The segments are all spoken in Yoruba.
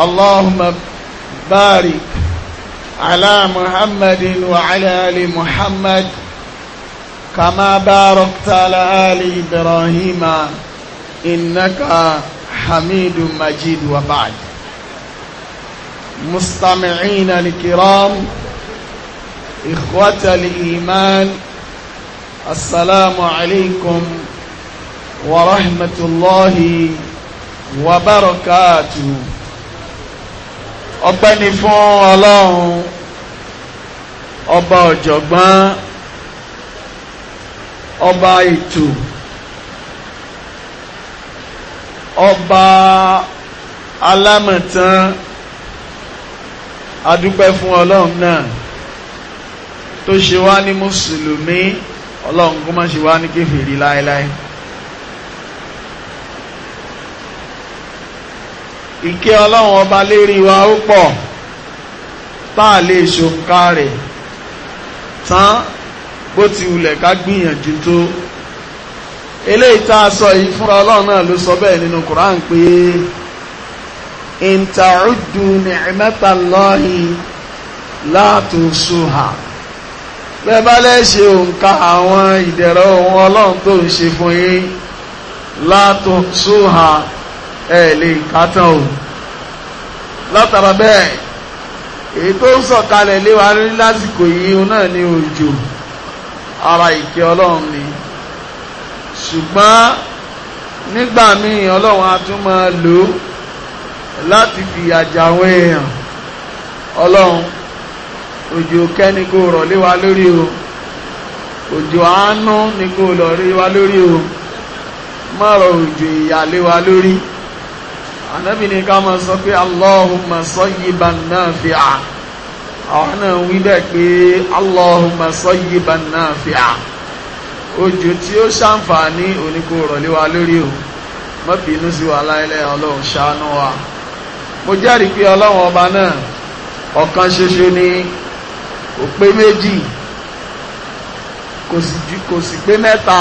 اللهم بارك على محمد وعلى آل محمد كما باركت على آل إبراهيم إنك حميد مجيد وبعد مستمعين الكرام إخوة الإيمان السلام عليكم ورحمة الله وبركاته ọpẹ́ ni fún ọlọ́run ọba ọ̀jọ̀gbọ́n ọba ètò ọba alámọ̀tán adúpẹ́ fún ọlọ́run náà tó ṣe wá ní mùsùlùmí ọlọ́run kó má ṣe wá ní kèfèrí láéláé. Lai lai. ìkẹ́ ọlọ́run ọba lérí wa ó pọ̀ táà lè ṣòǹkà rẹ̀ tán bó ti wulẹ̀ ká gbìyànjú tó eléyìí tá a sọ yìí fúnra ọlọ́run náà ló sọ bẹ́ẹ̀ nínú Quran pé in ta'uddu ni'matallahi la tuhsuha bẹ́ẹ̀ bá lè òǹkà àwọn ìdẹ̀rọ ohun ọlọ́run tó ń ṣe fún yín la ẹ̀ lè kátán òun látara bẹ́ẹ̀ èyí tó ń sọ̀kalẹ̀ lé rí lásìkò yìí náà ní òjò ara ìkẹ́ ọlọ́run ni ṣùgbọ́n nígbà míì ọlọ́run á tún máa lò ó láti fìyà jẹ àwọn èèyàn ọlọ́run òjò kẹ́ni kò rọ̀ lé lórí o òjò àánú ni kò lọ rí lórí o má rọ̀ òjò ìyà lé lórí ànábì ní ká máa sọ pé allahumma sayyiban nafi'a àwọn náà wí bẹ́ẹ̀ pé allahumma sayyiban nafi'a òjò tí ó ṣàǹfààní oníkó rọ̀lẹ́ wa lórí o má bínú sí wa láìlẹ́ ọlọ́run ṣàánú wa mo jẹ́rìí pé ọlọ́run ọba náà ọ̀kan ṣoṣo ni kò pé méjì kò sì pé mẹ́ta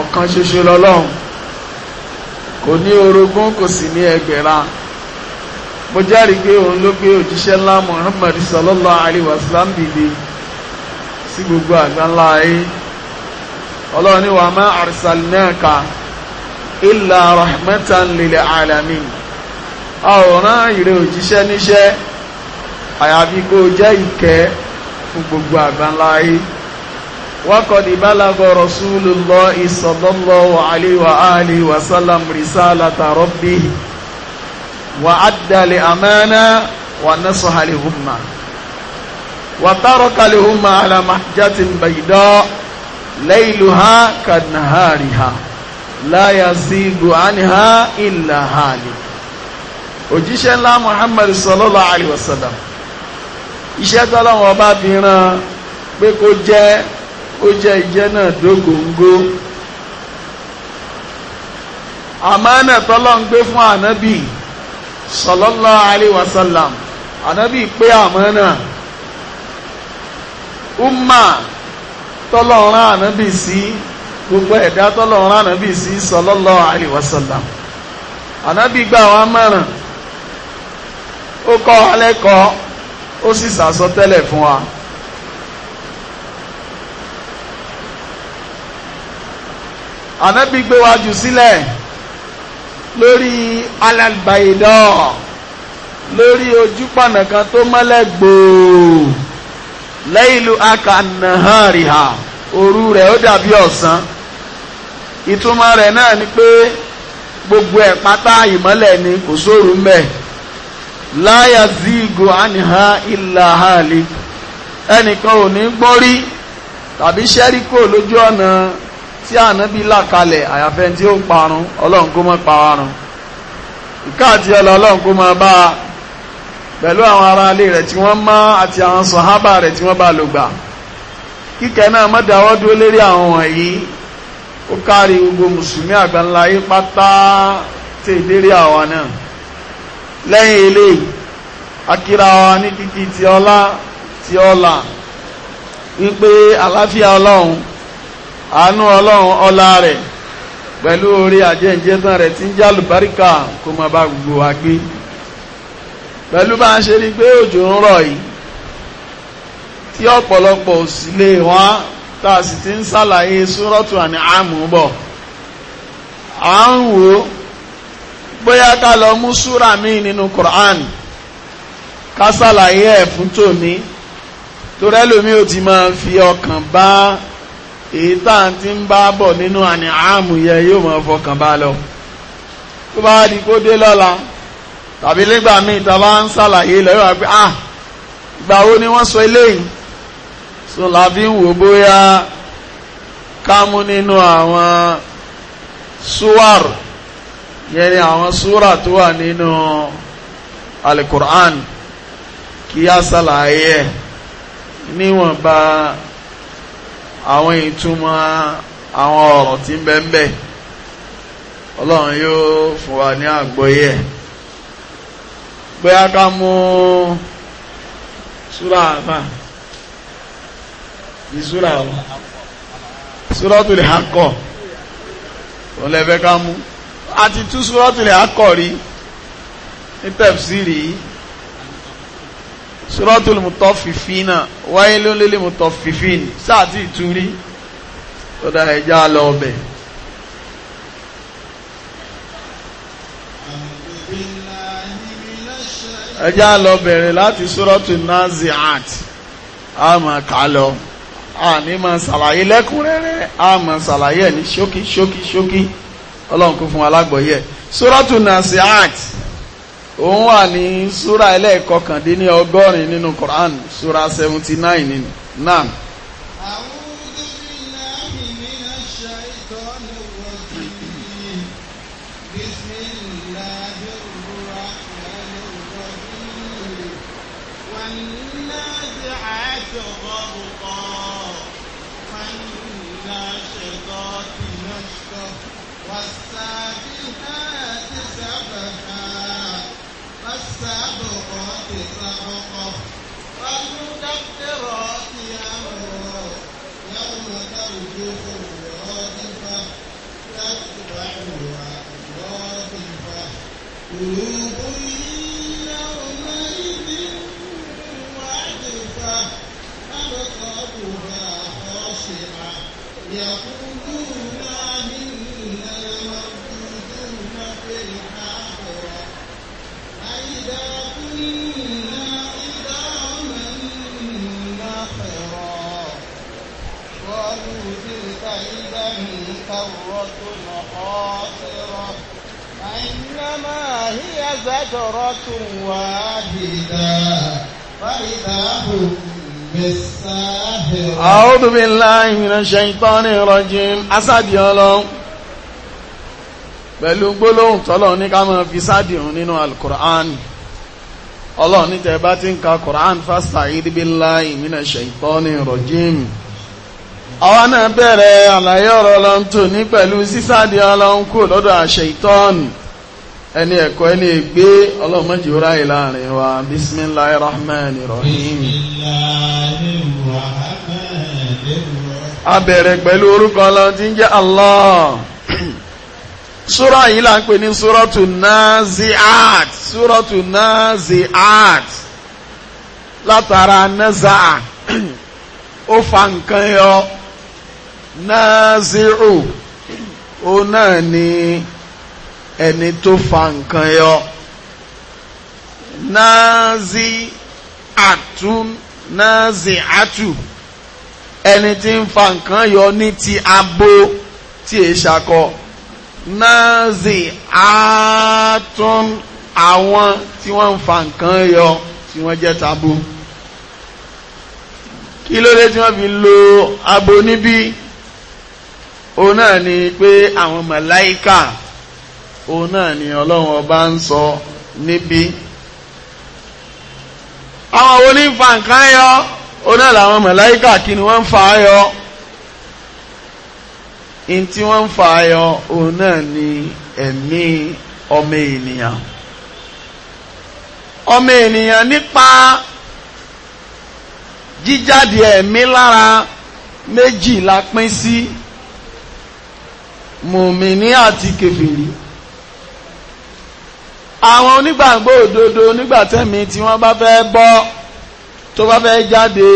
ọ̀kan ṣoṣo lọ́lọ́run kò ní orogún kò sì ní ẹgbẹ̀rán mo jẹ́rìí pé òun ló gbé òjíṣẹ́ ńlá Muhammad sallallahu alaihi wasallam dìde sí gbogbo àgbáńlá ayé ọlọ́run ní wa ma arsalnaka illa rahmatan lil alamin àwòrán ìrẹ́ òjíṣẹ́ níṣẹ́ àyàfi kó jẹ́ ìkẹ́ fún gbogbo àgbáńlá ayé. وقد بلغ رسول الله صلى الله عليه وآله وسلم رسالة ربه وأدى لأمانة ونصح لهما وترك لهما على محجة بيضاء ليلها كنهارها لا يزيد عنها إلا هالك òjíṣẹ́ ńlá Muhammad sallallahu alaihi wasallam iṣẹ́ tọ́lọ́wọ́ bá fi pé kó jẹ́ ó jẹ́ ìjẹ́ náà dógóńgó àmánà tọ́lọ́ ń gbé fún ànábì sallallahu alaihi wasallam ànábì pé àmánà umma tọ́lọ́ rán ànábì sí gbogbo ẹ̀dá tọ́lọ́ rán ànábì sí sallallahu alaihi wasallam ànábì gbà wá mọ̀ràn ó kọ́ alẹ́kọ̀ọ́ ó sì sàsọtẹ́lẹ̀ fún wa. ànábì gbé wa jù sílẹ̀ lórí lórí ojúpọ̀nà kan tó mọ́lẹ̀ gbòò lẹ́yìnlú akànnàhàrìhà òru rẹ̀ ó dàbí ọ̀sán ìtumọ̀ rẹ̀ náà ni pé gbogbo ẹ̀ pátá ìmọ́lẹ̀ ni kò sóru mẹ́ láyà sí ìgò àníhà ìlà ẹnìkan ò ní rí tàbí lójú tí ànábì là kalẹ̀ àyàfẹ́ tí ó parun ọlọ́run kó mọ́ parun ìkáàtì ọlọ ọlọ́run kó mọ́ bá a pẹ̀lú àwọn ará ilé rẹ̀ tí wọ́n mọ́ àti àwọn sàhábà rẹ̀ tí wọ́n bá lò gbà kíkẹ́ náà má dáwọ́ dúró lérí àwọn wọ̀nyí ó kárí gbogbo mùsùlùmí àgbáńlá yìí pátá tè lérí àwọn náà lẹ́yìn eléyìí akíra wa ní kíkí ti ọlá ti ọlà wípé àlàáfíà ọlọ́run àánú ọlọ́run ọlá rẹ̀ pẹ̀lú orí àjẹ́jẹ́tàn rẹ̀ tí ń jálù báríkà kó má bá gbogbo wa gbé pẹ̀lú bá ń ṣe rí pé òjò ń rọ̀ yìí tí ọ̀pọ̀lọpọ̀ òsì lè wá tá a sì ti ń ṣàlàyé súrọ́tù àní àmú bọ̀ à ń wò ó bóyá ká lọ mú súrà míì nínú Quran ká ṣàlàyé ẹ̀ fún tòní torẹ́lòmí ò ti máa fi ọkàn bá èyí tá à ń ti ń bá bọ̀ nínú àní àmù yẹ yóò mọ̀ fọkàn bá lọ tó bá di kó dé lọ́la tàbí nígbà míì tá a bá ń ṣàlàyé lọ yóò ah ìgbà wo ni wọ́n sọ eléyìí so la fi ń wò bóyá ká mú nínú àwọn suwar yẹn ni àwọn súrà tó wà nínú alukur'an kí a ṣàlàyé ẹ̀ níwọ̀nba àwọn ìtumọ̀ àwọn ọ̀rọ̀ tí ń bẹ ń bẹ ọlọ́run yóò fún wa ní àgbọ́yé bóyá ká mú súrà àbá ní súrà ọ̀rọ̀ súratul Haqqa òun lẹ́fẹ́ ká mú àti tú súratul Haqqa rí ní tẹ̀fsírì yìí suratul mutafifina wailul lil mutafifin sáàtì ìtúrí tó dá ẹja lọ ọbẹ̀. ẹja lọ bẹ̀rẹ̀ láti suratul nazi'at a máa kà lọ a ní máa ṣàlàyé lẹ́kúnrẹ́rẹ́ a máa ṣàlàyé ní ṣókí ṣókí ṣókí ọlọ́run kún fún alágbọ̀yẹ suratul nazi'at. òun wà ní súra ẹlẹ́ẹ̀kọkàndínní ọgọ́rin nínú Quran súra seventy nine nínú náà. àwọn بصرة واحدة فإذا هم بالساهرة أعوذ بالله من الشيطان الرجيم أسعد الله pẹ̀lú gbólóhùn tọ́lọ̀ ní ká máa fi sádìrún nínú alkùrán ọlọ́run ní tẹ́ bá ti ń ka kùrán fasta'idh billahi minash shaitonir rajim àwa náà bẹ̀rẹ̀ àlàyé ọ̀rọ̀ ọlọ́run tó ní pẹ̀lú sísáàdì ọlọ́run kú lọ́dọ̀ àṣẹ ìtọ́nù ẹni ẹ̀kọ́ ẹni ègbé ọlọ́mọ́jì ó ráyè láàrin wa bismillahir rahmanir rahim a bẹ̀rẹ̀ pẹ̀lú orúkọ ọlọ́run tí ń jẹ́ Allah súrà yìí là ń pè ní súrọ̀tù nazi'at súrọ̀tù nazi'at látara naza'a ó fa nǹkan yọ nazi'u ó náà ni ẹni tó fa nǹkan yọ náàzí àtún náàzí àtù ẹni tí ń fa nǹkan yọ ní ti abo tí è ṣakọ náàzí àtún àwọn tí wọ́n ń fa nǹkan yọ tí wọ́n jẹ́ tabo kí ló dé tí wọ́n fi lo abo níbí òun náà ni pé àwọn màláíkà òun náà ni ọlọ́run ọba ń sọ níbí àwọn onífà nǹkan yọ òun náà làwọn màláíkà kí ni wọ́n ń fà á yọ in tí wọ́n ń fà á yọ òun náà ni ẹ̀mí ọmọ ènìyàn ọmọ ènìyàn nípa jíjáde ẹ̀mí lára méjì la pín sí mùmíní àti kèfèrí àwọn onígbàgbọ́ òdodo onígbàtẹ́mi tí wọ́n bá fẹ́ bọ́ tó bá fẹ́ jáde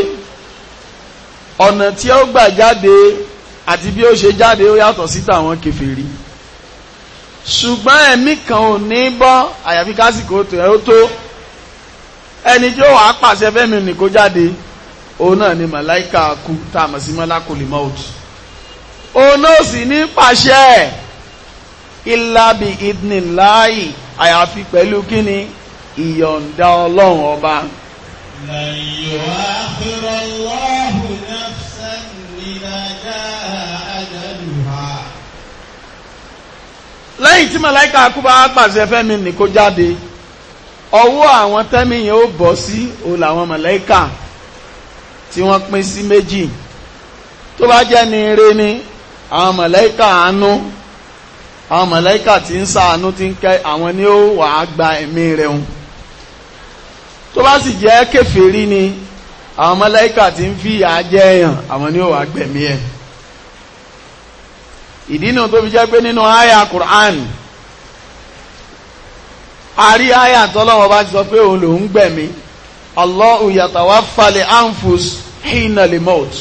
ọ̀nà tí ó gbà jáde àti bí ó ṣe jáde ó yàtọ̀ sí tàwọn kèfèrí ṣùgbọ́n ẹ̀mí kan ò ní bọ́ àyàfi kásìkò tó ẹ ó tó ẹni tí ó wàá pàṣẹ fẹ́mi ní kó jáde òun náà ni màláìka kú tá a mọ̀ sí mọ́lákùlì mọ́ọ̀tù òun náà sì ní pàṣẹ ìlàbí ìdìnnìláyìí àyàfi pẹ̀lú kíni ìyọ̀ǹda ọlọ́run ọba. lẹ́yìn tí màláìka akúbá pàṣẹ fẹ́mi ní kó jáde ọwọ́ àwọn tẹ́mìyàn ó bọ̀ sí òun làwọn màláìka tí wọ́n pín sí méjì tó bá jẹ́ ni ire ni àwọn màláìka àánú àwọn mọ̀lẹ́kà tí ń ṣàánú tí ń kẹ́ àwọn ni ó wà á gba ẹ̀mí rẹ̀ hùn tó bá sì jẹ́ kèfèrí ni àwọn mọ̀lẹ́kà tí ń fìyà jẹ èèyàn àwọn ni ó wà á gbẹ̀mí ẹ̀ ìdínà tó fi jẹ́ pé nínú àyà Qur'an a rí àyà tọ́lọ́wọ́ bá ti sọ pé òun lòún gbẹ̀mí Allahu yatawaffa li anfus hina li maut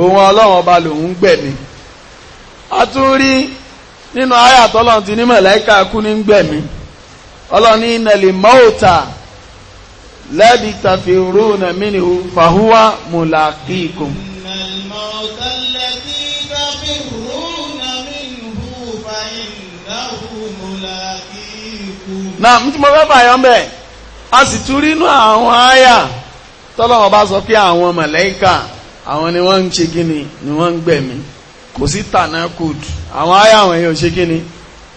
òun ọlọ́wọ́ bá lòún gbẹ̀mí a tún rí nínú àyà tọ́lọ́n ti ní màláíkà kú ní gbẹ̀mí ọlọ́ni ìnàlè mọ́ọ̀tà lẹ́bi tàfírú nà mínú fàhúwà mùlàkìkùn. náà mú tí mo fẹ́ fàyọ́ mbẹ́ a sì tún rí inú àwọn àyà tọ́lọ́wọ́ bá sọ pé àwọn màláíkà àwọn ni wọ́n ń ṣe gíní ni wọ́n ń gbẹ̀mí kò sí tànákùdù àwọn àyà àwọn èèyàn ṣe kí ni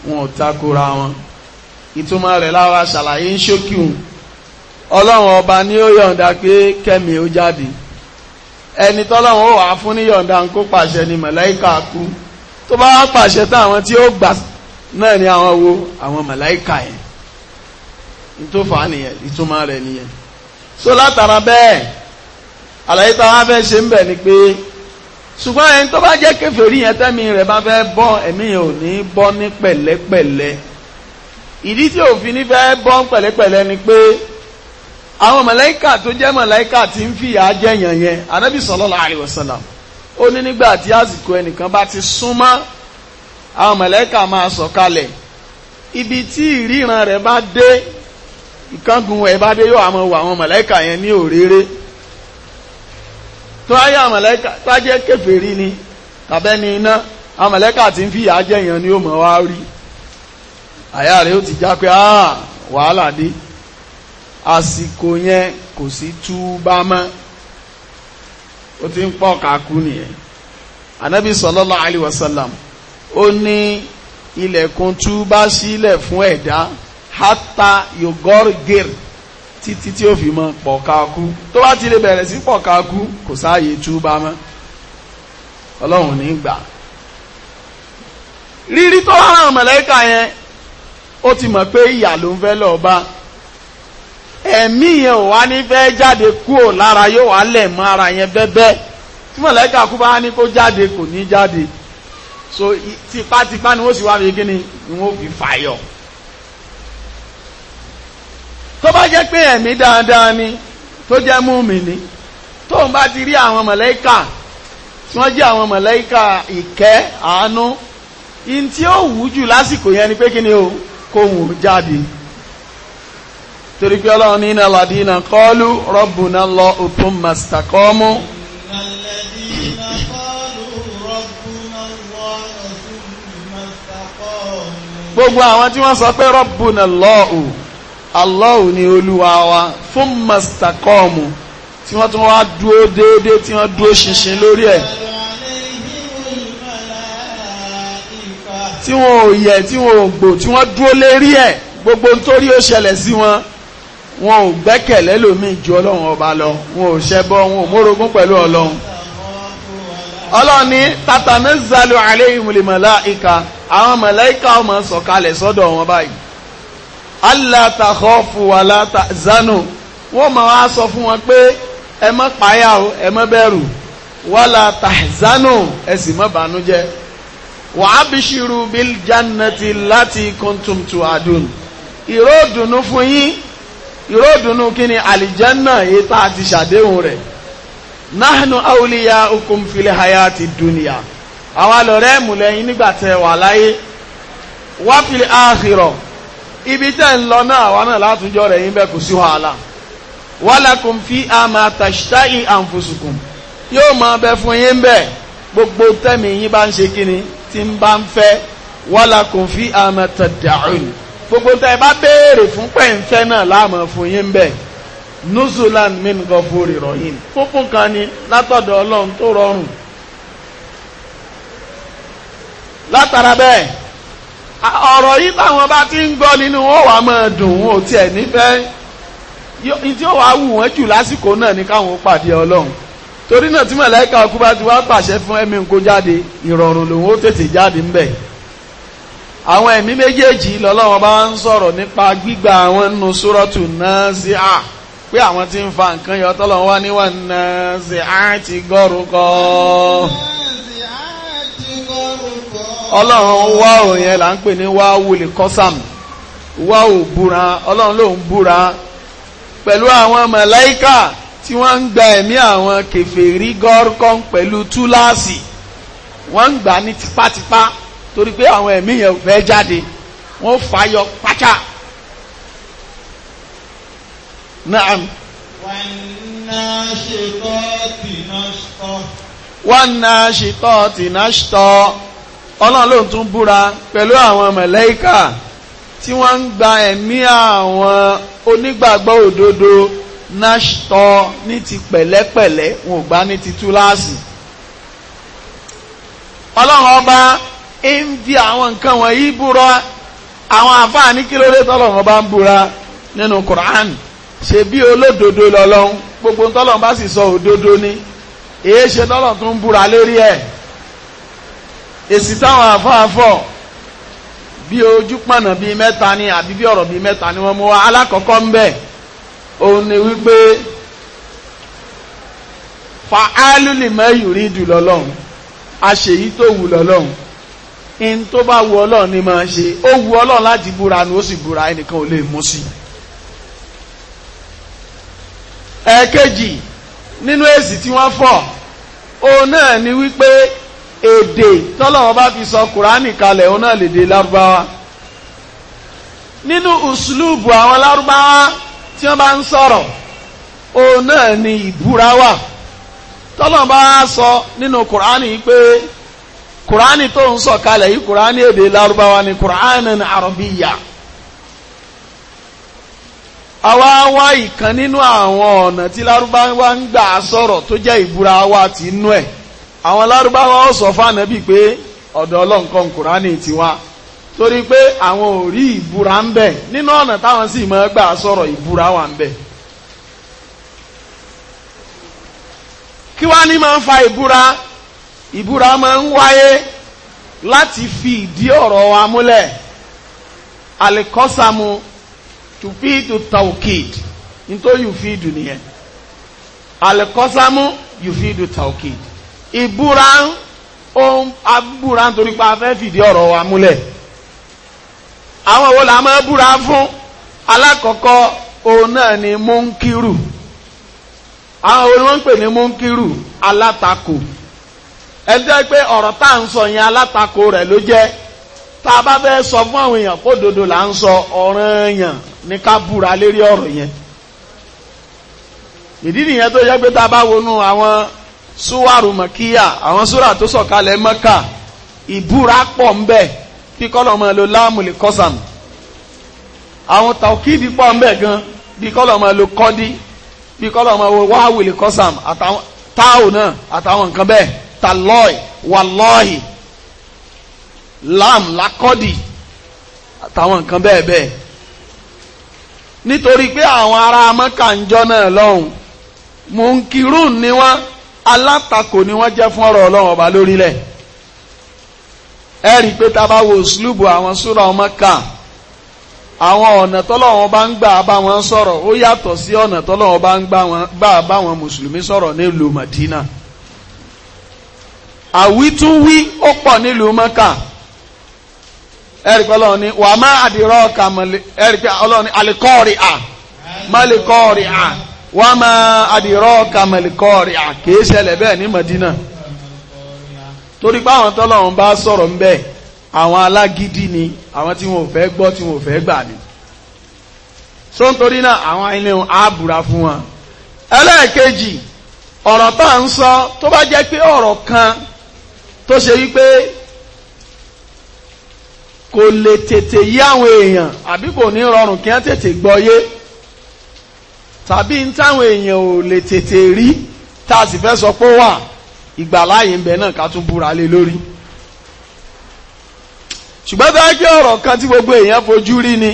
wọn ò takora wọn ìtumọ̀ rẹ̀ lára ṣàlàyé ń ṣókìhùn ọlọ́run ọba ni ó yọ̀ǹda pé kẹ́mi ó jáde ẹni tọ́lọ́run ó wà fún ní yọ̀ǹda ń kó pàṣẹ ni màláíkà kú tó bá wá pàṣẹ tán àwọn tí ó gbà náà ni àwọn wo àwọn màláíkà yẹn tó nìyẹn ìtumọ̀ rẹ̀ nìyẹn so látara bẹ́ẹ̀ àlàyé táwọn afẹ́ ṣe ń bẹ̀ ni pé ṣùgbọ́n ẹni tó bá jẹ́ kèfèrí yẹn tẹ́mi rẹ̀ bá fẹ́ bọ́ ẹ̀mí yẹn ò ní bọ́ ní pẹ̀lẹ́pẹ̀lẹ́ ìdí tí òfin ní fẹ́ bọ́ pẹ̀lẹ́pẹ̀lẹ́ ni pé àwọn màláíkà tó jẹ́ màláíkà tí ń fìyà jẹ̀yàn yẹn anábì sallallahu alaihi wasallam ó ní nígbà tí àsìkò ẹnìkan bá ti súnmọ́ àwọn màláíkà máa sọ̀kalẹ̀ ibi tí ìríran rẹ̀ bá dé ìkángun ẹ̀ bá dé yóò àmọ́ wọ àwọn màláíkà yẹn ní òréré tó ayé àmàlẹ́kà tó ajẹ́ kèfèrí ni tàbẹ́ni iná àmàlẹ́kà tí ń fi ìyà jẹyàn ni ó mọ̀ wá rí àyà rẹ̀ ó ti já pé áà wàhálà dé àsìkò yẹn kò sí túbá mọ́ ó ti ń pọ̀ kakú nìyẹn anabi sallallahu alayhi ó ní ilẹ̀kùn túbá sílẹ̀ fún ẹ̀dá hata yogor títí tí ó fi mọ́ pọ̀kákú tó bá ti lè bẹ̀rẹ̀ sí pọ̀kákú kò sáàyè túbá mọ́ ọlọ́run ní gbà rírí tó hàn mọ̀lẹ́kà yẹn ó ti mọ̀ pé ìyà ló ń fẹ́ lọ́ọ́ bá ẹ̀mí yẹn ò wá ní fẹ́ jáde kúò lára yóò wá lẹ̀ mọ́ ara yẹn bẹ́bẹ́ tí mọ̀lẹ́kà kú bá ní kó jáde kò ní jáde so tipátipá ni wọ́n sì wá fi kí ni wọ́n fi fàyọ̀ tó bá jẹ́ pé ẹ̀mí dáadáa ni tó jẹ́ mùmínì tóun bá ti rí àwọn mọ̀lẹ́kà tí wọ́n jẹ́ àwọn mọ̀lẹ́kà ìkẹ́ àánú in tí ó wù jù lásìkò yẹn ni pé kí ni o kò wù jáde torí pé ọlọ́run ní iná ladina qalu rabbuna Allahu thumma istaqamu. gbogbo àwọn tí wọ́n sọ pé rabbuna Allahu. Allahu ni olúwa wa fún mọ̀sítàkọ́ọ̀mù tí wọ́n tún wá dúró déédéé tí wọ́n dúró ṣinṣin lórí ẹ̀. tí wọn ò yẹ̀ tí wọn ò gbò tí wọ́n dúró lérí ẹ̀ gbogbo nítorí ó ṣẹlẹ̀ sí wọn wọn ò gbẹ́kẹ̀lé lómi ju ọlọ́run ọba lọ wọn ò ṣẹbọ wọn ò mórogún pẹ̀lú ọlọ́run. ọlọ́run ní tatanazzalu alayhimul malaika àwọn màláíkà ó máa sọ̀kalẹ̀ sọ́dọ̀ wọn báyìí alátakọ́fù alátazánù wọ́n máa wá sọ fún wọn pé ẹ má páyà o ẹ má bẹ̀rù wàlá tahzánù ẹ sì má bànújẹ́ wàá bíṣirú bíljánẹ́tì láti kóńtùmtù àdùn ìró ìdùnnú fún yín ìró ìdùnnú kí ni àlìjánà yìí tá a ti ṣàdéhùn rẹ̀ nahnu awliya ukum fil hayati dunya àwa lọ̀rẹ́ mùlẹ́yìn nígbà tẹ́ wà láyé wá fil akhirah ibi tẹ́ ń lọ náà wà náà látúnjọ rẹ̀ yín bẹ́ẹ̀ kò sí wàhálà walakum fi àmà tashtai anfusukum yóò máa bẹ fún yín bẹ́ẹ̀ gbogbo tẹ́mi yín bá ń ṣe kíni tí ń bá ń fẹ́ walakum fi àmà tad'un gbogbo tẹ́ bá béèrè fún pẹ̀ǹfẹ́ náà láàmọ̀ fún yín bẹ́ẹ̀ nuzulan min ghafurir rahim fúnfún kan ni látọ̀dọ̀ ọlọ́run tó rọrùn látara bẹ́ẹ̀ ọ̀rọ̀ yìí táwọn bá ti ń gbọ́ nínú wọn wà máa dùn wọn ò tiẹ̀ nífẹ̀ẹ́ tí ó wàá wù wọ́n jù lásìkò náà ní káwọn ó pàdé ọlọ́run torí náà tí mọ̀lẹ́ka ọkú bá ti wá pàṣẹ fún ẹ̀mí nǹkó jáde ìrọ̀rùn lòun ó tètè jáde ńbẹ̀ àwọn ẹ̀mí méjèèjì lọ́lọ́wọ́ bá ń sọ̀rọ̀ nípa gbígba àwọn nínú sórọ́tù náà sí à pé àwọn tí ń fa nǹkan yọ tọ́lọ̀ wá níwọ̀n náà sí à ti gọ́rù ọlọ́run wáwò yẹn là ń pè ní wáwò lè kọ́sàm wáwò búra ọlọ́run ló ń búra pẹ̀lú àwọn màláíkà tí wọ́n ń gba ẹ̀mí àwọn kèfèrí gọ́rùkọ́n pẹ̀lú túláàsì wọ́n ń gbà ní tipátipá torí pé àwọn ẹ̀mí yẹn ò fẹ́ jáde wọ́n fàyọ pátá. Naam. Wọ́n ná ṣetọ́ tì náà ṣetọ́ ọlọ́run ló tún búra pẹ̀lú àwọn mẹ̀lẹ́kà tí wọ́n ń gba ẹ̀mí àwọn onígbàgbọ́ òdodo náṣtọ́ ní ti pẹ̀lẹ́pẹ̀lẹ́ wọn ò gbà ní ti túláàsì ọlọ́run ọba ń fi àwọn nǹkan wọ̀nyí búra àwọn àfáàní kí ló tọ́lọ́run ọba ń búra nínú Quran ṣe bí olódodo lọ́lọ́run gbogbo tọ́lọ́run bá sì sọ òdodo ni èé ṣe tọ́lọ́run tún ń búra lérí ẹ̀ èsì táwọn àfáàfọ́ bí ojú pọ̀nà bíi mẹ́ta ni àbí bí ọ̀rọ̀ bíi mẹ́ta ni wọ́n mú wa alákọ̀ọ́kọ́ ń bẹ̀ òun ni wípé fa álùlì mẹ́yù rí jù lọ́lọ́run a ṣe èyí tó wù lọ́lọ́run in tó bá wù ọlọ́run ni máa ṣe ó wù ọlọ́run láti búra ni ó sì búra ẹnìkan ò lè mú sí i. ẹ̀ẹ̀kejì nínú èsì tí wọ́n fọ̀ òun náà ni wípé èdè tọ́lọ́wọ́ bá fi sọ kùránì kalẹ̀ òun náà lè dé lárúbáwá nínú ùsùlùbù àwọn lárúbáwá tí wọ́n bá ń sọ̀rọ̀ òun náà ni ìbúra wà tọ́lọ́wọ́ bá sọ nínú kùránì pé kùránì tó ń sọ kalẹ̀ yìí kùránì èdè lárúbáwá ni kùránì àrọ̀bíyà àwa wá ìkan nínú àwọn ọ̀nà tí lárúbáwá ń gbà sọ̀rọ̀ tó jẹ́ ìbúra wa ti nú ẹ̀ àwọn lárúbáwá sọ fánàbí pé ọ̀dọ̀ ọlọ́nkan kùránì ti wá torí pé àwọn ò rí ìbúra ń bẹ nínú ọ̀nà táwọn sì máa gbà sọ̀rọ̀ ìbúra wà ń bẹ kí wá ní máa ń fa ìbúra ìbúra máa ń wáyé láti fi ìdí ọ̀rọ̀ wa múlẹ̀ alikọ́sàmù tùfíìdù tàwùkìd nítorí yùfíìdù nìyẹn alikọ́sàmù yùfíìdù tàwùkìd ìbúra ń abúra nítorí pé a fẹ́ fìdí ọ̀rọ̀ wa múlẹ̀ àwọn wo la máa búra fún alákọ̀ọ́kọ́ òun náà ni múnkírù àwọn wo ni wọ́n ń pè ní múnkírù alátakò ẹni jẹ́ pé ọ̀rọ̀ tá à ń sọ yẹn alátakò rẹ̀ ló jẹ́ tá a bá fẹ́ sọ fún àwọn èèyàn kó dodo là ń sọ ọ̀ràn èèyàn ní ká búra lérí ọ̀rọ̀ yẹn ìdí nìyẹn tó yẹ pé tá a bá wọnú àwọn súwárù mọ̀kíyà àwọn súrà tó sọ̀kalẹ̀ mọ́kà ìbúra pọ̀ ń bẹ kí kọ́lọ̀ máa lo láàmùlì kọ́sàm àwọn tàùkìdì pọ̀ ń bẹ gan bí kọ́lọ̀ máa lo kọ́dí bí kọ́lọ̀ máa wo wáwìlì kọ́sàm àtàwọn táwò náà àtàwọn nǹkan bẹ́ẹ̀ tàlọ́ì wàlọ́ì láàm lákọ́dì àtàwọn nǹkan bẹ́ẹ̀ bẹ́ẹ̀ nítorí pé àwọn ará mọ́kà ń jọ náà lọ́hùn mùnkìrún ni wọ́n alátakò ni wọ́n jẹ́ fún ọ̀rọ̀ ọlọ́run ọba lórílẹ̀ ẹ rí i pé tá a bá wo sùlùbù àwọn súra ọmọ kà àwọn ọ̀nà tọ́lọ́run bá ń gbà bá wọn sọ̀rọ̀ ó yàtọ̀ sí ọ̀nà tọ́lọ́run bá ń gbà bá wọn mùsùlùmí sọ̀rọ̀ nílùú Madina àwítúwí ó pọ̀ nílùú mọ́kà ẹ̀rí pé ọlọ́run ní wàá má àdìrọ́ ọ̀kà mọ̀lẹ́ ẹ̀rí pé ọlọ́run ní alikọ́ọ̀rì à mọ́lẹ́kọ́ọ̀rì à wọ́n máa adìrọ́ kàmẹ̀lìkọ́ rẹ̀ àkèé ṣẹlẹ̀ bẹ́ẹ̀ ní Madina torí pé àwọn tọ́lọ́run bá sọ̀rọ̀ ń àwọn alágídí ni àwọn tí wọn ò fẹ́ gbọ́ tí wọn ò fẹ́ gbà ni so nítorí náà àwọn ilé wọn á búra fún wọn ẹlẹ́ẹ̀kejì ọ̀rọ̀ tá à ń sọ tó bá jẹ́ pé ọ̀rọ̀ kan tó ṣe wípé kò lè tètè yí àwọn èèyàn àbí kò ní rọrùn kí wọ́n tètè gbọ́ yé tàbí ní táwọn èèyàn ò lè tètè rí tá a sì fẹ́ sọ pé wà ìgbàláyè ń bẹ náà ká tún búra lé lórí ṣùgbọ́n tó jẹ́ ọ̀rọ̀ kan tí gbogbo èèyàn fojú rí ni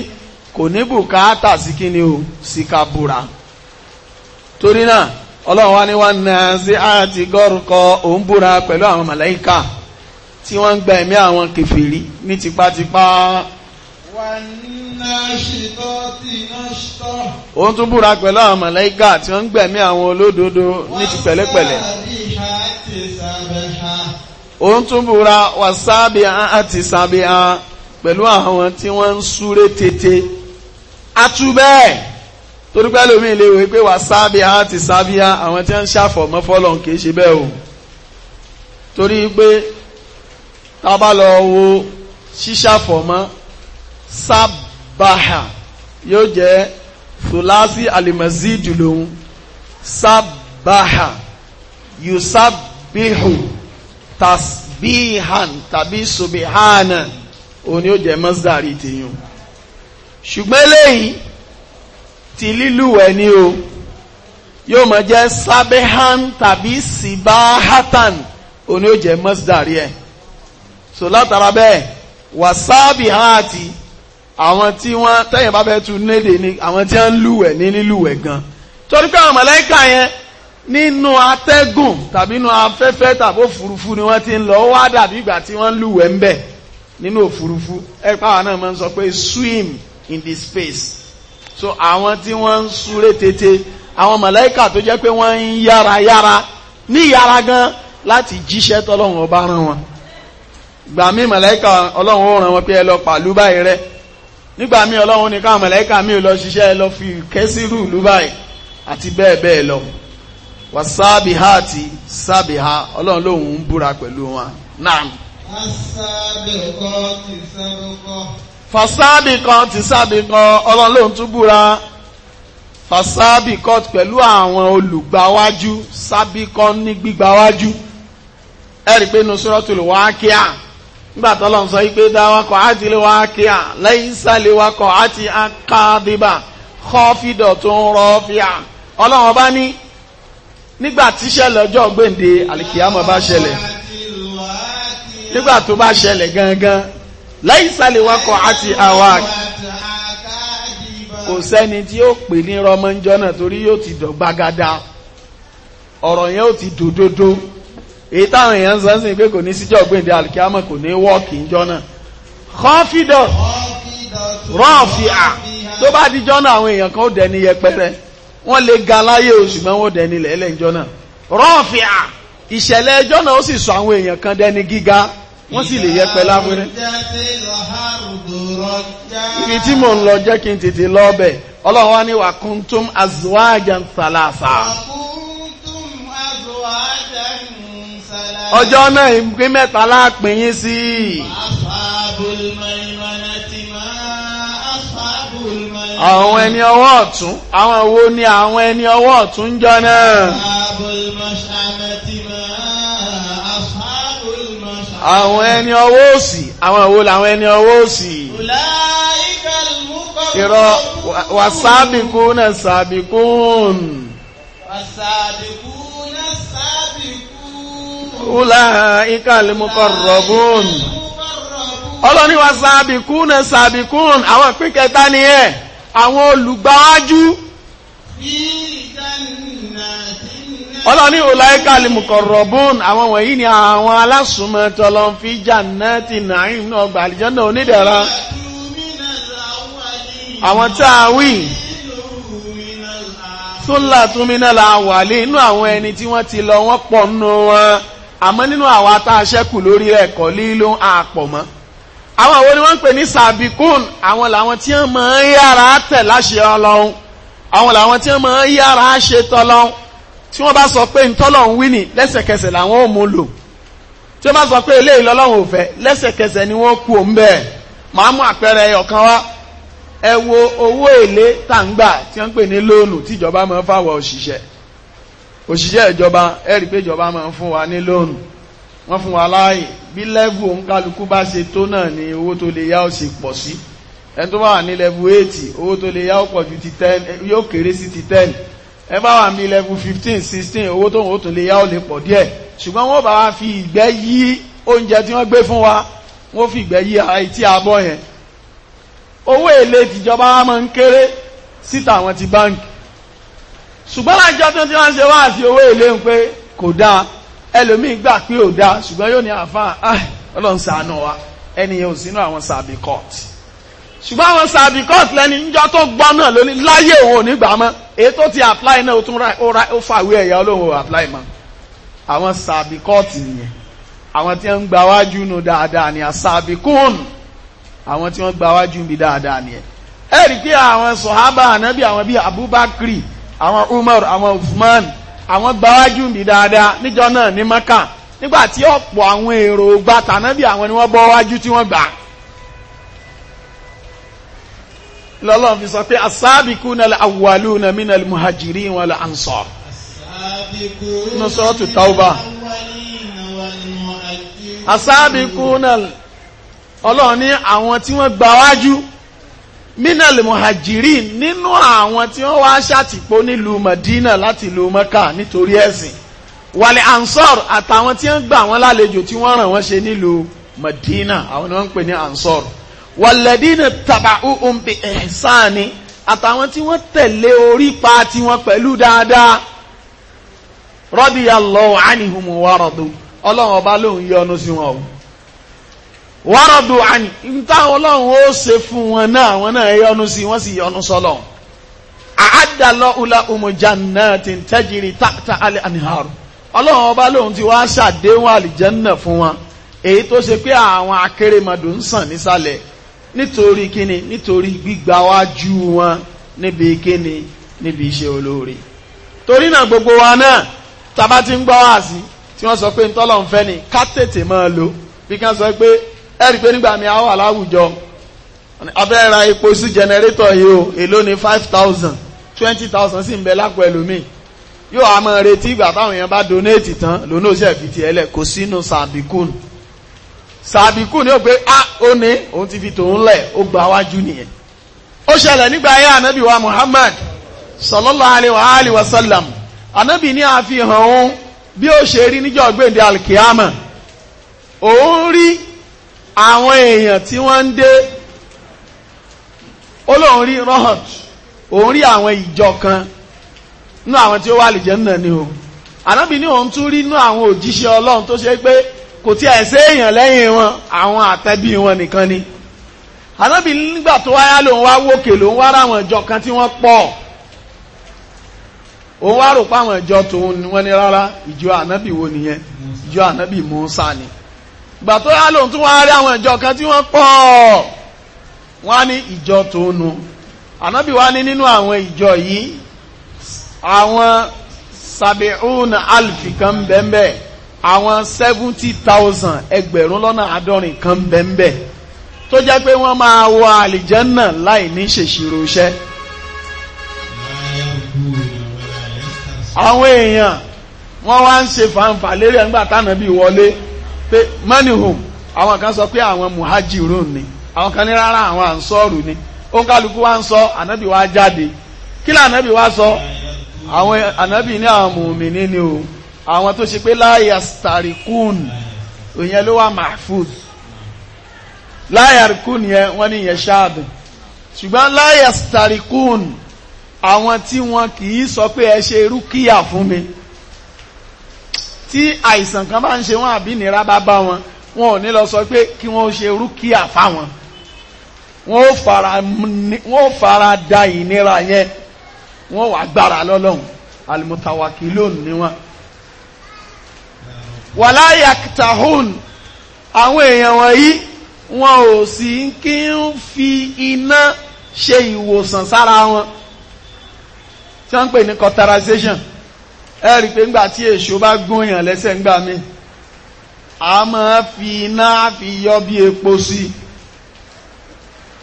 kò ní bùkátà sí kí o sì ká búra torí náà ọlọ́run wá ní wá nà sí àti gọ́rùkọ òun búra pẹ̀lú àwọn màláíkà tí wọ́n ń gba ẹ̀mí àwọn kèfèrí ní tipátipá ó tún búra pẹ̀lú àwọn màláíkà tí wọ́n ń gbẹ̀mí àwọn olódodo ní ti pẹ̀lẹ́pẹ̀lẹ́ ó tún búra wàsáàbì àti sàbì hàn pẹ̀lú àwọn tí wọ́n ń súré tètè atúbẹ́ torí pé lómi lè wé pé wàsáàbì àti sàbì hàn àwọn tí wọ́n ń ṣàfọ̀mọ́ fọ́lọ́n kìí ṣe bẹ́ẹ̀ o torí pé tá a bá lọ Sabaha, yóò jẹ́ thulasi alimazidu lòun sábàhà yusabihu tasbihan tabi subihana òun yóò jẹ́ masdari tìyún ṣùgbọ́n eléyìí ti lílùwẹ̀ ni o yóò máa jẹ́ sábẹ́hán tàbí sibahatan òun yóò jẹ́ masdari ẹ̀ so látara bẹ́ẹ̀ wasabi hàn àwọn tí wọ́n tẹ́yìn bá fẹ́ tu nílé ni àwọn tí wọ́n ń lúwẹ̀ ní lílúwẹ̀ gan torí pé àwọn mọ̀lẹ́kà yẹn nínú atẹ́gùn tàbí nínú afẹ́fẹ́ tàbí òfurufú ni wọ́n ti ń lọ wá dàbí ìgbà tí wọ́n ń lúwẹ̀ ń bẹ̀ nínú òfurufú ẹ pàwọn náà máa ń sọ pé swim in the space so àwọn tí wọ́n ń súré tètè àwọn mọ̀lẹ́kà tó jẹ́ pé wọ́n ń yára yára ní yára gan láti jíṣẹ́ tọ́lọ́run ọba rán wọn gbàmí mọ̀lẹ́kà ọlọ́run ó rán wọn pé ẹ lọ pàlú báyìí rẹ́ nígbà míì ọlọ́run ní káwọn mọ̀lẹ́kà míì lọ ṣiṣẹ́ lọ fi kẹ́sìrù ìlú báyìí àti bẹ́ẹ̀ bẹ́ẹ̀ lọ wà ha àti sábìhá ọlọ́run lòun ń búra pẹ̀lú wọn náà. fasábì kan ti sábì kan ọlọ́run lòun tún búra fasábì kan pẹ̀lú àwọn olùgbàwájú sábì kan ní gbígbàwájú ẹ̀rí pé nusrọ́tò lè wá kíá nígbà tó lọ́n sọ pé dáwọ́kọ̀ àti léwákíà lẹ́yìnsá léwákọ̀ àti akádìbà kọ́fídọ̀ tó ń rọ́fíà ọlọ́run bá ní nígbà tíṣẹ́ lọ́jọ́ gbèǹde àlìkìyàmọ̀ bá ṣẹlẹ̀ nígbà tó bá ṣẹlẹ̀ gangan lẹ́yìnsá léwákọ̀ àti awak kò sẹ́ni tí ó pè ní rọmọjọ́ náà torí yóò ti dọ̀gbagada ọ̀rọ̀ yẹn ó ti dòdodo. Do èyí táwọn èèyàn sọ sí pé kò ní síjọ́ gbèǹde alikiamọ kò ní wọ́ọ̀kì ńjọ́ náà kọ́fídọ̀ rọ́ọ̀fìà tó bá díjọ́ náà àwọn èèyàn kan ó dẹni yẹpẹrẹ wọ́n lè ga láyé o ṣùgbọ́n wọ́n dẹni lẹ́lẹ̀ ńjọ́ náà rọ́ọ̀fìà ìṣẹ̀lẹ̀ ẹjọ́ náà ó sì sọ àwọn èèyàn kan dẹni gíga wọ́n sì lè yẹpẹ láwẹ́rẹ́ ibi tí mò ń lọ jẹ́ kí n tètè lọ́ọ́bẹ̀ ọlọ́run wá ní wàkúntùm azwajan salasa. ọjọ́ náà ìpín mẹ́ta láàpín yín sí. àwọn ẹni ọwọ́ ọ̀tún àwọn wo ni àwọn ẹni ọwọ́ ọ̀tún ń jọ náà. àwọn ẹni ọwọ́ òsì àwọn wo làwọn ẹni ọwọ́ òsì. ìrọ̀ wàsábìkún náà sàbìkún. wàsábìkún. أولئك المقربون ọlọ́ni wa sàbìkún náà sàbìkún àwọn ìpín kẹta ni ẹ àwọn olùgbàwájú ọlọ́ni ọláìka limukọ̀rọ̀bùn àwọn wọ̀nyí ni àwọn alásùnmọ̀ tọ́lọ́n fi jannati na'im náà gbà àlìjọ́nà onídẹ̀ra àwọn tá a wí súnlá túnmínà làwàlé inú àwọn ẹni tí wọ́n ti lọ wọ́n pọ̀ nù wọn àmọ́ nínú àwa tá a ṣẹ́kù lórí ẹ̀kọ́ lílo àpọ̀ mọ́ àwọn àwọn ni wọ́n ń pè ní sàbíkún àwọn làwọn tí wọ́n máa ń yára tẹ̀ láṣẹ ọlọ́run àwọn làwọn tí wọ́n máa ń yára ṣe tọ́lọ́run tí wọ́n bá sọ pé ntọ́lọ́run wí ni lẹ́sẹ̀kẹsẹ̀ làwọn ò mú lò tí wọ́n bá sọ pé eléyìí lọ́lọ́run ò fẹ́ lẹ́sẹ̀kẹsẹ̀ ni wọ́n kú òun bẹ́ẹ̀ màá mú àpẹẹrẹ ẹyọ kan wá ẹ wo owó èlé tàǹgbà tí wọ́n pè ní lóònù tíjọba máa fáwọn òṣìṣẹ́ òṣìṣẹ́ ìjọba ẹ̀rí pé ìjọba máa ń fún wa ní lóònù wọ́n fún wa láàyè bí lẹ́vù òǹkálukú bá ṣe tó náà ni owó tó lè yá ó sì pọ̀ sí ẹni tó bá wà ní lẹ́vù 80 owó tó lè yá ó pọ̀ ju ti 10 yóò kéré sí ti 10 ẹ bá wà ní lẹ́vù 15 16 owó tó wọ́n tó lè yá ó lè pọ̀ díẹ̀ ṣùgbọ́n wọ́n bá fi ìgbẹ́ yí oúnjẹ tí wọ́n gbé fún wa wọ́n fi ìgbẹ́ yí àìtí abọ́ yẹn owó èlé tìjọba máa ń kéré síta àwọn ti báńkì ṣùgbọ́n láìjọ́ tó ti wọ́n ṣe wá sí owó èlé ń pé kò dáa ẹlòmíì gbà pé ò dáa ṣùgbọ́n yóò ní àfáà ah, ọlọ́run ṣàánú wa ẹnìyẹn ò sínú àwọn sàbí court ṣùgbọ́n àwọn sàbí court lẹ́ni níjọ́ tó gbọ́ náà lóní láyé òun ò ní gbà mọ́ èyí tó ti apply náà ó tún ó fàwé ẹ̀yà olóhùn ò apply mọ́ àwọn sàbí court nìyẹn àwọn tí wọ́n ń gba wájú nu dáadáa ni àsàbí kóònù àwọn tí wọ́n bi dáadáa pé àwọn sọ̀hábà ànábì àwọn bíi Abubakar àwọn Umar àwọn Uthman àwọn gbáwájú bí dáadáa níjọ náà ní Maka nígbà tí ọ̀pọ̀ àwọn èrò gba tànábì àwọn ni wọ́n bọ́ wájú tí wọ́n gbà. lọ́lọ́run fi sọ pé as-sabiquna al-awwaluna min al-muhajirin wal ansar. nínú suratu Tawbah. as-sabiquna àwọn tí wọ́n gbà minal muhajirin nínú àwọn tí wọ́n wá ṣàtìpó nílùú Madina láti ìlú Mẹ́kà nítorí ẹ̀sìn wàlẹ̀ ansor àtàwọn tí wọ́n gbà wọ́n lálejò tí wọ́n ràn wọ́n ṣe nílùú Madina àwọn ni wọ́n ń pè ní ansor wàlẹ̀dínà taba'uhum bi ihsani àtàwọn tí wọ́n tẹ̀lé orí pa tiwọn pẹ̀lú dáadáa radiyallahu anhum wa radu ọlọ́run ọba lóun yọ́nú sí wọn o wárọ̀dù àní ìtàwọn ọlọ́run ó ṣe fún wọn náà àwọn náà yọ́nú sí wọ́n sì yọ́nú sọ́lọ́run àádàlọ́ ula umujanna ti ń tẹ́jìrì táàtà alẹ́ àníhàrù ọlọ́run ọba lóhun ti wá ṣàdéhùn àlìjẹ́nà fún wọn èyí tó ṣe pé àwọn akérèmọdò ń sàn nísàlẹ̀ nítorí kíni nítorí gbígba wájú wọn níbi kíni níbi iṣẹ́ olóore torí náà gbogbo wa náà tàbá ti ń gbọ́ wá sí tí wọ́n sọ pé ntọ́lọ́run fẹ́ ni ká tètè máa lò sọ pé ẹ̀rí pé nígbà mi àwọn aláwùjọ abẹ́ ra epo sí jẹnẹrétọ̀ yìí o èló ni five thousand twenty thousand sì ń bẹ lápò ẹlòmíì yóò a máa retí ìgbà táwọn èèyàn bá donate tán lòun náà ṣe fi tiẹ̀ lẹ̀ kò sínú sàbíkùn sàbíkùn ni ó a ah, ó ní òun ti fi tòun lẹ̀ ó gba wájú nìyẹn ó ṣẹlẹ̀ nígbà ayé ànábì wa Muhammad sallallahu alayhi wa alihi wa sallam ànábì ní àfihàn òun bí ó ṣe rí níjọ́ gbèǹde alkiyama òun rí àwọn èèyàn tí wọ́n ń dé ó lóun rí rohot òun rí àwọn ìjọ kan nínú àwọn tí ó wà àlìjẹ́nnà ni o ànábì ní òun tún rí nínú àwọn òjíṣẹ́ ọlọ́run tó ṣe pé kò tí ẹ̀ séèyàn lẹ́yìn wọn àwọn àtẹ́bí wọn nìkan ni ànábì nígbà tó wáyá lòun wá wókè lòun wá ráwọn ìjọ kan tí wọ́n pọ̀ òun wá rò pé ìjọ tòun ni wọ́n ní rárá ìjọ ànábì wo nìyẹn ìjọ ànábì Mùsá ni gbà tó yá lòun tún wá rí àwọn ìjọ kan tí wọ́n pọ̀ wọ́n ní ìjọ tó nu ànábì wá ní nínú àwọn ìjọ yìí àwọn sabi'un alfi kan bẹ́ẹ̀nbẹ́ àwọn seventy thousand ẹgbẹ̀rún lọ́nà àádọ́rin kan bẹ́ẹ̀nbẹ́ tó jẹ́ pé wọ́n máa wọ àlìjẹ́nà láì ní ṣèṣirò iṣẹ́. àwọn èèyàn wọ́n wá ń ṣe fàǹfà lérí ẹgbàá tánàbí wọlé pé manihum àwọn kan sọ pé àwọn muhajirun ni àwọn kan ní rárá àwọn ànsọ́ọ̀rù ni ó ń kálukú wá ń sọ ànábì wá jáde kí lè ànábì wá sọ àwọn ànábì ní àwọn mùmìnì ni o àwọn tó ṣe pé láyà starikun òyìn ló wà mahfuz láyà rikun yẹn wọ́n ní yẹn ṣáàdùn ṣùgbọ́n láyà starikun àwọn tí wọn kì í sọ pé ẹ ṣe rúkìá fún mi tí àìsàn kan bá ń ṣe wọn àbí ìnira bá bá wọn wọn ò ní lọ sọ pé kí wọn ṣe rúkìá fáwọn wọn ó fara wọn fara da ìnira yẹn wọn wà gbára lọ́lọ́run alimutawakilon ni wọn. wàlá yaktahun àwọn èèyàn wọ̀nyí wọn ò sì kí ń fi iná ṣe ìwòsàn sára wọn tí wọ́n ń pè ní cauterization ẹ rí i pé ńgbà tí èso bá gún èèyàn lẹ́sẹ̀ ńgbà mi a máa fi iná fi yọ bí epo sí i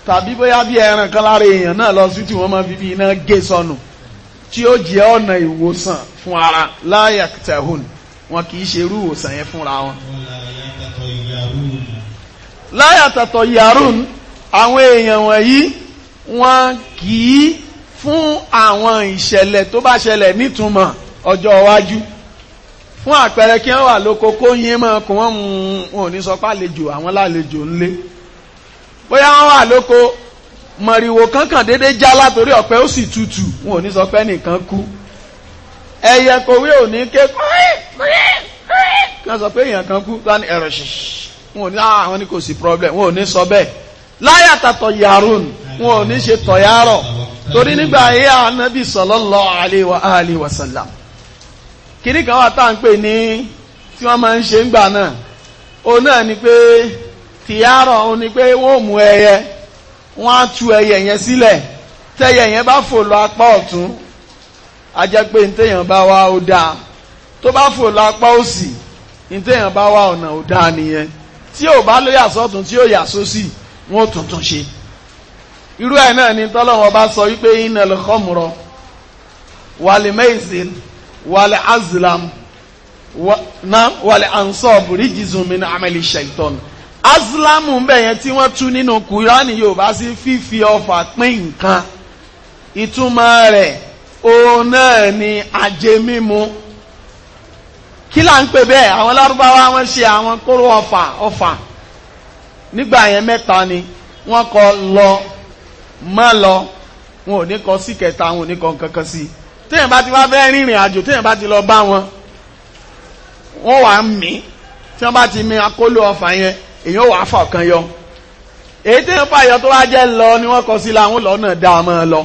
tàbí bóyá bí ẹran kan lára èèyàn náà lọ sí tí wọ́n máa fi bí iná gé sọnù tí ó jẹ́ ọ̀nà ìwòsàn fún ara láyà tẹ̀hún wọn kì í ṣe irú ìwòsàn yẹn fúnra wọn. láyà tàtọ̀ yarun àwọn èèyàn wọ̀nyí wọn kì í fún àwọn ìṣẹ̀lẹ̀ tó bá ṣẹlẹ̀ nítumọ̀ ọjọ́ iwájú fún àpẹẹrẹ kí wọ́n wà lóko kó yín mọ́ kó wọ́n mú wọn ò ní sọ pé àlejò àwọn lálejò ńlé bóyá wọ́n wà lóko mọ̀rìwò kankan déédéé já látòrí ọ̀pẹ ó sì tutù wọn ò ní sọ pé nìkan kú ẹyẹ kòwé ò ní ké kan sọ pé èèyàn kan kú tán ẹ̀rọ ṣiṣi wọn ò ní àwọn ah, ní kò sí problem wọn ò ní sọ bẹ́ẹ̀ láyàtàtọ̀ yàrún wọn ò ní ṣe tọ̀yàrọ̀ torí nígbà ayé ànábì sallallahu alaihi wa alihi wa sallam kìíní kan wà tá à ń pè ní tí wọ́n máa ń ṣe ń gbà náà òun náà ni pé tìyàrọ̀ òun ni pé wọ́n mú ẹyẹ wọ́n á tu ẹyẹ yẹn sílẹ̀ tẹyẹ yẹn bá fò lọ apá ọ̀tún a jẹ́ pé ntẹ̀yàn bá wá ó dáa tó bá fò lọ apá òsì ntẹ̀yàn bá wá ọ̀nà ó dáa nìyẹn tí ò bá lóyà sọ́tún tí ò yà sósì wọ́n tuntun ṣe irú ẹ̀ náà ni tọ́lọ́wọ́n bá sọ wípé iná lè mùrọ̀ wàlímẹ́ ìsìn wàlẹ̀ azlam na wàlẹ̀ ansob rígizun mi ní amẹ́lì shaitan azlamu ń bẹ̀ yẹn tí wọ́n tú nínú kùránì yorùbá sí fífi ọfà pín nǹkan ìtumọ̀ rẹ̀ òun náà ni ajé mímu kí là ń pè bẹ́ẹ̀ àwọn lárúbáwá wọ́n ṣe àwọn kóró ọfà ọfà nígbà yẹn mẹ́ta ni wọ́n kọ lọ má lọ wọn ò ní kọ sí kẹta wọn ò ní kọ kankan sí i téèyàn bá ti wá fẹ́ rìnrìn àjò téèyàn bá ti lọ bá wọn wọ́n wà á mí tí wọ́n bá ti mi akóló ọfà yẹn èyàn wà á fà kan yọ èyí téèyàn fàyọ tó wá jẹ́ lọ ni wọ́n kọ sí la àwọn lọ́nà dá a máa lọ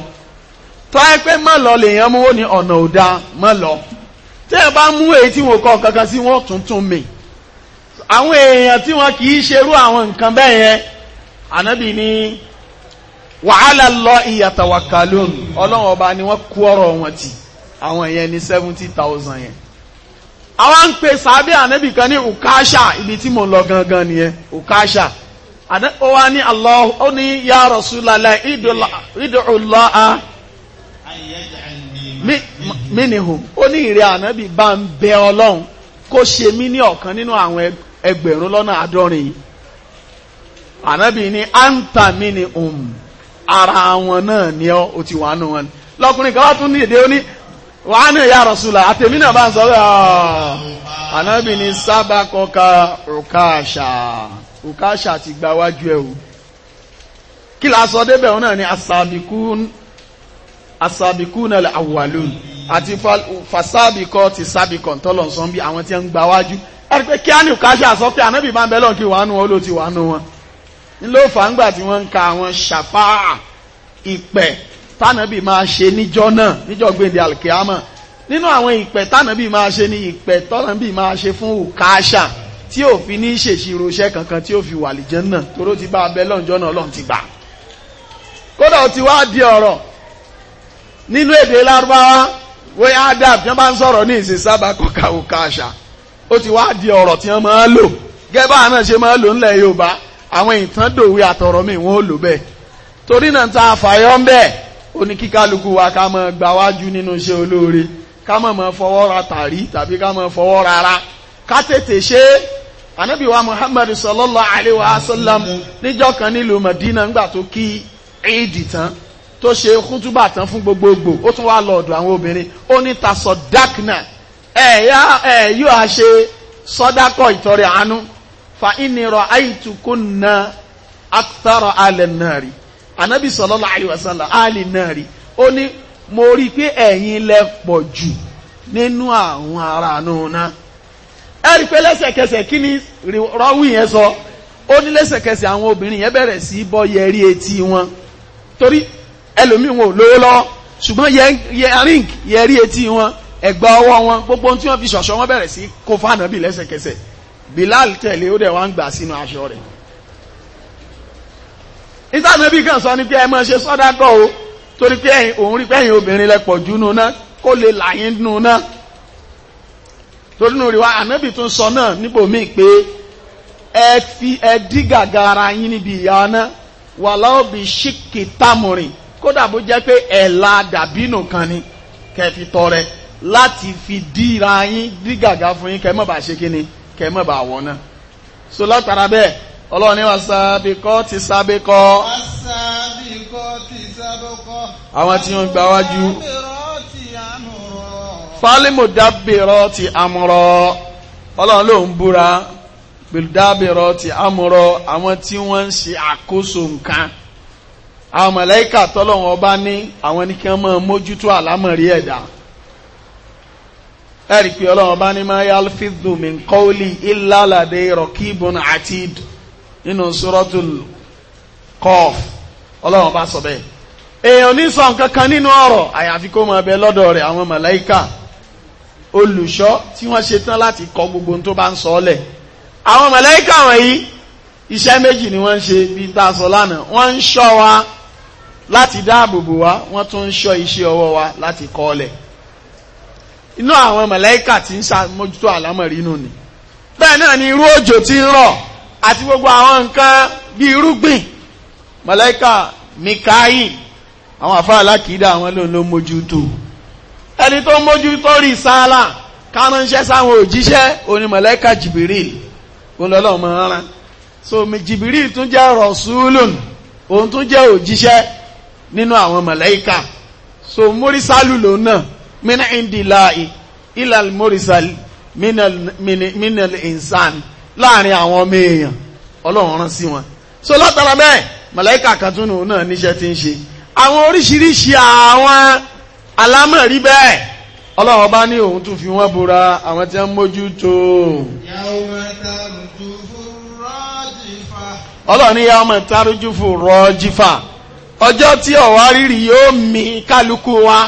tó ẹ pé mọ̀ lọ lèèyàn mú ó ní ọ̀nà ò dá lọ téèyàn bá mú èyí tí wọn kọ kankan sí wọn tuntun mi àwọn èèyàn tí wọn kì í ṣerú àwọn nǹkan bẹ́ẹ̀ yẹn ànábì ní wa ala Allahi yatawakkalun ọlọ́run ọba ni wọ́n kú ọ̀rọ̀ wọn ti àwọn yẹn ni seventy thousand yẹn. àwọn ń pe sàbẹ̀ ànábì kan ní ukasha ibi tí mò ń lọ gangan nìyẹn ukasha ó wá ní Allah ó ní ya Rasulallah idulaha minihum ó ní ìrẹ́ ànábì bá ń bẹ ọlọ́run kó ṣe mí ní ọ̀kan nínú àwọn ẹgbẹ̀rún lọ́nà àádọ́rin yìí ànábì ní anta minihum. ara wọn náà ni ọ́ o ti wà nù wọn lọ́kùnrin kan wá tún ní èdè ó ní wàá náà yà rọ̀sùlà àtẹ̀mí náà bá ń sọ pé ànábì ni sábà kọ́ka òkàṣà òkàṣà ti gba wájú ẹ̀ o kí la sọ débẹ̀ òun náà ni asàbìkún asàbìkún náà àti fasabikọ ti sabikọ ntọ́lọ̀ bí àwọn tí ń gba wájú ẹ̀rí pé kí á ní òkàṣà sọ pé ànábì máa ń bẹ́ lọ́n kí wàá nù ló ti wàá wọn ló fà ń gbà tí wọ́n ń ka àwọn ṣàfáà ìpẹ̀ tánàbì máa ṣe níjọ́ náà níjọ́ gbèndé alkeama nínú àwọn ìpẹ̀ tánàbì máa ṣe ní ìpẹ̀ tánàbì máa ṣe fún òkáṣà tí ò fi ní ṣèṣirò iṣẹ́ kankan tí ò fi wà lìjẹ́ náà toró ti bá abẹ́ lọ́njọ́ náà lọ́n ti gbà kódà ó ti wá di ọ̀rọ̀ nínú èdè lárúbáwá wọ́n adab tí wọ́n bá ń sọ̀rọ̀ ní ìsìn sábà kọ́ka òkáṣà ó ti wá di ọ̀rọ̀ tí wọ́n máa lò gẹ́gẹ́ bá àná ṣe máa lò ńlẹ̀ Yorùbá àwọn ìtàn dòwí àtọ̀rọ̀ mi wọ́n lò bẹ́ẹ̀ torí náà ta àfàyọ́ ń bẹ́ẹ̀ ó ní kíkálukú wa ká mọ̀ gbáwájú nínú iṣẹ́ olóore ká mọ̀ mọ̀ fọwọ́ ra tàrí tàbí ká mọ̀ fọwọ́ ká ṣe é wa Muhammad sallallahu alaihi Madina ńgbà tó kí éèdì tán tó ṣe kútúbà tán fún gbogbogbò ó tún wá àwọn obìnrin ó ní fa inni ra'aytukunna akthara ala nari anabi sallallahu alayhi wa sallam ali nari ó ní mo rí i pé ẹ̀yin lẹ pọ̀ jù nínú àwọn ará nùnà ẹ rí i pé lẹ́sẹ̀kẹsẹ̀ kí ni rọ́wì yẹn sọ ó ní lẹ́sẹ̀kẹsẹ̀ àwọn obìnrin yẹn bẹ̀rẹ̀ sí bọ́ yẹrí etí wọn torí ẹlòmíì wọn ò lówó lọ́wọ́ ṣùgbọ́n yẹrí etí wọn ẹ̀gbà ọwọ́ wọn gbogbo ohun tí wọ́n fi ṣọ̀ṣọ́ wọn bẹ̀rẹ̀ sí kó fáànà bí lẹ́sẹ̀kẹsẹ̀ Bilal tẹ̀lé ó dẹ̀ wá ń gbà sínú aṣọ rẹ̀ ìtànàbí kan sọ ní pé ẹ má ṣe sọ́dákọ̀ o torí pé ẹ̀yin òun rí pẹ́yìn obìnrin lẹ́pọ̀ jù nù náà kó lè láyín nù náà torí nù rí wa ànábì tún sọ náà nípò míì pé ẹ fi ẹ dí gàgà ara yín níbi ìyá náà wà láòbí ṣíkì támùrìn kódà bó jẹ́ pé ẹ̀la dàbínù kan ni kẹ́ tọrẹ láti fi díra yín dí gàgà fún yín kẹ́ mọ̀ bá ṣe kí ni kẹmọ́ bá wọ́n náà so látara bẹ́ẹ̀ ọlọ́run ní wà sábẹ́kọ́ ti sábẹ́kọ́ àwọn tí wọ́n gbà wájú fálímùdábìrọ́ ti amúrọ́ ọlọ́run ló ń búra bìdábìrọ́ ti amúrọ́ àwọn tí wọ́n ń ṣe àkóso nǹkan àwọn mọ̀lẹ́kà tọ́lọ́run ọba ní àwọn ní kí wọ́n máa mójútó àlámọ̀rí ẹ̀dá ẹ̀rí pé ọlọ́run bá ní ma yalfidhu min qawli illa ladayhi raqibun atid nínú suratul Qaf ọlọ́run bá sọ bẹ́ẹ̀ èèyàn ní sọ nǹkan kan nínú ọ̀rọ̀ àyàfi kó máa bẹ lọ́dọ̀ rẹ̀ àwọn màláíkà olùṣọ́ tí wọ́n ṣe tán láti kọ gbogbo tó bá ń sọ ọ́lẹ̀ àwọn màláíkà wọ̀nyí iṣẹ́ méjì ni wọ́n ń ṣe bí tá a sọ lánàá wọ́n ń ṣọ́ inú àwọn màláíkà tí ń ṣàmójútó àlámọ̀rí inú ni bẹ́ẹ̀ náà ni irú òjò tí ń rọ̀ àti gbogbo àwọn nǹkan bí irúgbìn màláíkà Mikail àwọn àfáà alákìídà àwọn lòun ló mójútó ẹni tó mójútó rí sáálà kánánṣẹ́ sáwọn òjíṣẹ́ oní màláíkà Jibril olọ́lọ́ mọ̀ so Jibril tún jẹ́ rọ̀súlùn òun tún jẹ́ òjíṣẹ́ nínú àwọn màláíkà so mórísálù lòun náà min indilahi ilal mursal minal insan láàrin àwọn ọmọ èèyàn ọlọ́run rán sí wọn so látara bẹ́ẹ̀ màláíkà kàtúnù náà níṣẹ́ ti ń ṣe àwọn oríṣiríṣi àwọn alámọ̀rí bẹ́ẹ̀ ọlọ́run bá ní òun tún fi wọ́n bora àwọn tí wọ́n mójútó ọlọ́run ní yàwó mẹ́ta rújú fún rọ́jífà ọjọ́ tí ọ̀wá rírì yóò mì kálukú wa.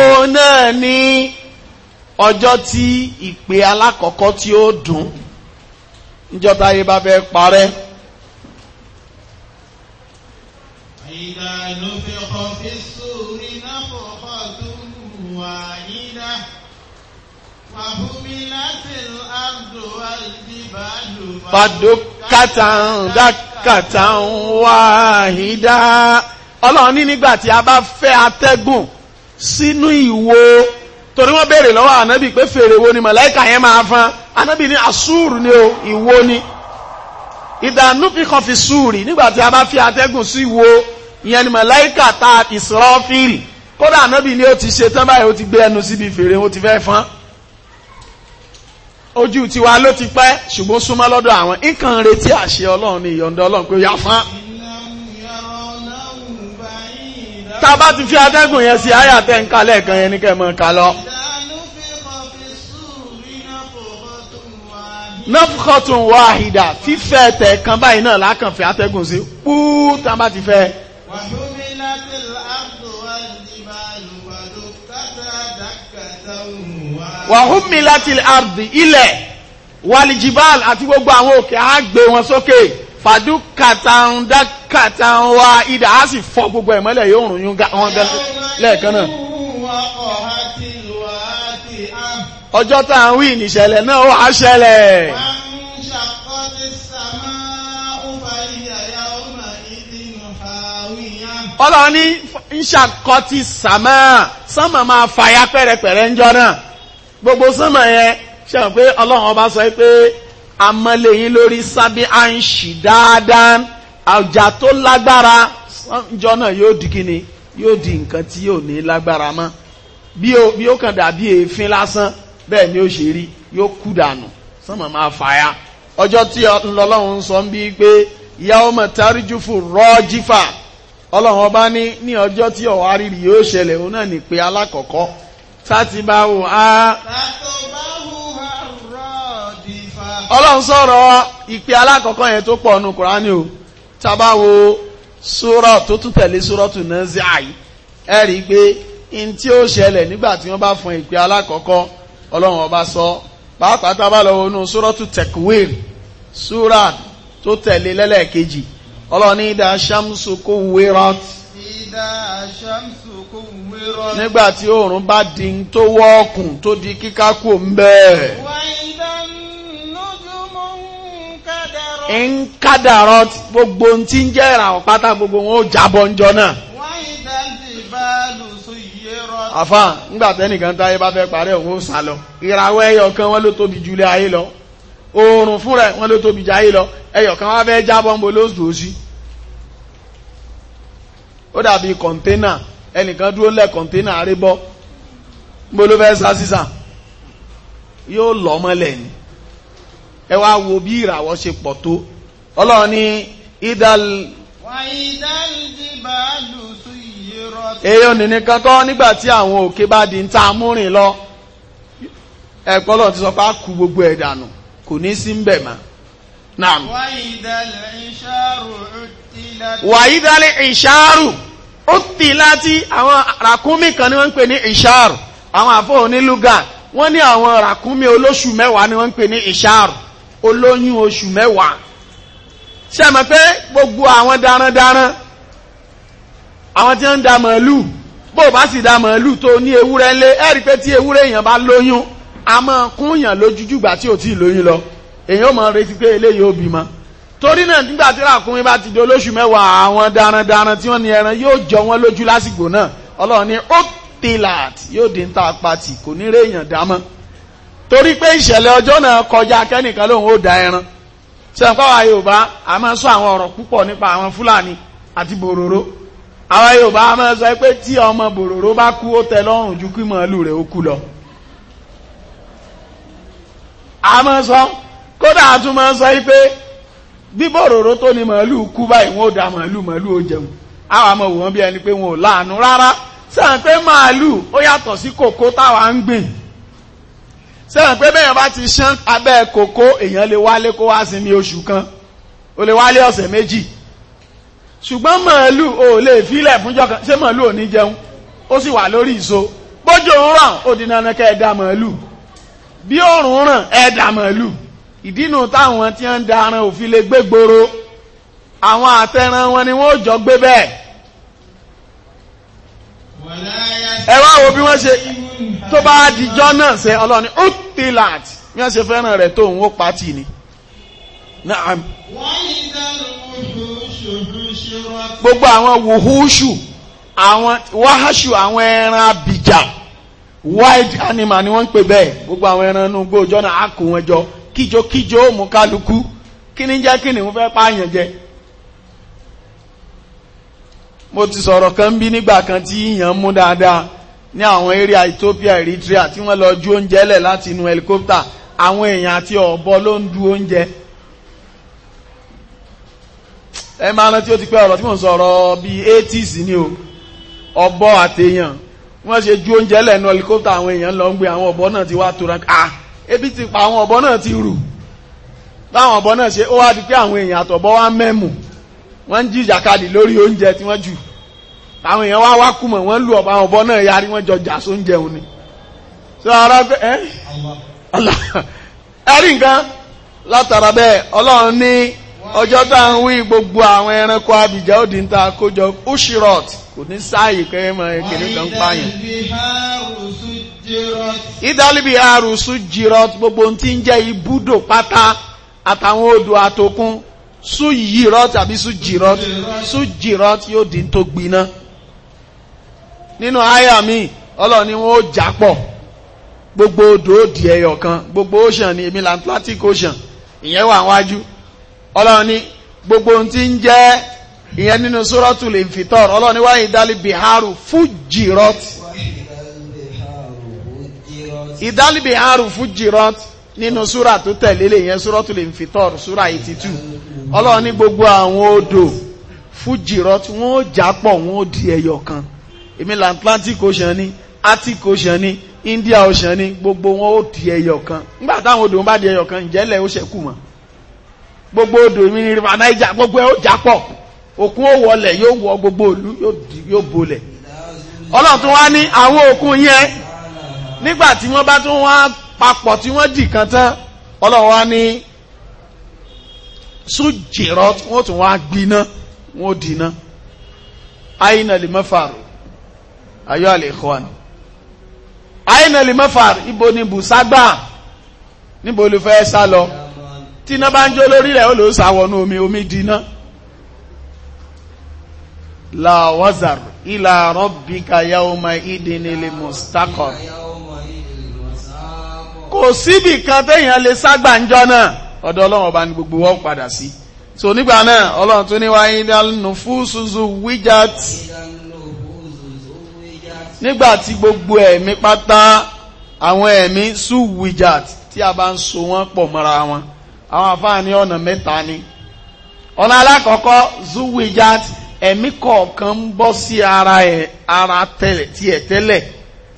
òun náà ni ọjọ́ tí ìpè alákọ̀ọ́kọ́ tí ó dùn níjọba ayé bá fẹ́ parẹ́. ìdá ló fi kọ́ fi sórí náà fọ́fọ́ tó wà nídá wàhùnmílátìl àdó àdìbàdò bàdó kàtàn dákàtàn wàhídá ọlọ́run ní nígbà tí a bá fẹ́ atẹ́gùn. sínú ìwo torí wọ́n béèrè lọ́wọ́ ànábì pé fèrè wo ni màláìkà yẹn máa fán ànábì ní asúùrù ni o ìwo ni ìdààmú fi kan fi súùrì nígbà tí a bá fi atẹ́gùn sí ìwo ìyẹn ni màláìkà ta ìsọ́fìrì kódà ànábì ni ó ti ṣe tán báyìí ó ti gbé ẹnu síbi fèrè ó ti fẹ́ fán ojú tiwa ló ti pẹ́ ṣùgbọ́n súnmọ́ lọ́dọ̀ àwọn nǹkan retí àṣẹ ọlọ́run ni ìyọ̀ǹda ọlọ́run pé yà fán. ta bá ti fi atẹ́gùn yẹn sí àyà tẹ́ ń kalẹ̀ kan yẹn ní kẹ́mọ́ ká lọ. nafkhatun wahida fífẹ́ tẹ̀ kan báyìí náà lákànfẹ́ atẹ́gùn sí púú tá bá ti fẹ́. wàhúmi láti ardi ilẹ̀ wàlìjìbáàlì àti gbogbo àwọn òkè á wọn sókè fàdú kàtàun dá kàtàun wá ìdá á sì fọ́ gbogbo ẹ̀mọ́lẹ̀ yóò rùn yún wọn gan lẹ́ẹ̀kan náà ọjọ́ tá à ń wí níṣẹ̀lẹ̀ náà wà á ṣẹlẹ̀ ọlọ́run ní ń ṣàkọ́tì sàmà sánmà máa fàya pẹ̀rẹ̀pẹ̀rẹ̀ ń jọ náà gbogbo sánmà yẹn ṣe hàn pé ọlọ́run ọba sọ pé amọ́lẹ́yìn lórí sábẹ́ à ń ṣì dáadáa àjà tó lágbára jọ náà yóò di kíni yóò di nǹkan tí yóò ní lágbára mọ́ bí ó bí ó kàn dàbí èéfín lásán bẹ́ẹ̀ ni ó ṣe rí yóò kú dànù sánmọ̀ máa ọjọ́ tí ọlọ́run sọ ń bí pé ọlọ́run ọba ní ní ọjọ́ tí ọ̀wá rírì yóò ṣẹlẹ̀ òun náà ní pé alákọ̀ọ́kọ́ á. ọlọ́run sọ̀rọ̀ ìpè alákọ̀ọ́kọ́ yẹn tó pọ̀ nù kúránì o tábà wo sórọ̀ tó tún tẹ̀lé sórọ̀tù Nazi'a yìí ẹ rí i pé n tí ó ṣẹlẹ̀ nígbà tí wọ́n bá fún ìpè alákọ̀ọ́kọ́ ọlọ́run ọba sọ pàápàá tábà lọ́wọ́ nù sórọ̀tù Takwir sóra tó tẹ̀lé lẹ́lẹ́kejì ọlọ́run ní ìdá sàmùsù kó wérọ̀ nígbà tí oòrùn bá di tó wọ́ọ̀kùn tó di kíkákò ń bẹ́ẹ̀. wáyé dánú. ń kádàrọ gbogbo ntí ń jẹ́ ìràwọ̀ pátá gbogbo wọn ó jábọ̀ ńjọ náà. àfa nígbà tẹ́nìkan táyé bá fẹ́ parẹ́ òun ó sá lọ ìràwọ̀ ẹyọ kan wọn ló tóbi jùlẹ̀ ayé lọ oòrùn fúnra wọn ló tóbi jù ayé lọ ẹyọ kan wọn fẹ́ jábọ̀ ló ó dàbí kọ̀ńténà ẹnìkan dúró lẹ̀ kọ̀ńténà ló fẹ́ sá sísà yóò lọ́ mọ́lẹ̀ ni. e wá wo bí ìràwọ̀ ṣe pọ̀ tó ọlọ́run ní idal. wà idal jibalu suyirat. èyí ò ní nígbà tí àwọn òkè bá di ta lọ ẹ̀pọ̀ lọ́n ti sọ pé a kú gbogbo ẹ̀ dànù kò ní sí ń bẹ̀ mọ́. Naam. Wàyídálé ìṣàrù ó tì láti àwọn ràkúnmí kan ni wọ́n ń pè ní ìṣàrù àwọn àfọ́ onílùgà wọ́n ní àwọn ràkúnmí olóṣù mẹ́wàá ni wọ́n ń pè ní ìṣàrù. olóyún oṣù mẹ́wàá ṣe mọ̀ pé gbogbo àwọn darandaran àwọn tí ń da màálù bó bá sì da màálù tó ní ewúrẹ́ ńlé ẹ rí pé tí ewúrẹ́ èèyàn bá lóyún a máa kúnyàn lójújùgbà tí ò tí ì lóyún lọ èèyàn ò mọ̀ retí pé eléyìí ó bímọ torí náà nígbà tí ràkúnmí bá ti di olóṣù mẹ́wàá àwọn darandaran tí wọ́n ní ẹran yóò jọ wọ́n lójú lásìkò náà ọlọ́run ní ó tìlà yóò dín tá a pa tì kò ní réèyàn dámọ́ torí pé ìṣẹ̀lẹ̀ ọjọ́ náà kọjá kẹ́nìkan lòun ó da ẹran sẹ́ńpáwá yorùbá a máa sọ àwọn ọ̀rọ̀ púpọ̀ nípa àwọn fúlàní àti bòròró àwọn yorùbá a máa sọ pé tí ọmọ bòròró bá kú ó tẹ́ lọ́rùn ju kí màálù rẹ̀ ó kú lọ a máa sọ kódà a tún máa sọ pé bí bòròró tó ní màálù kú báyìí wọn ò da màálù màálù ó jẹun àwọn àmọ̀ wọ́n bí ẹni pé wọn ò láàánú rárá sẹ́ńpé màálù ó yàtọ̀ sí kòkó táwa ń gbìn sẹ́wọ̀n pé bẹ́ẹ̀ bá ti ṣán abẹ́ kòkó èèyàn lè wálé kó wá sinmi oṣù kan ó lè wálé ọ̀sẹ̀ méjì ṣùgbọ́n màálù ò lè fílẹ̀ fúnjọ́ kan ṣé màálù ò ní jẹun ó sì wà lórí ìso bójú òun ràn ó di dandan kẹ́ ẹ dá màálù bí òòrùn ràn ẹ dá màálù ìdínú táwọn tí ń daran òfin lè gbé gbòòrò àwọn àtẹran wọn ni wọn ò jọ gbé bẹ́ẹ̀ ẹ wá wo bí wọ́n ṣe tó bá dijọ́ náà ṣe ọlọ́ni utilat bí wọ́n ṣe fẹ́ràn rẹ̀ tó ń wó pàtì ni. gbogbo àwọn wùhúṣù àwọn wáhásù àwọn ẹran abìjà wild animal ni wọ́n ń pè bẹ́ẹ̀ gbogbo àwọn ẹran inú gbóòjọ́ náà á kó wọn jọ kíjokíjo ó mú kálukú kí jẹ́ kí ni fẹ́ pààyàn jẹ mo ti sọ̀rọ̀ kan bí nígbà kan tí yíyan mú dáadáa ní àwọn area Ethiopia Eritrea tí wọ́n lọ ju oúnjẹ lẹ̀ láti inú helicopter àwọn èèyàn àti ọ̀bọ ló ń du oúnjẹ ẹ máa rántí ó ti pẹ́ ọ̀rọ̀ tí mò ń sọ̀rọ̀ bíi eighties ni o ọ̀bọ àtèèyàn wọ́n ṣe ju oúnjẹ lẹ́nu helicopter àwọn èèyàn lọ ń gbé àwọn ọ̀bọ náà ti wá tora à ebi ti pa àwọn ọ̀bọ náà ti rù báwọn ọ̀bọ náà ṣe ó wá di pé àwọn èèyàn àtọ̀bọ wá mẹ́mù wọ́n ń jí ìjàkadì lórí oúnjẹ tí wọ́n jù àwọn èèyàn wá wá kùmọ̀ wọ́n lù ọ̀bà ọ̀bọ náà yarí wọ́n jọ jà só ń jẹun ni sọ́ra bẹ́ ẹ́ ẹ̀rí nǹkan látara bẹ́ẹ̀ ọlọ́run ní ọjọ́ tá à ń wí gbogbo àwọn ẹranko abìjà òdì ń ta àkójọ ushirot kò ní sáàyè kẹ́ ẹ mọ èkéde kan pààyàn. ìdálíbi àrùsù jirot gbogbo ti ń jẹ́ ibùdó pátá àtàwọn odò àtòkun sùjírọ́t àbí sùjírọ́t sùjírọ́t yóò di tó gbiná. nínú àyà mi ọlọ́run ni wọ́n ó jà pọ̀ gbogbo odò òdì ẹyọ kan gbogbo ocean ni emilan atlantic ocean ìyẹn wà wájú ọlọ́run ni gbogbo ohun tí ń jẹ́ ìyẹn nínú suratul infitor ọlọ́run ni wáyé ìdálẹ́ biharu fújìrọ́t ìdálẹ́ biharu fújìrọ́t nínú súrà tó tẹ̀lé lè yẹn suratul infitor súrà 82 ọlọ́run ni gbogbo àwọn odò fújìrọ́t wọ́n ó jà pọ̀ wọ́n ó di ẹyọ kan èmi la Atlantic Ocean ni Arctic Ocean ni India Ocean ni gbogbo wọn ó di ẹyọ kan nígbà táwọn odò wọn bá di ẹyọ kan ìjẹ́lẹ̀ ó ṣẹ̀kù mọ́ gbogbo odò mi ní river Niger gbogbo ẹ ó jà pọ̀ òkun ó wọlẹ̀ yóò wọ gbogbo òlu yóò bolẹ̀ ọlọ́run tún wá ní àwọn òkun yẹn nígbà tí wọ́n bá tún wá papọ̀ tí wọ́n dì kan tán ọlọ́run wá ní sójìrọ́ wọ́n tún wá gbiná wọ́n dìná àyínà lè mẹ́fà rò ayọ́ àlèkọ́ni àìnàlè mẹ́fà ibo ni bùságbà níbo ló fẹ́ sá lọ tí iná bá ń jó lórí rẹ̀ ó lò ó sàwọnú omi omi dínà làwọ́zàr ilà rabbika yawma idinil mustaqar kò síbì kan téèyàn lè ságbà ń jọ ọ̀dọ̀ ọlọ́run ọba ni gbogbo wọn padà sí so nígbà náà ọlọ́run tún ní wáyé dánú fún suzu wíjàtì nígbà tí gbogbo ẹ̀mí pátá àwọn ẹ̀mí suwijat tí a bá ń so wọ́n pọ̀ mọ́ra wọn àwọn àfáàní ọ̀nà mẹ́ta ni ọ̀nà alákọ̀ọ́kọ́ suwijat ẹ̀mí kọ̀ọ̀kan ń bọ́ sí ara ẹ̀ ara tẹ̀lẹ̀ tiẹ̀ tẹ́lẹ̀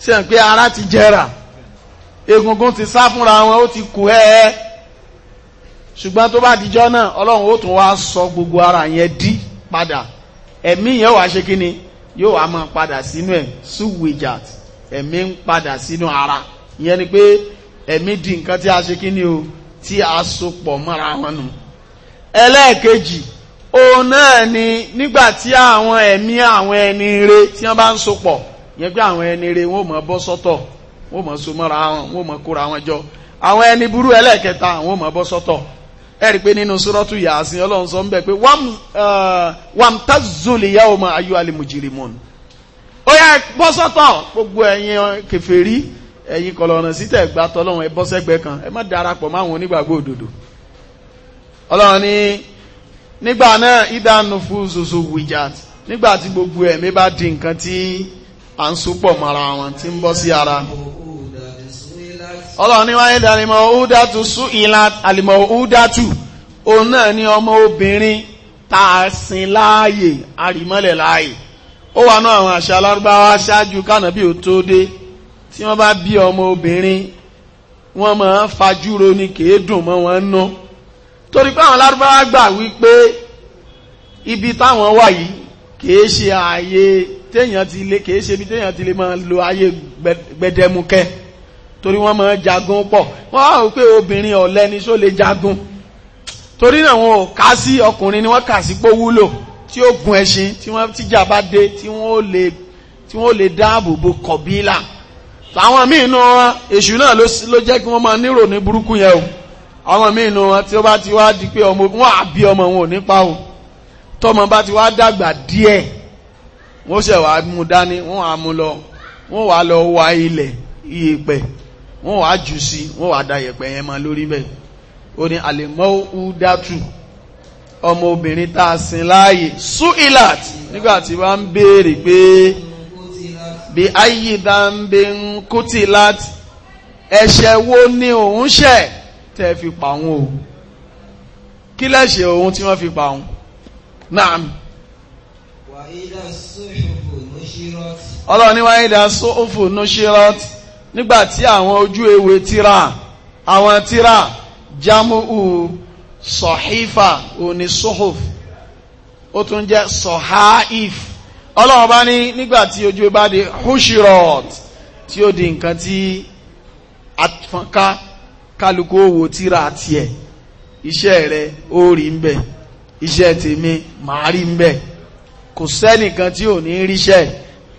sí ẹ̀ pé ara ti jẹrà egungun ti sá fúnra wọn ó ti kù ẹ́ ẹ́ ṣùgbọ́n tó bá dijọ́ náà ọlọ́run ó tún wá sọ gbogbo ara yẹn dí padà ẹ̀mí yẹn wàá ṣe kí ni yóò wá máa padà sínú ẹ̀ suwijat ẹ̀mí ń padà sínú ara ìyẹn ni pé ẹ̀mí di nǹkan tí a ṣe kí ni o tí a so pọ̀ mọ́ra wọn nù ẹlẹ́ẹ̀kejì òun náà ni nígbà tí àwọn ẹ̀mí àwọn ẹni re tí wọ́n bá ń so pọ̀ yẹn pé àwọn ẹni re wọ́n mọ̀ bọ́ sọ́tọ̀ wọ́n mọ̀ so mọ́ra wọn wọ́n mọ̀ kóra wọn jọ àwọn ẹni burú ẹlẹ́ẹ̀kẹta wọ́n mọ̀ bọ́ sọ́tọ̀ ẹ̀rí pé nínú sọ́rọ́tù yàásìn ọlọ́run sọ ń bẹ̀ pé wàm uh, tazuli yawma ayú alimujirimun ó yá bọ́ sọ́tọ̀ gbogbo ẹ̀yin kèfèrí ẹ̀yin kọlọ̀rọ̀ sítẹ̀ gba tọ́lọ́run ẹ bọ́ sẹ́gbẹ́ kan ẹ má darapọ̀ máwọn onígbàgbọ́ òdodo ọlọ́run ní nígbà náà ìdánù fún ṣoṣo wìjàt nígbà tí gbogbo ẹ̀mí bá di nǹkan tí à ń sopọ̀ mara wọn tí ń bọ́ sí ara ọlọ́run ní wáyé dàlímọ̀ údàtú sú ìlà àlìmọ̀ údàtú òun náà ni ọmọ obìnrin ta a sin láàyè àrìmọ́lẹ̀ láàyè ó wà náà àwọn àṣà alárúbáwá ṣáájú kánàbí ò tó dé tí wọ́n bá bí ọmọ obìnrin wọ́n máa ń fajúro ni kìí dùn mọ́ wọn nú torí pé àwọn alárúbáwá gbà wípé ibi táwọn wà yìí kìí ṣe ààyè téèyàn ti lè kìí ṣe ibi téèyàn ti lè máa lo ayé gbẹdẹmukẹ́ torí wọ́n máa jagun pọ̀ wọ́n á wò pé obìnrin ọ̀lẹ ni ṣó lè jagun torí náà wọn ò kà sí ọkùnrin ni wọ́n kà sí pé ó wúlò tí ó gun ẹṣin tí wọ́n tíjà bá dé tí wọ́n lè tí wọ́n lè dáàbò bo kọ̀bílà àwọn míì nù wọn èṣù náà ló jẹ́ kí wọ́n máa nírò ní burúkú yẹn o àwọn míì nù wọn tí ó bá ti wá di pé ọmọ wọn àbí ọmọ wọn ò nípa o tọmọ bá ti wá dàgbà díẹ̀ wọ́n ṣẹ̀ wá mú dání wọ́n á mú lọ wọ́n wá lọ wá ilẹ̀ iyẹ̀pẹ̀ wọ́n wá jù sí wọ́n wá da yẹ̀pẹ̀ yẹn mọ́ lórí bẹ́ẹ̀ ó ní àlèmọ́ udatu ọmọ obìnrin tá a sin láàyè suilat nígbà tí wọ́n ń béèrè pé bí ayídá ń bẹ ń kutilat ẹ̀ṣẹ̀ wo ni òun ṣẹ̀ tẹ́ fi pa òun o kí lẹ́ṣẹ̀ òun tí wọ́n fi pa òun náà. wàhídà sófò nùṣírọ́t. ọlọ́run ní wàhídà nígbà tí àwọn ojú ewé tíra àwọn tíra jamu'u sọ̀hífà òní sọ́hóf ó tún jẹ́ sọ̀háìf ọlọ́run bá ní nígbà tí ojú ewé bá di hushirot tí ó di nǹkan tí àtúnká kálukú owó tíra tiẹ̀ iṣẹ́ rẹ̀ ó rí ń bẹ̀ iṣẹ́ tèmi màá rí ń bẹ̀ kò sẹ́nìkan tí ò ní ríṣẹ́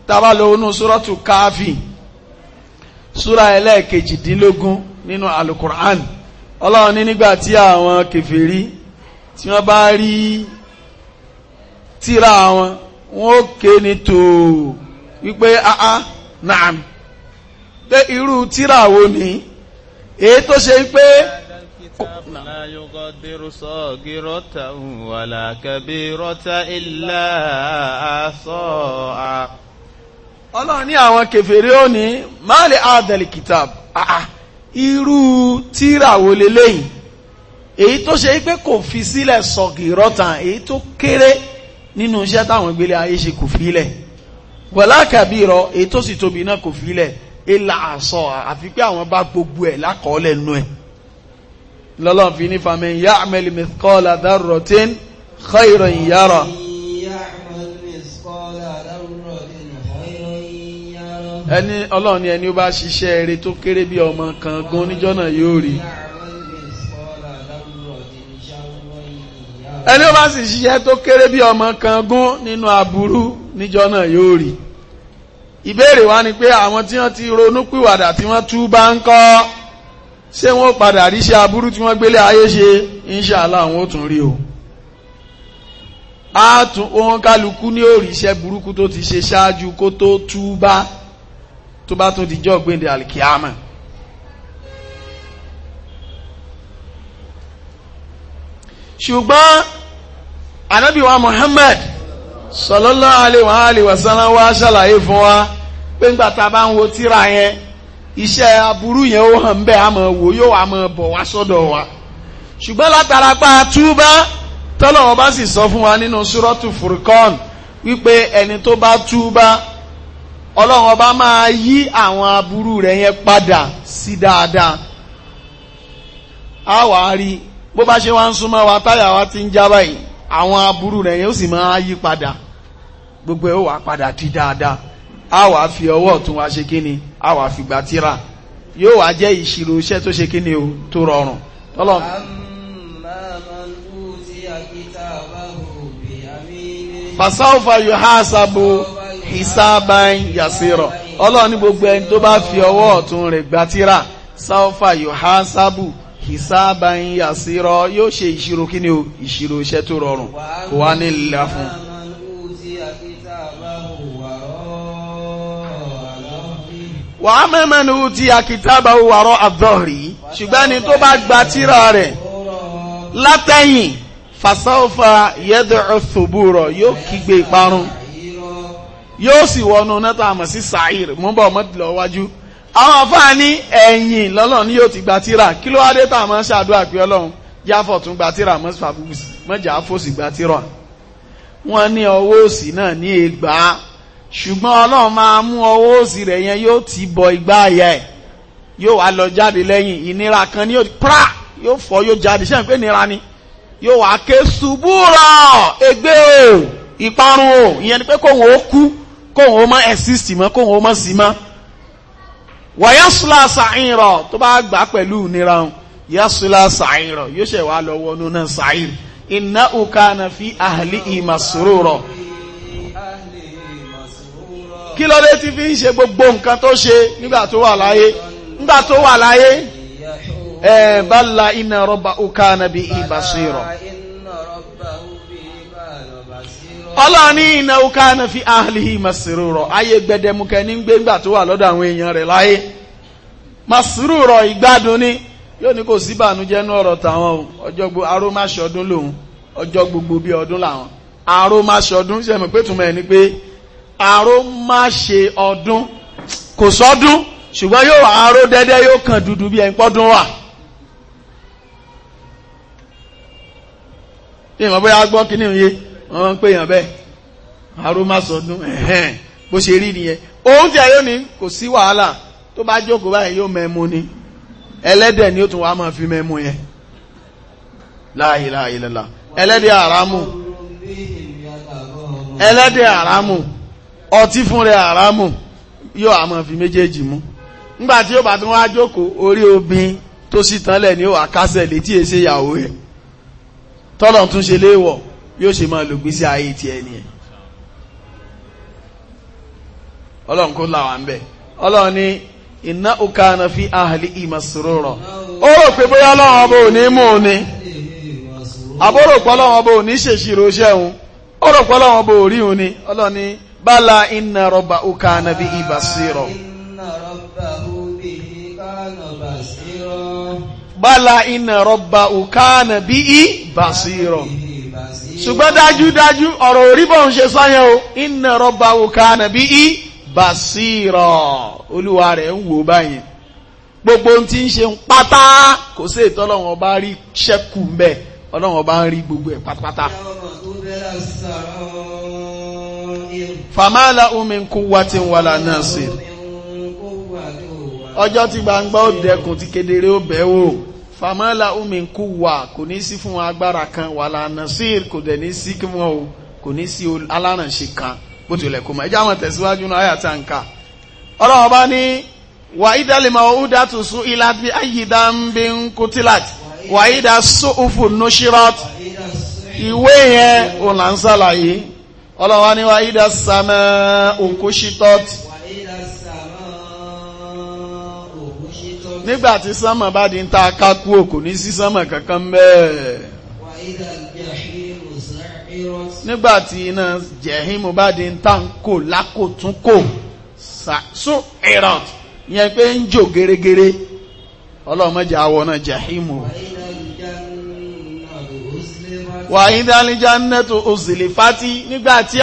tá bá sọ́rọ́tù káfíìn súra ẹlẹ́ẹ̀kejìdínlógún nínú alukur'an ọlọ́run ní nígbà tí àwọn kèfèrí tí wọ́n bá rí tíra wọn wọ́n ké ní tòó wípé áá naam pé irú tíra wo ni èyí tó ṣe pé ما يقدر صغيرة ولا كبيرة ọlọ́run ní àwọn kèfèrè ó ní má lè àdẹ̀lì kìtàb àà irú tíra wo leléyìí èyí tó ṣe pé kò fi sílẹ̀ sọ̀gì rọ́tàn èyí tó kéré nínú iṣẹ́ táwọn ìgbélé ayé ṣe kò fílẹ̀ wọ̀lá kàbírọ̀ èyí tó sì tóbi náà kò fílẹ̀ ìlà àṣọ àfi pé àwọn bá gbogbo ẹ̀ lákọọ́lẹ̀ nú ẹ̀ lọ́lọ́run fi ní famin ya'mal mithqala dharratin khayran yara. ẹni ọlọ́run ni ẹni ó bá ṣiṣẹ́ eré tó kéré bí ọmọ kan gan níjọ́ náà yóò rí ẹni ó bá sì ṣiṣẹ́ tó kéré bí ọmọ kan gún nínú aburú níjọ́ náà yóò rí ìbéèrè wa ni pé àwọn tí wọ́n ti ronúpìwàdà tí wọ́n tú bá ń kọ́ ṣé wọ́n padà ríṣẹ́ aburú tí wọ́n gbélé ayé ṣe inṣàlá àwọn ò tún rí o a tún ohun kálukú ní òrìṣẹ́ burúkú tó ti ṣe ṣáájú kó tó tú bá tó bá tó di jọ́ alikiyama ṣùgbọ́n ànábì wa Muhammad sallallahu alaihi wa alihi wa ṣàlàyé fún wa pé ńgbà tá a bá ń wo tírà yẹn iṣẹ́ aburú yẹn ó hàn bẹ́ẹ̀ àmọ́ wò yóò wà mọ́ bọ̀ wá sọ́dọ̀ wa ṣùgbọ́n látara pa àtúbá tọ́lọ́wọ́n bá sì sọ fún wa nínú súrọ́tù Furqan wípé ẹni tó bá túbá ọlọ́run ọba máa yí àwọn aburú rẹ̀ yẹn padà sí dáadáa a wà á rí bó bá ṣe wá ń súnmọ́ wa táyà wa ti ń já báyìí àwọn aburú rẹ̀ yẹn ó sì máa yí padà gbogbo ẹ̀ ó wà padà di dáadáa a wà fi ọwọ́ ọ̀tún wa ṣe kíni a wà á fi gbà tíra yóò wá jẹ́ ìṣirò iṣẹ́ tó ṣe kíni o tó rọrùn tọ́lọ́. fasawfa yuhasabu hisaban yasira ọlọ́run ní gbogbo ẹni tó bá fi ọwọ́ ọ̀tún rẹ̀ gba tírà sáfà yohasabu hisaban yasira yóò ṣe ìṣirò kí ni o ìṣirò iṣẹ́ tó rọrùn kò wá ní lílá fún wàá mẹ́mẹ́ni ó ti àkìtàbà wàrọ̀ àdọ́rí ṣùgbọ́n ni tó bá gba rẹ̀ látẹ̀yìn fasọ́fà yẹ́dọ̀ ọ̀ṣọ́bù rọ̀ yóò kígbe ìparun yóò sì wọnú nẹ́tà àmọ̀ sí sàáìr mú bọ̀ mọ́tìlọ wájú àwọn afáàní ẹ̀yìn lọ́lọ́run ni yóò ti gba tíra kí ló wá dé tá a máa ń ṣàdúrà pé ọlọ́run jáfọ̀ tún gba tíra mọ́sífà búbùsì mọ́jà fòsì gba tíra wọ́n ní ọwọ́ òsì náà ní ẹgbà ṣùgbọ́n ọlọ́run máa mú ọwọ́ òsì rẹ̀ yẹn yóò ti bọ igbá àyà ẹ̀ yóò wá lọ jáde lẹ́yìn ìnira kan ní yóò pra yóò fọ́ yóò jáde ṣé pé nira ni yóò wá ké ṣubú rọ̀ ègbé o ìparun o ìyẹn ni pé kóhun ó kú kóhùn ó má ma mọ́ kóhùn ó má sí mọ́ wàyásùlá gbaa tó bá gbà pẹ̀lú nira hàn yásùlá sàírọ̀ yóò ṣẹ̀ wá lọ́wọ́ nínú na fi àhàlì ìmàsúrò kí ló dé fi ń gbogbo nǹkan tó ṣe nígbà tó wà láyé nígbà tó wà láyé ẹ̀ bá la iná rọ́bà òkà bí ọlọ́ọ̀ni ìnáwó káàna fi ahlihi masirúrọ̀ ayé gbẹdẹmukẹ ní gbégbà tó wà lọ́dọ̀ àwọn èèyàn rẹ̀ láyé masirúrọ̀ ìgbádùn ni yóò ní kò síbànújẹ́ ní ọ̀rọ̀ tàwọn ọjọ́ gbogbo lòun gbogbo ọdún làwọn pé ẹ̀ ni pé arómáṣe ọdún kò sọ́dún ṣùgbọ́n yóò aró dẹ́dẹ́ yóò kàn dúdú bí ẹ̀ńpọ́ dún wà. wọ́n máa ń pè yàn bẹ́ẹ̀ arómásọdún ẹ̀hẹ́n bó ṣe rí nìyẹn òun ti àyọ́ ni kò sí wàhálà tó bá jókòó báyìí yóò mẹ́mu ni ẹlẹ́dẹ̀ ni ó tún wá máa fi mẹ́mu yẹn la ilaha illallah ẹlẹ́dẹ̀ àrámù ẹlẹ́dẹ̀ àrámù ọtí fún rẹ̀ àrámù yóò àmọ́ fi méjèèjì mú nígbà tí yóò bá tún wá jókòó orí obìn tó sì tánlẹ̀ ni ó wà kásẹ̀ létí èsè ìyàwó ẹ̀ tọ́lọ̀ tún ṣe léèwọ̀ yóò ṣe máa lògbé sí ayé ti ẹni ẹ̀ ọlọ́run kó làwà ń bẹ̀ ọlọ́run ní iná òkà náà fi ahàlì ìmọ̀sòrò ó rò pé bóyá ọba ò ní mú un ni àbúrò ọba ò ní ṣèṣirò ṣẹ́hun ó rò pé ọlọ́run ọba ò rí un rọba òkà náà fi bala ṣùgbọ́n dájúdájú ọ̀rọ̀ orí bọ̀ ń ṣe sáyẹn o inna rabbahu kana bihi basira olúwa rẹ̀ ń wò báyìí gbogbo ohun tí ń ṣe pátá kò sí ètò ọlọ́run ọba rí ṣẹ́kù mbẹ́ ọlọ́run ọba ń rí gbogbo ẹ̀ pátápátá. famala min quwwatin wala nasir ọjọ́ tí gbangba ó dẹkùn ti kedere ó bẹ̀ wò famala umin kuwa kò ní sí fún agbára kan wàlá nasir kò dẹ̀ ní sí kí wọ́n o kò ní sí alárànṣe kan bó tilẹ̀ kó mọ̀ ẹjá wọn tẹ̀síwájú náà àyàtà nǹka ọlọ́wọ́ bá ní wà ídálẹ́mà ọ̀húdà tó sún ilá bí ayídá ń bí ń kó tíláàtì wà ídá sóòfù nọ́ṣírọ́t ìwé yẹn ò là ń sàlàyé ọlọ́wọ́ ní wà ídá sàmẹ́ òǹkóṣítọ́tì nígbà tí sánmà bá di ń ta kákú òkò ní kankan mẹ́ẹ̀ nígbà tí iná jẹ̀hímù bá di ń ta kò lákòtúnkò sún ìrọ̀t yẹn pé ń jò gẹ́rẹ́gẹ́rẹ́ awọ náà jẹ̀hímù wà ní nẹ́tò òsìlè nigbati nígbà tí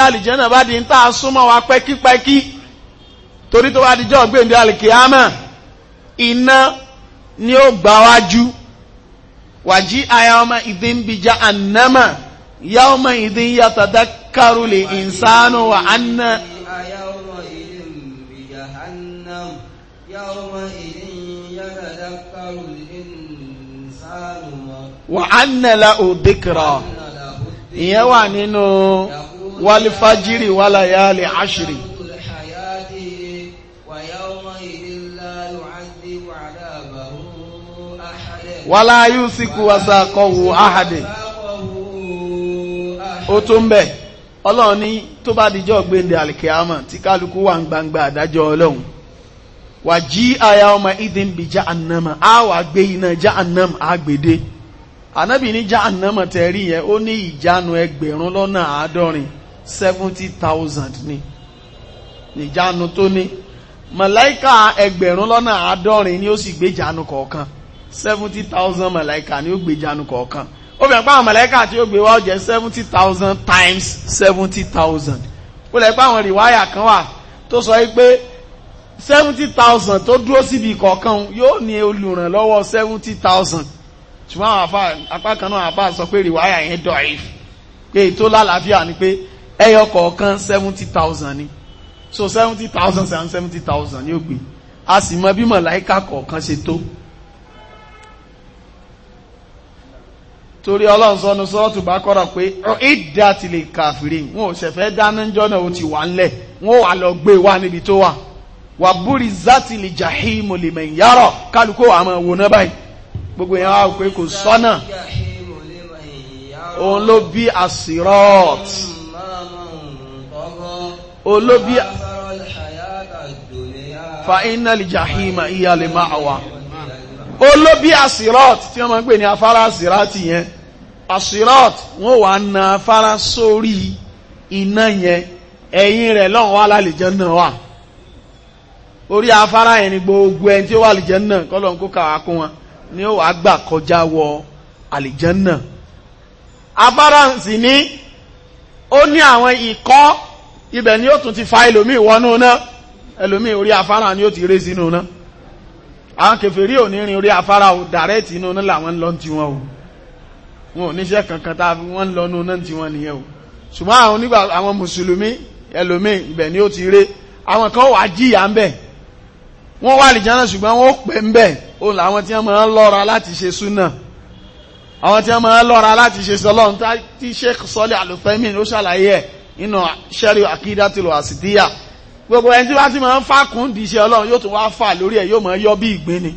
bá di ń ta súnmọ́ wa pẹ́kípẹ́kí torí tó bá di jọ́ iná ni ó gbáwájú wàjí àyàwọ́mọ ìdí ń bi jahannama yàwọ́mọ ìdí ń yatadakkaru lè insanu wà á wà á la ò dìkìrọ̀ ìyẹn wà nínú wàlífàjírì wàlàyé àlè àṣírí. wàlá yusiku wasaqahu ahadi ó tó ń bẹ̀ ọlọ́run ní tó bá dijọ́ gbende alikiyama tí kálukú wà ń gbangba àdájọ́ ọlọ́run wà jí ọmọ ìdín bí já á wà gbé iná já ànámà àgbèdè ànábì ní já tẹ̀rí yẹn ó ní ìjánu ẹgbẹ̀rún lọ́nà àádọ́rin seventy thousand ni ìjánu tó ní màláíkà ẹgbẹ̀rún lọ́nà àádọ́rin ni ó sì gbé ìjánu kọ̀ọ̀kan. seventy thousand màláíkà ni ó gbé jánu kọ̀ọ̀kan ó fẹ́ pa àwọn màláíkà tí ó gbé wá ó seventy thousand times seventy thousand ó lẹ́ pa àwọn rìwáyà kan wà tó sọ pé seventy thousand tó dúró síbi kọ̀ọ̀kan yóò ní olùrànlọ́wọ́ seventy thousand ṣùgbọ́n àwọn àfa apá kan náà àfa sọ pé rìwáyà yẹn dọ̀ẹ́ pé ètò lálàáfíà ni pé ẹyọ kọ̀ọ̀kan seventy thousand ni so seventy thousand seventy thousand yóò gbé a sì mọ bí màláíkà kọ̀ọ̀kan ṣe tó. torí ọlọ́run sọnu sọ́ọ̀tù bá kọ́rọ̀ pé ìdá ti lè kàfìrí wọn ò ṣẹ̀fẹ́ dáná jọ́nà ó ti wà ńlẹ̀ wọn ò wà lọ gbé wá níbi tó wà wà búrí zati lè jahimu lè mẹ̀yárọ̀ kálukó àmọ́ wò náà báyìí gbogbo yẹn wá pé kò sọ́nà òun ló bí asirọ́t òun fa iná lè jahima ìyá lè máa wà olóbí asirot tí wọ́n máa ń pè ní afárá asirati yẹn asirot wọ́n wà na afárá sórí iná yẹn ẹ̀yìn rẹ̀ lọ́hùn wà lálejò náà wà orí afárá yẹn ni gbogbo ẹni tí ó wà àlìjẹ́ náà kọ́ lọ́n kó kàwá kún wọn ni ó wàá gbà kọjá wọ àlìjẹ́ náà afárá sì ní ó ní àwọn ìkọ́ ibẹ̀ ni ó tún ti fa ẹlòmíì wọnú náà ẹlòmíì orí afárá ni ó ti ré sínú náà àwọn kèfèrí ò ní rin orí afárá o dàrẹ́tì inú náà làwọn ń lọ ti wọn o wọn ò níṣẹ́ kankan tá wọ́n ń lọ inú náà ti nìyẹn o ṣùgbọ́n àwọn onígbà àwọn mùsùlùmí ẹlòmíì ibẹ̀ ni ó ti ré àwọn kan wàá jìyà ń bẹ̀ wọ́n wà lìjánà ṣùgbọ́n wọ́n pè ń bẹ̀ o làwọn tí wọ́n máa ń lọ́ra láti ṣe súnà àwọn tí wọ́n máa ń lọ́ra láti ṣe sọlọ́run gbogbo ẹni tí wá sí máa ń fà kún di iṣẹ́ ọlọ́run yóò tún wá fà lórí ẹ̀ yóò máa yọ bí ìgbín ni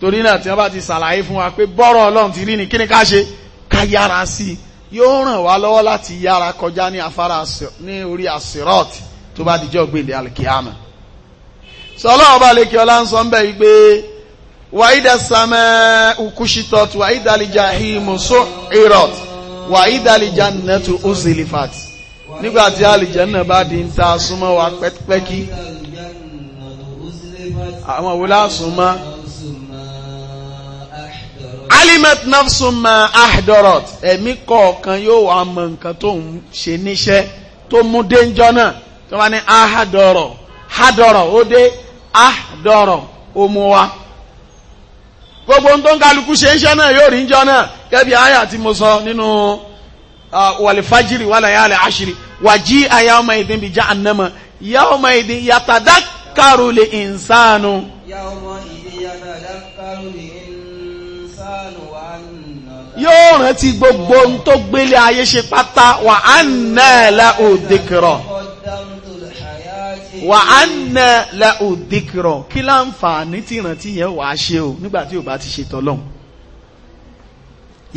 torí náà tí wọ́n bá ti ṣàlàyé fún wa pé bọ́rọ̀ ọlọ́run ti rí ni kí ni ká ṣe ká yára sí i yóò ràn wá lọ́wọ́ láti yára kọjá ní afárá ní orí asirot tó bá dijọ́ gbèlè alikiyama sọlá ọba lèkì ọlá ń sọ ń bẹ̀ yìí pé wàhídà sàmẹ́ ukushitọ́t wàhídà lìjà himusu irot wàhídà lìjà nẹ́tù ozilifat nígbàtí àlìjẹ́nà bá di ń ta súnmọ́ wa pẹ́kí àwọn òwúlá súnmọ́ alimet nafsunma ahdorot ẹ̀mí kọ̀ọ̀kan yóò wá mọ nǹkan tó ń ṣe níṣẹ́ tó mú déńjọ́ náà tó wá ní ahadọ̀rọ̀ hadọ̀rọ̀ ó dé ahdọ̀rọ̀ ó mú wa gbogbo ohun tó ń kálukú ṣe iṣẹ́ náà yóò rí ń jọ náà gẹ́gẹ́ bí àyà tí mo sọ nínú wàlífàjìrì wàlàyàlẹ̀ àṣírí wàjí àyàwọ̀mọ̀ ìdí bí já ànámọ̀ yàwọ̀mọ̀ ìdí yàtàdá kàrò lè ìnsánu. yóò rántí gbogbo ohun tó gbélé ayé ṣe pátá wà á nà la òdìkìrọ̀ wà á nà la òdìkìrọ̀ kí láǹfààní tí ìrántí yẹn wàá ṣe o nígbà tí bá ti ṣe tọ́lọ́hún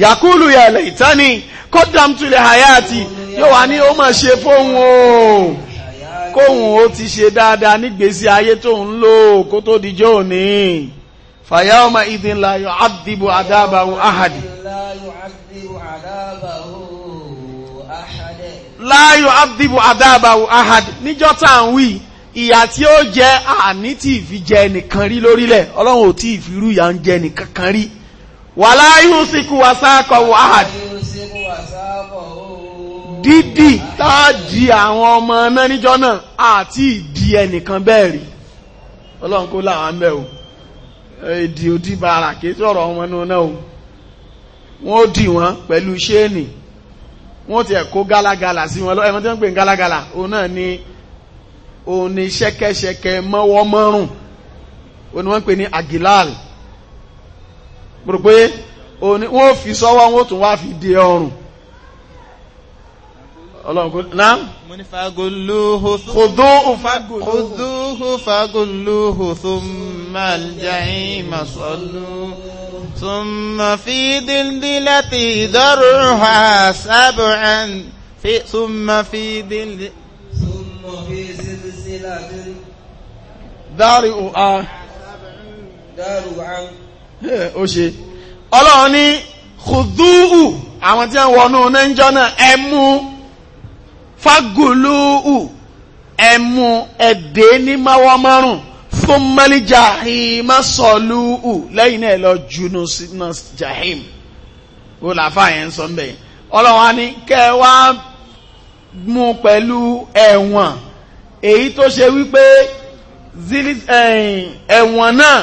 yàkúlù yà laitani kọ́dàmtulẹ̀ hayati yóò wá ní ó mà ṣe fóun o kóun ó ti ṣe dáadáa nígbésí ayé tóun lò kó tó dijọ́ òní fàyà ọmọ ìdínlá yọ àdìbò àdábàwò àhàdì láyò àdìbò àdábàwò àhàdì níjọ́ tá à ń wí ìyà tí ó jẹ́ àní tí ìfi jẹ nìkan rí lórílẹ̀ ọlọ́run ò tí ìfirú ìyà ń jẹ nìkan rí wàlá yúsìkú wàsákọ̀wò ahad dídì táàjì àwọn ọmọ náà níjọ́ náà àti ìdí ẹnìkan bẹ́ẹ̀ rí ọlọ́run kó láwọn mẹ́ o èdè òdì bàrà kìí sọ̀rọ̀ ọmọ náà náà o wọ́n ó dì wọ́n pẹ̀lú ṣéènì wọ́n ti ẹ̀kọ́ gálágalà sí wọn ẹ̀mọ́ tí wọ́n ń gálágalà òun náà ni òun ni ṣẹ́kẹ́ṣẹkẹ́ mọ́wọ́ mọ́rùn òun ni wọ́n pè ní agilal rò pé wọ́n fi sọ́wọ́ wọ́n tún wá fi dé ọrùn ọlọ́run náà mo ní fagolóhó kòdóhó fagolóhó thumma al-jahima sallu thumma fi dildilati darruha sab'an thumma fi dildilati ó ṣe ọlọ́run ní kùdúù àwọn tí wọ́n wọnú nẹ́jọ́ náà ẹ mú fagulúù ẹ mú ẹ̀dẹ́ ní máwọ́ márùn fún mẹ́líjà ìmọ̀sọ̀lúù lẹ́yìn náà lọ jùnú sínú jahim ó làáfà yẹn ń sọ ń bẹ̀yìn ọlọ́run á ní kẹwàá mú pẹ̀lú ẹ̀wọ̀n èyí tó ṣe wípé eh, ẹ̀wọ̀n náà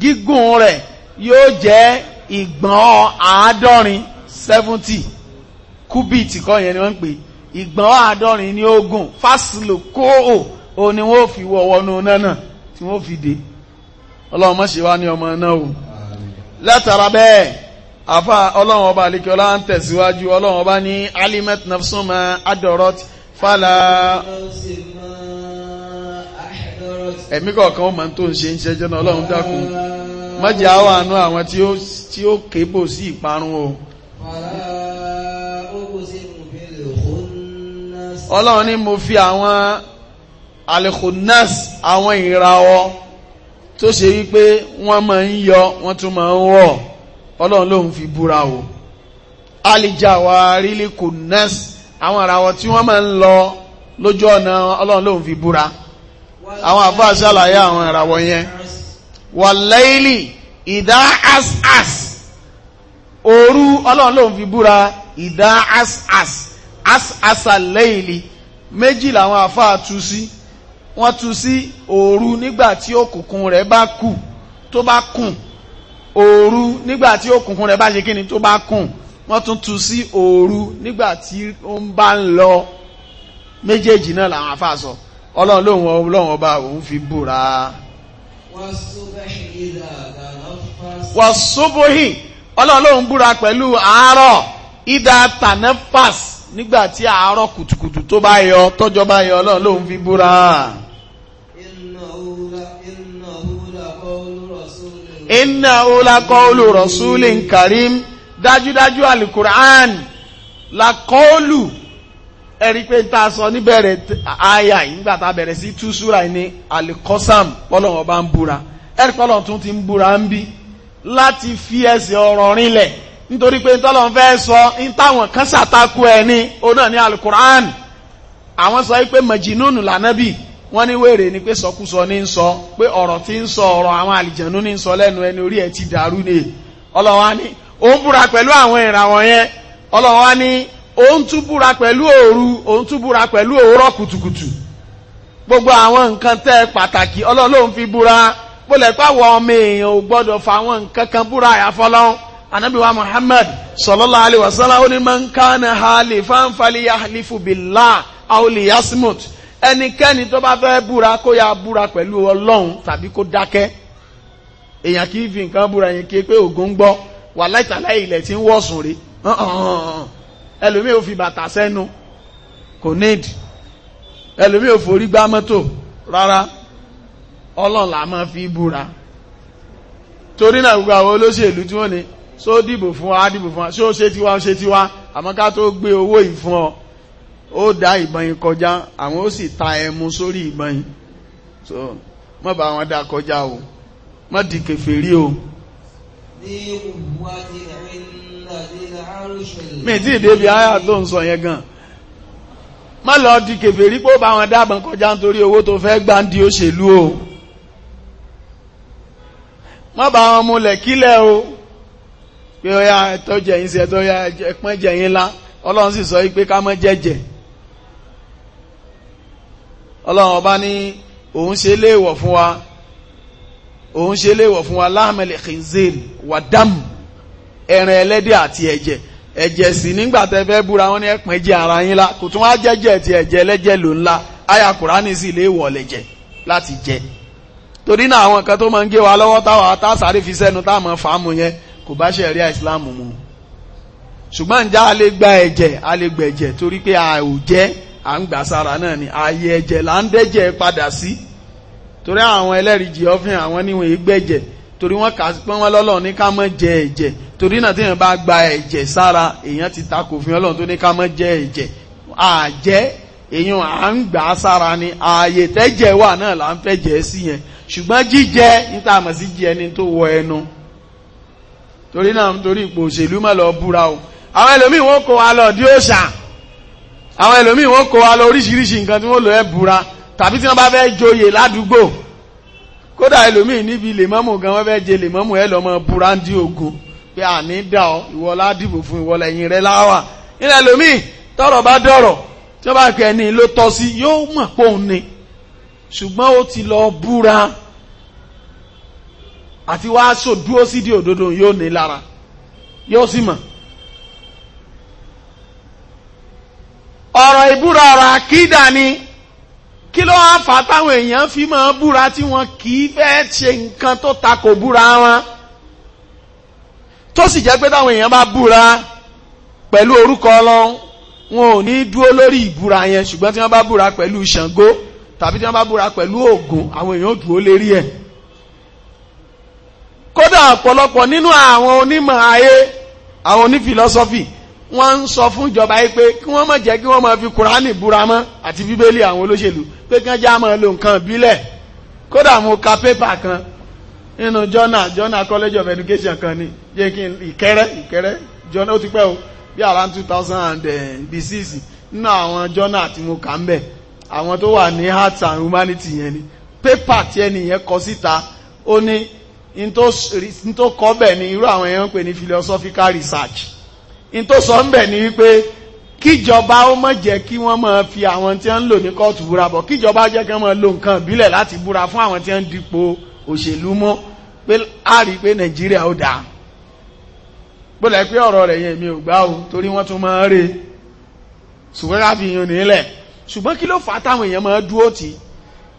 gígùn rẹ̀ yóò jẹ́ ìgbọ̀n àádọ́rin seventy kúbìtì kọ́ yẹn ni wọ́n ń pè ìgbọ̀n àádọ́rin ní ogún fásilò kóò o ni wọ́n fi wọ̀wọ́ nu náà tí wọ́n fi dé ọlọ́run má ṣe wá ní ọmọ náà o látara bẹ́ẹ̀ àfa ọlọ́run ọba àlekíọ́lá ń tẹ̀síwájú ọlọ́run ọba ní alimet nafsoma adorot fala ẹ̀mí kọ̀ọ̀kan ó máa ń tó ń ṣe ń ṣẹ́jọ́ náà ọlọ́run dákun mọ́jẹ́ àwọn àánú àwọn tí ó kébò sí ìparun o ọlọ́run ni mo fi àwọn alikunnas àwọn ìràwọ̀ tó ṣe wípé wọ́n máa ń yọ wọ́n tún máa ń wọ̀ ọlọ́run lòun fi búra o alijawa rilikunnas àwọn ìràwọ̀ tí wọ́n máa ń lọ lójú ọ̀nà ọlọ́run lòun fi búra àwọn àfáà ṣàlàyé àwọn ìràwọ̀ yẹn wàlẹ́ìlì ìdá as-as òru ọlọ́run ló ń fi búra ìdá as-as as-asàlẹ́ìlì méjì làwọn àfáà tú sí wọ́n tú sí òru nígbà tí òkùnkùn rẹ̀ bá kù tó bá kùn òru nígbà tí òkùnkùn rẹ̀ bá ṣe kíni tó bá kùn wọ́n tún tú sí òru nígbà tí ó ń bá ń lọ méjèèjì náà làwọn àfáà sọ ọlọ́run lóun ọlọ́run ọba òun fi búra wàsúbòhì ọlọ́run ló ń búra pẹ̀lú àárọ̀ ìdá tànẹ́fàs nígbà tí àárọ̀ kùtùkùtù tó bá yọ tọ́jọ́ bá yọ ọlọ́run ló ń fi búra. inna ulakọ́ọ̀lù rọ̀súlì karim dájúdájú alukur'an lakọ́ọ̀lù ẹ̀rí pé tá a sọ níbẹ̀rẹ̀ àyà ìgbà tá a bẹ̀rẹ̀ sí tú súra ní alikọ́sàm pọ́lọ́wọ́ bá ń búra ẹ̀rí pọ́lọ́ tún ti ń búra ń bí láti fi ẹsẹ̀ ọ̀rọ̀ rinlẹ̀ nítorí pé tọ́lọ́ fẹ́ sọ ń táwọn kan ṣàtakò ẹ̀ ní òun náà ní alukur'an àwọn sọ pé màjínúnù lànàbì wọ́n ní wèrè ni pé sọkúsọ ní ń sọ pé ọ̀rọ̀ tí ń sọ ọ̀rọ̀ àwọn àlìjànú ní ń òun tún búra pẹ̀lú òru òun tún búra pẹ̀lú òwúrọ̀ kùtùkùtù gbogbo àwọn nǹkan tẹ́ pàtàkì ọlọ́run fi búra bólẹ̀ pàwọ̀ ọmọ èèyàn ò gbọ́dọ̀ fa àwọn nǹkan kan búra àyàfọ́lọ́run anábìwá Muhammad sallallahu alaihi wasallam ó ní man kana ya falyahlifu billah aw liyasmut ẹnikẹ́ni tó bá fẹ́ búra kó ya búra pẹ̀lú ọlọ́run tàbí kó dákẹ́ èèyàn kì í fi nǹkan búra yẹn kí pé ògùn gbọ́ wà ilẹ̀ tí ń wọ̀sùn rí ẹlòmíì ò fi bàtà sẹ́nu kò need ẹlòmíì ò forí gbá mọ́tò rárá ọlọ́run la máa fi búra torí náà gbogbo àwọn olóṣèlú tí wọ́n ní só dìbò fún wa dìbò fún wa só ṣe tiwa ṣe tiwa àmọ́ ká tó gbé owó yìí fún ọ ó dá ìbọn yìí kọjá àwọn ó sì ta ẹmu sórí ìbọn yìí so mọ́ bá wọn dá kọjá o mọ́ di kèfèrí o mi tí ìdébi àyà tó ń sọ yẹn gan má lọ di kèfèrí pé ó bá wọn dábàá kọjá nítorí owó tó fẹ́ gbá ń di òṣèlú o má bá wọn múlẹ̀ kílẹ̀ o pé ọya ẹ̀tọ́ jẹ̀yìn sí ẹ̀tọ́ ya ẹ̀pọ́n jẹ̀yìn lá ọlọ́run sì sọ pé ká mọ́ jẹ́jẹ̀ ọlọ́run ọba ní òun ṣe léèwọ̀ fún wa òun ṣe léèwọ̀ fún wa láàmẹ̀lẹ̀ khinzir wàdámù ẹran ẹlẹ́dẹ̀ àti ẹ̀jẹ̀ ẹ̀jẹ̀ sì nígbà tẹ́ fẹ́ búra wọn ní ẹ̀pìn jẹ ara yín la kò tún wá jẹ́jẹ́ ti ẹ̀jẹ̀ ẹlẹ́jẹ̀ ló ńlá àyà kùránì sì lè wọ̀ lẹ̀jẹ̀ láti jẹ torí náà àwọn nǹkan tó máa ń gé wa lọ́wọ́ táwa tá sáré fi sẹ́nu tá mọ̀ fàámu yẹn kò bá ṣe ẹ̀rí islam mu ṣùgbọ́n ǹjẹ́ a lè gba ẹ̀jẹ̀ a lè gba ẹ̀jẹ̀ torí pé a ò jẹ́ à ń gbà sára náà ni ààyè ẹ̀jẹ̀ là ń dẹ́jẹ̀ padà sí torí àwọn ẹlẹ́rìí jì ọ́fìn àwọn níwọ̀n ìgbẹ́jẹ̀ torí wọ́n kà pé wọ́n lọ́lọ́ ní ká má jẹ ẹ̀jẹ̀ torí náà tí èèyàn bá gba ẹ̀jẹ̀ sára èèyàn ti takò fún Ọlọ́run tó ní ká má jẹ ẹ̀jẹ̀ àjẹ́ èèyàn à ń gbà sára ni ààyè tẹ́jẹ̀ wà náà là ń fẹ́jẹ̀ sí yẹn ṣùgbọ́n jíjẹ níta àmọ̀ sí jẹ ẹni tó wọ ẹnu torí náà torí ipò òṣèlú mọ̀ lọ búra o àwọn ẹlòmíì wọ́n kó wa lọ dí òòṣà àwọn ẹlòmíì wọ́n kó wa lọ oríṣiríṣi nǹkan tí wọ́n lọ ẹ búra tàbí tí wọ́n bá fẹ́ joyè ládùúgbò kódà ẹlòmíì níbi lèmọ́mù gan wọ́n fẹ́ jẹ lèmọ́mù ẹ lọ́mọ burandi ogun pé àní dà ọ́ ìwọ ládìbò fún ìwọ lẹ́yìn rẹ láwà nílẹ̀ ẹlòmíì tọrọ bá dọ̀rọ̀ tí wọ́n bá kẹ́ ni ló tọ́ sí yóò mọ̀ pé òun ni ṣùgbọ́n ó ti lọ búra àti wá sòdúró sídìí òdodo yóò ní lára yóò sì mọ̀. ọ̀rọ̀ ìbúra ọ̀rọ̀ àkídà ni kí ló wá fà táwọn èèyàn fi máa búra tí wọn kì í fẹ́ ṣe nǹkan tó takò búra wọn tó sì jẹ́ pé táwọn èèyàn bá búra pẹ̀lú orúkọ ọlọ́run wọn ò ní dúró lórí ìbúra yẹn ṣùgbọ́n tí wọ́n bá búra pẹ̀lú Ṣàngó tàbí tí wọ́n bá búra pẹ̀lú Ògún àwọn èèyàn dúró lérí ẹ̀ kódà ọ̀pọ̀lọpọ̀ nínú àwọn onímọ̀ ayé àwọn onífìlọ́sọ́fì wọ́n ń sọ fún ìjọba yìí pé kí wọ́n má jẹ́ kí wọ́n má fi kùránì búra mọ́ àti bíbélì àwọn olóṣèlú pé kí wọ́n já máa lo nǹkan ìbílẹ̀ kódà mo ka pépà kan nínú jọ́nà jọ́nà college of education kan ni jẹ́ kí n ìkẹ́rẹ́ ìkẹ́rẹ́ jọ́nà ó ti pẹ́ o bí around two thousand and eh, six nínú àwọn jọ́nà tí mo kà ń bẹ̀ àwọn tó wà ní arts and humanity yẹn ni pépà tí ẹnìyẹn kọ síta ó ní n tó kọ́ bẹ̀ ni irú àwọn èèyàn ń pè ní philosophical research in tó sọ ń bẹ̀ ni wípé kíjọba ó mọ̀ jẹ́ kí wọ́n máa fi àwọn tí wọ́n ń lò ní kóòtù búra bọ̀ kíjọba jẹ́ kí wọ́n máa lo nǹkan ìbílẹ̀ láti búra fún àwọn tí wọ́n ń dipò òṣèlú mọ́ pé a rí i pé nàìjíríà ó dáa gbọ́dọ̀ pé ọ̀rọ̀ rẹ̀ yẹn mi ò gbà o torí wọ́n tún máa ń re ṣùgbọ́n ká fi yan nílẹ̀ ṣùgbọ́n kí ló fà á táwọn èèyàn máa dúró tì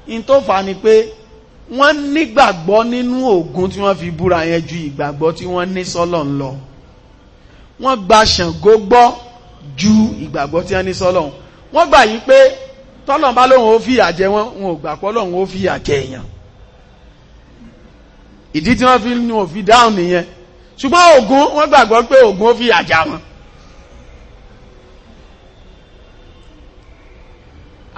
í tó fà á ni pé wọ́n nígbàgbọ́ nínú òògùn tí wọ́n fi búra yẹn ju ìgbàgbọ́ tí wọ́n ní sọ́lọ̀ ń wọ́n gba Ṣàngó gbọ́ ju ìgbàgbọ́ tí wọ́n ní sọ́lọ́hun wọ́n gbà yí pé tọ́lọ́n bá lóun ó fìyà jẹ wọ́n wọn ò gbà pọ́ lóun ó fìyà jẹ èèyàn ìdí tí wọ́n fi ní òfin dáhùn nìyẹn ṣùgbọ́n Ògún wọ́n gbàgbọ́ pé Ògún ó fìyà já wọn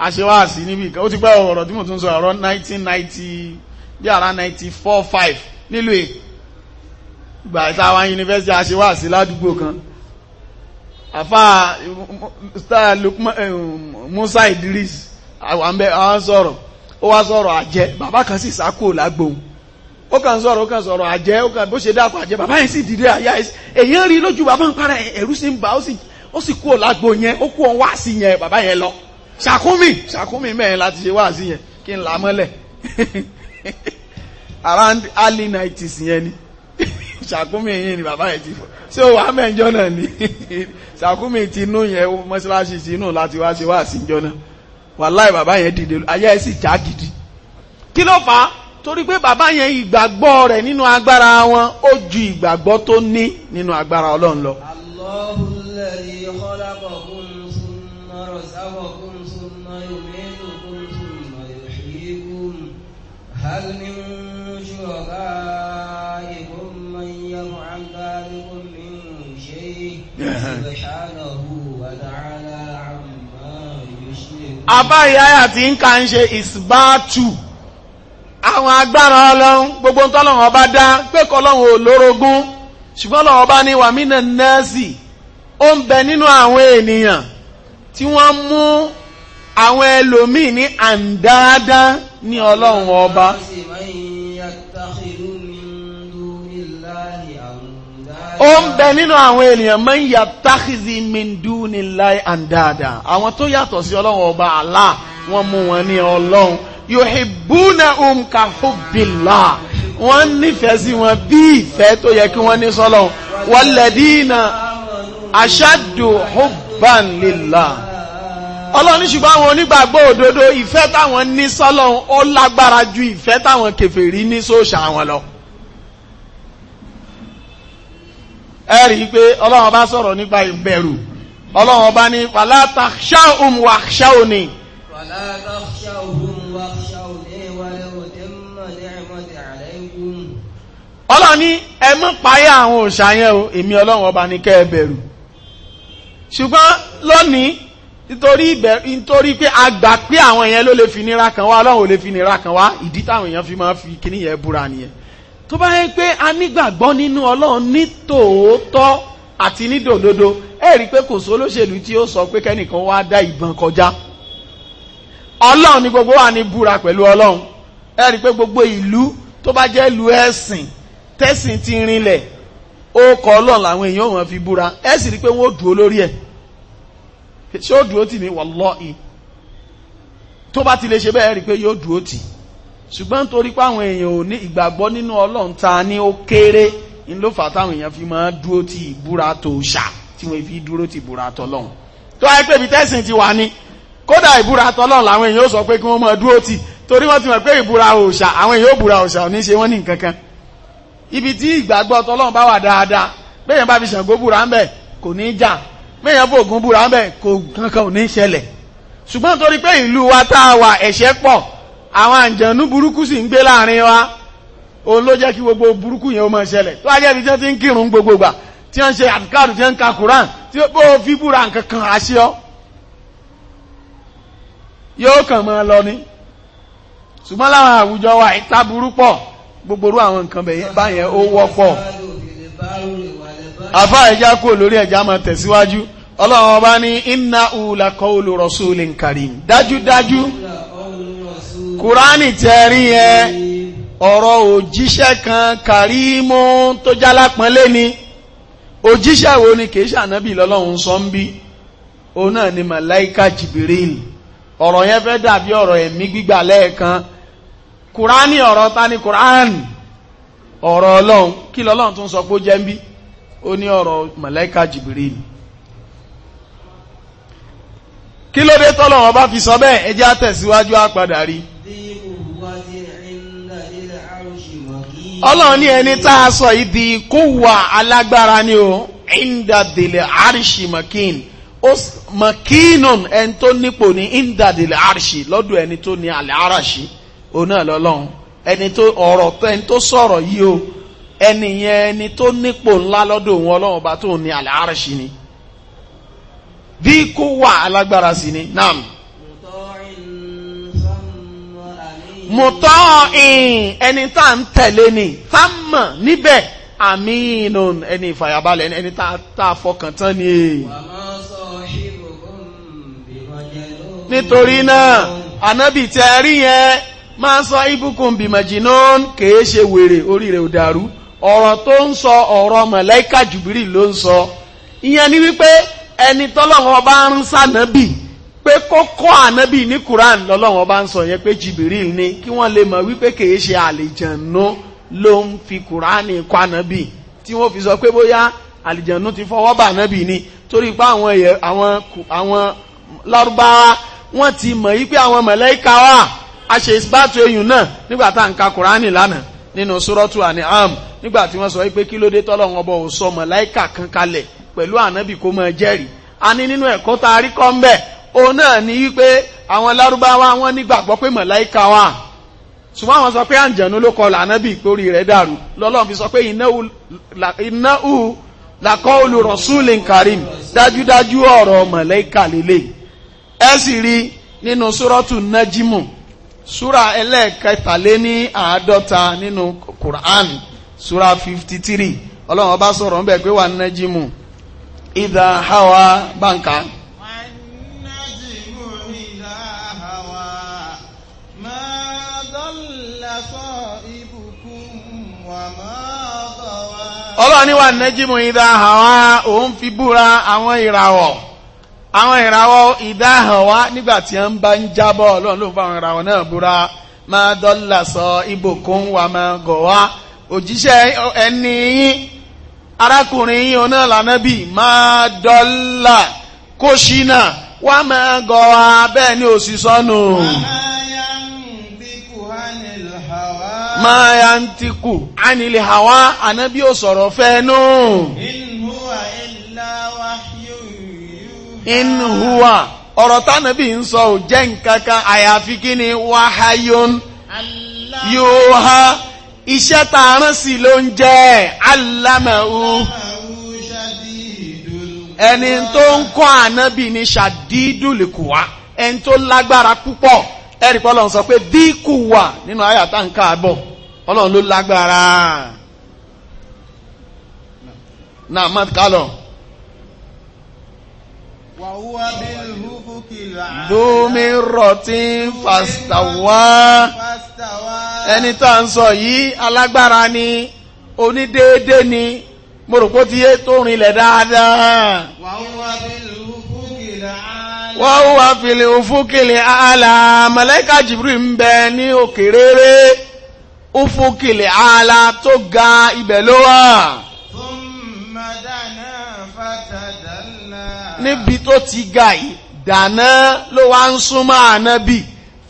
aṣewáàsí níbi ìkan ó ti pẹ́ ọ̀rọ̀ tí mo tún sọ ọ̀rọ̀ 1990 bí ara 94 5 nílùú èkó ìgbà ìtawà yunifásitì aṣíwáàsí ládùúgbò kan àfá eh, Musa Idris àwọn sọ̀rọ̀ ó wá sọ̀rọ̀ àjẹ́ bàbá kan sì sákò lágbóhun ó kàn sọ̀rọ̀ ó kàn sọ̀rọ̀ àjẹ́ ó kàn bó ṣe dápọ̀ àjẹ́ bàbá yìí sì dìde àyà èyàn rí lójú bàbá ń para ẹ̀rú sí ń bá ó sì kú lágbo yẹn ó kú òun wá sí yẹn bàbá yẹn lọ ṣàkúmì ṣàkúmì mẹ́rin láti ṣe wá sí yẹn kí n là mọ́lẹ̀ around early 90s yẹn ni ṣàkúmí yìí ni bàbá ẹ̀ ti fọ́ ṣé o wà mẹ́jọ náà ni ṣàkúmí ti inú yẹn mọ́ṣáláṣí ti inú láti wá ṣe wá síjọ náà wàláì bàbá yẹn dìde ayé ẹ̀ sì já gidi kí ló fà á torí pé bàbá yẹn ìgbàgbọ́ rẹ̀ nínú agbára wọn ó ju ìgbàgbọ́ tó ní nínú agbára ọlọ́run lọ. هل من àbáyé àyà tí ń kà ń ṣe ìsìbáàtù àwọn agbára ọlọ́run gbogbo ń tọ́lọ́run ọba dá pé kọlọ́run ò lórogún ṣùgbọ́n lọ́wọ́ ọba ní wàmínà nẹ́ẹ̀sì ó ń bẹ nínú àwọn ènìyàn tí wọ́n mú àwọn ẹlòmíì ní àǹdáadáa ní ọlọ́run ọba. ó ń bẹ nínú àwọn ènìyàn máa ń yà táxi mindu ní láì àndáàdà àwọn tó yàtọ̀ sí ọlọ́run ọba àlá wọ́n mú wọn ní ọlọ́run yuhibbuna um ka hubbillah wọ́n nífẹ̀ẹ́ sí wọn bí ìfẹ́ tó yẹ kí wọ́n ní sọ́lọ́run walladina ashaddu hubban lillah ọlọ́run ní ṣùgbọ́n àwọn onígbàgbọ́ òdodo ìfẹ́ táwọn ní sọ́lọ́run ó lágbára ju ìfẹ́ táwọn kèfèrí ní sóòṣà wọn lọ. ẹ rí i pé ọlọ́run bá sọ̀rọ̀ nípa ìbẹ̀rù ọlọ́run bá ní wàlá takhshawhum wakhshawni. wàlá takhshawhum wakhshawni wàlẹ́ òtẹ́mọ̀ ní ẹ̀mọ́tì alaykum. ọlọ́run ní ẹ mọ́ páyà àwọn òòṣà yẹn o èmi ọlọ́run ọba ní kẹ́ ẹ bẹ̀rù ṣùgbọ́n lónìí nítorí ìbẹ̀rù nítorí pé a gbà pé àwọn yẹn ló lè fi nira kan wá ọlọ́run ò lè fi nira kan wá ìdí táwọn èèyàn fi máa fi kíní búra nìyẹn tó bá yẹ pé a nígbàgbọ́ nínú ọlọ́run ní tòótọ́ àti ní dòdodo ẹ rí pé kò sólóṣèlú tí ó sọ pé kẹ́nìkan wá dá ìbọn kọjá ọlọ́run ni gbogbo wa ní búra pẹ̀lú ọlọ́run ẹ rí pé gbogbo ìlú tó bá jẹ́ ìlú ẹ̀sìn tẹ̀sìn ti rinlẹ̀ ó kọ ọlọ́run làwọn èèyàn wọn fi búra ẹ sì rí pé wọ́n ó dúró lórí ẹ̀ ṣé ó dúró tì ní wàlọ́ọ̀ì tó bá ti lè ṣe bẹ́ẹ̀ rí pé yóò dúró tì í ṣùgbọ́n torí pé èèyàn ò ní ìgbàgbọ́ nínú ọlọ́run ta ni ó kéré ní ló fà táwọn èèyàn fi máa dúró ti ìbúra tó ṣà tí wọ́n fi dúró ti ìbúra tọlọ́run tó wáyé pé ibi tẹ́sìn ti wà ní kódà ìbúra tọlọ́run làwọn èèyàn ó sọ pé kí wọ́n máa dúró ti torí wọ́n ti mọ̀ pé ìbúra òòṣà àwọn èèyàn ó búra òòṣà ò ní ṣe wọ́n ní nǹkan kan ibi tí ìgbàgbọ́ tọlọ́run bá wà dáadáa wa tá àwọn àǹjẹ̀nú burúkú sì ń láàrin wa òun ló gbogbo burúkú yẹn o máa ṣẹlẹ̀ tó ajẹ́ ibi tí wọ́n ti ń kírun gbogbogbà tí wọ́n ṣe àdìkáàdù tí wọ́n ka tí ó fi búra nǹkan kan ọ́ yóò kàn máa lọ ní ṣùgbọ́n láwọn àwùjọ wa ìta àwọn nǹkan báyẹn ó wọ́pọ̀ ẹja kú ẹja máa tẹ̀síwájú ọlọ́run ọba ní kùránì tẹ́rí yẹn ọ̀rọ̀ òjíṣẹ́ kan kàrímọ́ tó jálápọ̀nlé ni òjíṣẹ́ wo ni kìí ṣànábì lọ́lọ́run sọ ń bí òun náà ni màláíkà jìbìrìl ọ̀rọ̀ yẹn fẹ́ dàbí ọ̀rọ̀ ẹ̀mí gbígbà lẹ́ẹ̀kan kùránì ọ̀rọ̀ ta ni kùránì ọ̀rọ̀ ọlọ́run kí lọ́lọ́run tún sọ pé ó jẹ́ ń bí ó ní ọ̀rọ̀ màláíkà jìbìrìl kí ló dé tọ́lọ̀ wọn bá fi sọ bẹ́ẹ̀ ẹ jẹ́ á rí i ọlọ́run ní ẹni tá a sọ ìdí kó wà alágbára ni o indadele arishi makin makinun ẹni tó nípò ní indadele arishi lọ́dọ̀ ẹni tó ní alẹ́ arashi òun náà lọ́lọ́run ẹni tó ọ̀rọ̀ ẹni tó sọ̀rọ̀ yìí o ẹni yẹn ẹni tó nípò ńlá lọ́dọ̀ òun ọlọ́run ọba tó ní alẹ́ arashi ni bí kó wà alágbára sí ni naam. mọ̀tọ́ ìn ẹni tá à ń tẹ̀lé ni tá mọ̀ níbẹ̀ àmínú ẹni ìfàyàbalẹ̀ ẹni tá a fọkàn tán ni. nítorí náà ànábì tí a rí yẹn máa sọ ibùkún bìmọ̀jìnà kèé ṣe wèrè orí rẹ̀ ò dàrú ọ̀rọ̀ tó ń sọ ọ̀rọ̀ mọ̀lẹ́kà jùbírì ló ń sọ ìyẹn ni wípé ẹni tọ́lọ́wọ́ bá ń sànábì pé kókó ànábì ní Quran lọ́lọ́wọ́n bá ń sọ yẹn pé Jibril ni kí wọ́n lè mọ̀ wípé kìí ṣe àlìjànú ló ń fi Quran kọ́ ànábì tí wọ́n fi sọ pé bóyá àlìjànú ti fọwọ́ bà ànábì ni torí pé àwọn ẹ̀yẹ àwọn àwọn lárúbáwá wọ́n ti mọ̀ wípé àwọn mọ̀lẹ́kà wà a ṣe ìsbátò eyùn náà nígbà tá à ń ka Quran lánàá nínú Suratu An'am nígbà tí wọ́n sọ wípé kí ló dé tọ́lọ́wọ́n ọbọ̀ ò sọ mọ̀lẹ́kà kan pẹ̀lú ànábì kó máa jẹ́rìí a ní nínú ẹ̀kọ́ tá a rí kọ́ ń bẹ́ẹ̀ òun náà ni wípé àwọn lárúbáwá wọn nígbàgbọ́ pé mọ̀láìka wà ṣùgbọ́n àwọn sọ pé àǹjẹ̀nu ló kọlù ànábì ìpórí rẹ̀ dàrú lọ́lọ́run fi sọ pé ìnáhù làkọ́ olùrọ̀súlìn karim dájúdájú ọ̀rọ̀ mọ̀láìka lélẹ̀ ẹ sì rí nínú súrọ́tù nájímù súra ẹlẹ́ẹ̀kẹtàléní àádọ́ta nínú Qur'an súra 53 ọlọ́run ọba sọ̀rọ̀ ń bẹ̀ pé wà nájímù ìdá hawa báńkà ọlọ́run níwà nẹ́jìmù ìdáhàwá òun fi búra àwọn ìràwọ̀ àwọn ìràwọ̀ ìdáhàwá nígbàtí a ń bá ń jábọ̀ ọlọ́run ló ń fáwọn ìràwọ̀ náà búra máa dọ́là sọ ibòkún wà máa gọ̀ wá òjíṣẹ́ ẹni yín arákùnrin yín ọ̀nà lànàbì máa dọ́là kóṣínà wà máa gọ̀ wá bẹ́ẹ̀ ni òsì sọnù máa ya ń ti kù ánìlè hàwá ànábí ò sọ̀rọ̀ fẹ́ẹ́nú. in huwa ọ̀rọ̀ tánàbí ń sọ ò jẹ́ nǹkankan àyàfi kí ni wahayun yuha iṣẹ́ tààrán sí ló ń jẹ́ alamahu ẹni tó ń kọ́ ànábì ní ṣàdídùlùkùwá ẹni tó lágbára púpọ̀ ẹ̀rí pé ọlọ́run sọ pé díkù wà nínú àyà ń káàbọ̀ ọlọ́run ló lágbára náà mọ́t kálọ̀. wàhúwa bí rọtí fàstàwá ẹni tá à ń ni onídéédé ni mo rò pé ó wọ́n wà fìlẹ̀ òfúkìlẹ̀ àlà màláíkà ń bẹ ní òkèrèrè òfúkìlẹ̀ àlà tó ga ibẹ̀ ló wà níbi tó ti ga yìí dáná ló wá ń súnmọ́ ànábì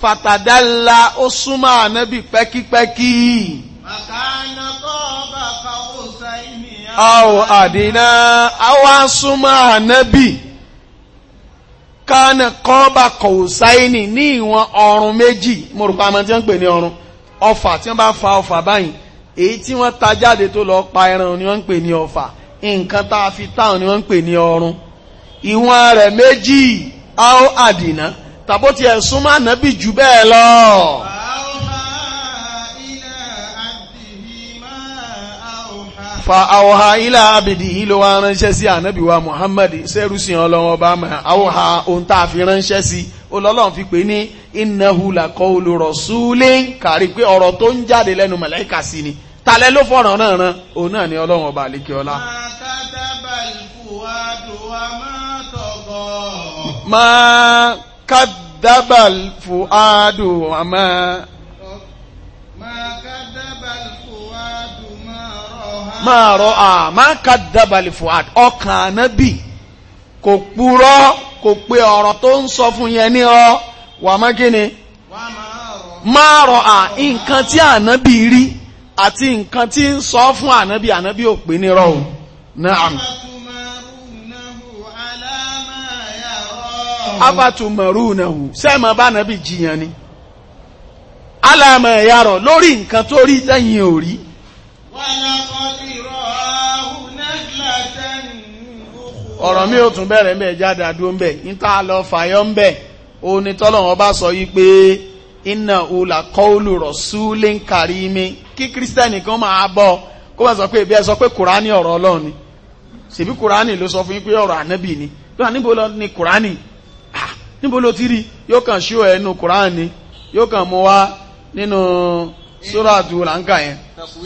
fàtàdálà ó súnmọ́ ànábì pẹ́kípẹ́kí ọ̀ àdínà àwọn súnmọ́ ànábì kánà kọ́ọ̀bà kọ̀ọ̀sáìnì ní ìwọ̀n ọrùn méjì mo rò pa àmọ́ tí wọ́n ń pè ní ọrùn ọfà tí wọ́n bá fa ọfà báyìí èyí tí wọ́n ta jáde tó lọ pa ẹran ni wọ́n ń pè ní ọfà nǹkan tá a fi táwọn ni wọ́n ń pè ní ọrùn ìwọ̀n rẹ̀ méjì áó àdìná tàbó tiẹ̀ súnmọ́ ànábì jù bẹ́ẹ̀ lọ. fa àwòhà ilá abìdì ìlò wa ránṣẹ́ sí ànábì wa Muhammad sẹ́rùsì ọlọ́wọ́ bá mọ̀ àwòhà ohun tá a fi ránṣẹ́ sí olọ́lọ́run fi pè ní innahu laqawlu rasulin kàrí pé ọ̀rọ̀ tó ń jáde lẹ́nu màláíkà sí ni talẹ́ ló fọ̀rọ̀ náà rán òun náà ni ọlọ́run ọba àlékè ọlá. máa kádàbà fùádù àmọ́ máa rọ àmá kàdábàlì fuad ọkàn ànábì kò purọ́ kò pé ọ̀rọ̀ tó ń sọ fún yẹn ní ọ wà má kíni máa rọ à nǹkan tí ànábì rí àti nǹkan tí ń sọ fún ànábì ànábì ò pé ní rọ o naam. afatumarunahu sẹ́ẹ̀mọ̀ bá ànábì jiyàn ni alámọ̀ ẹ̀yà rọ̀ lórí nǹkan tó rí lẹ́yìn òrí. ọ̀rọ̀ mi ò tún bẹ̀rẹ̀ ń bẹ̀ jáde àdúró ń bẹ̀ níta lọ fàyọ́ ń bẹ̀ ó ní tọ́lọ̀wọ́n bá sọ yí pé iná òòlà kọ́ọ̀lù rasulin karimi kí kírísítẹ́nì kan máa bọ́ kó bá sọ pé ìbí ẹ sọ pé kùránì ọ̀rọ̀ ọlọ́run ni ṣèbí kùránì ló sọ fún yín pé ọ̀rọ̀ ànábì ni lọ́wọ́ níbo lọ ni kùránì níbo ló ti rí yóò kàn ẹnu kùránì yóò kàn mú wá nínú sura tu lanka yẹn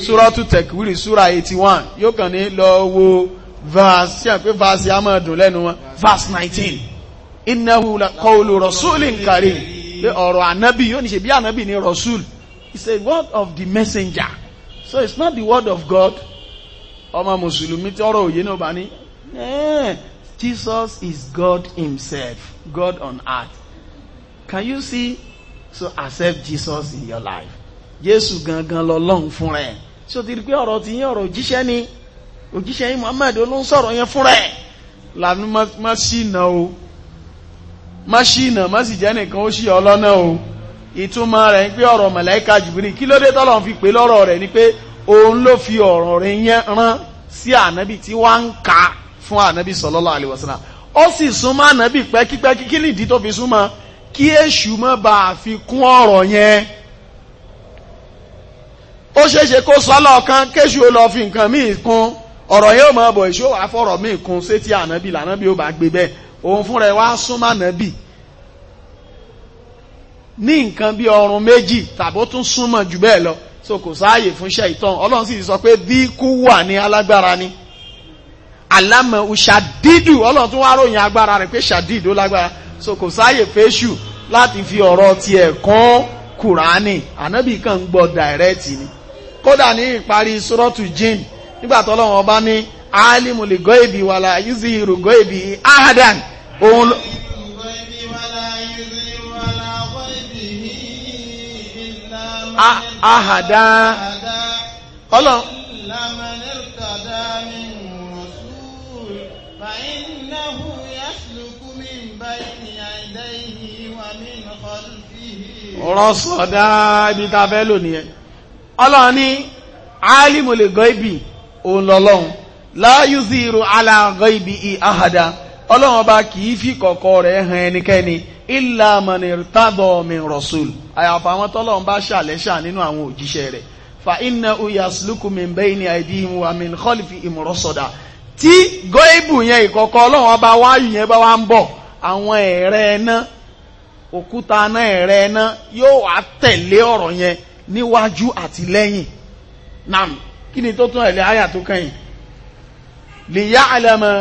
sura tu tẹkiwiri sura eighty one yóò kàn ní lọ wo verse ṣe àpé verse yà máa dùn lẹ́nu wọn verse nineteen innahu la qawlu rasulin karim pé ọ̀rọ̀ anabi yóò ní ṣe bí anabi ní rasul it's a word of the messenger so it's not the word of God ọmọ mùsùlùmí tí ọ̀rọ̀ òye náà bá ní eh, Jesus is God himself God on earth can you see so accept Jesus in your life jésù gangan lọ́lọ́run fúnra ẹ̀ ṣé o ti rí pé ọ̀rọ̀ ti yín ọ̀rọ̀ òjíṣẹ́ ni òjíṣẹ́ yín muhammed ló ń sọ̀rọ̀ yẹn fúnra ẹ̀ lànà má ṣìnà o má ṣìnà má sì jẹ́ nìkan ó ṣì ọ lọ́nà o ìtumọ̀ rẹ̀ ń pé ọ̀rọ̀ màláíkà jìbìrì kí ló dé tọ́lọ́run fi pè lọ́rọ̀ rẹ̀ ni pé òun ló fi ọ̀rọ̀ rẹ̀ yẹn rán sí ànábì tí wá ń ka fún ànábì sallallahu alaihi ó sì súnmọ́ ànábì pẹ́kípẹ́kí kí nìdí tó fi súnmọ́ kí èṣù má bàa fi ọ̀rọ̀ yẹn ó ṣeéṣe kó sọ́lọ̀ kan kéṣù ó lọ fi nǹkan míì kún ọ̀rọ̀ yóò mọ̀ bọ̀ ìṣó wàá fọ̀rọ̀ míì kún sétí ànábì lànábì ó bá gbé bẹ́ẹ̀ òun fúnra ẹ̀ wá súnmọ́ ànábì ní nǹkan bí ọrùn méjì tàbó tún súnmọ́ jù bẹ́ẹ̀ lọ so kò sáàyè fún iṣẹ́ ìtàn ọlọ́run sì sọ pé bí kú wà ní alágbára ni alámọ̀ òṣàdídù ọlọ́run tún wá ròyìn agbára rẹ̀ pé ṣàdídù lágbára so kò sáàyè fẹ́ṣù láti fi ọ̀rọ̀ tiẹ̀ kún kùránì ànábì kan ń gbọ́ dàírẹ́tì ni kódà ní ìparí sọ́rọ́tù jin nígbà tó Ọlọ́run ọba ní alimu lè gọ́ èbì wà láà yìí sí irú gọ́ èbì ahadan òun lọ. ahadan Ọlọ́run. rọ́sọ̀dá ibi tá a fẹ́ lò nìyẹn ọlọ́run ní alimul gaibi òun lọ́lọ́run la yuziru ala gaibi ahada ọlọ́run ọba kìí fi kọ̀kọ̀ rẹ̀ hàn ẹnikẹ́ni illa man irtadha min rasul àyàfà àwọn tọ́lọ́run bá ṣàlẹ́ṣà nínú àwọn òjíṣẹ́ rẹ̀ fa inna yasluku min bayni aydihim wa min khalfihim rasada tí gọ́ìbù yẹn ìkọ̀kọ̀ ọlọ́run ọba wáyù yẹn bá wá ń bọ̀ àwọn ẹ̀rẹ́ ẹ̀ná òkúta náà ẹ̀rẹ́ ẹ̀ná yóò wá tẹ̀lé ọ̀rọ̀ yẹn níwájú àti lẹ́yìn nam kí ni tó tún ẹ̀lẹ́ àyà tó kẹ́yìn lè yá àlẹ́mọ̀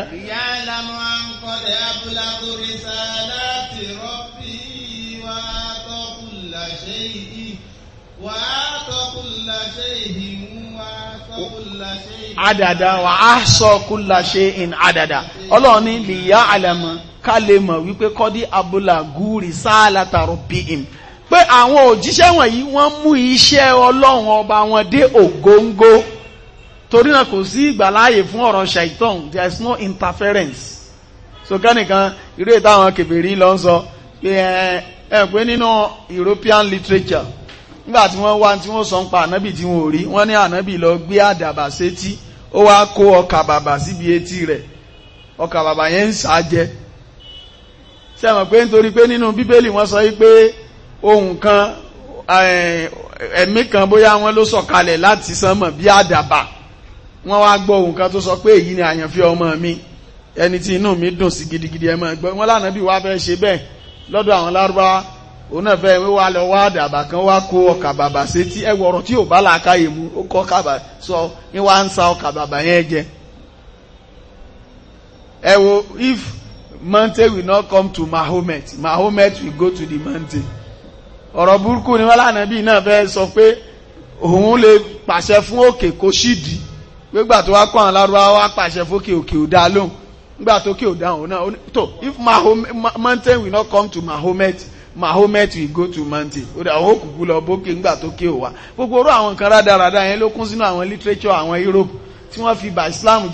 adada wa a sọ kúlà ṣe in adada ọlọ́run ni lè yá àlẹ́mọ̀ ká lè mọ̀ wípé kọ́dí abúlà gúrì sáà látàrọ̀ bí im pé àwọn òjíṣẹ́ wọ̀nyí wọ́n mú iṣẹ́ ọlọ́run ọba wọn dé ògóńgó torí náà kò sí ìgbàláàyè fún ọ̀rọ̀ ṣàìtàn there is no interference so kẹ́nìkan irú ìtàwọn kèbèrè lọ sọ pé ẹ ẹ pé nínú European literature nígbà tí wọ́n wá tí wọ́n sọ ń pa ànábì tí wọ́n rí wọ́n ní ànábì lọ gbé àdàbà sétí ó wá kó ọkà bàbà síbi etí rẹ̀ ọkà bàbà yẹn ń sá jẹ pé nítorí pé nínú bíbélì wọ́n sọ yí pé ohun kan eh, ẹ̀mí kan bóyá wọ́n ló sọ̀kalẹ̀ láti sánmọ̀ bí àdàbà wọ́n wá gbọ́ ohun kan tó sọ pé èyí ni àyànfẹ́ ọmọ mi ẹni tí inú mi dùn sí gidigidi ẹ máa gbọ́ wọ́n lánàá bí wá fẹ́ ṣe bẹ́ẹ̀ lọ́dọ̀ àwọn lárúbáwá òun náà fẹ́ wá lọ wá àdàbà kan wá kó ọkà bàbà sí tí ẹ wọ̀rọ̀ tí ò bá làákàyè mu ó kọ́ ọkà sọ ní wá ń sa ọkà bàbà yẹn jẹ ẹ wo if mountain will not come to Mahomet Mahomet will go to the mountain ọ̀rọ̀ burúkú ni wọ́n lánàbí náà fẹ́ sọ pé òun lè pàṣẹ fún òkè kó ṣídìí gbégbà tó wá kọ́ àwọn wá pàṣẹ fókè òkè ò dá lóhùn tó ò dá òun náà tó if mountain will not come to Mahomet Mahomet will go to mountain ó dà òun òkùnkùn lọ bókè tó gbogbo orú àwọn rádaràda yẹn ló kún sínú àwọn literature àwọn Europe tí wọ́n fi bà Islam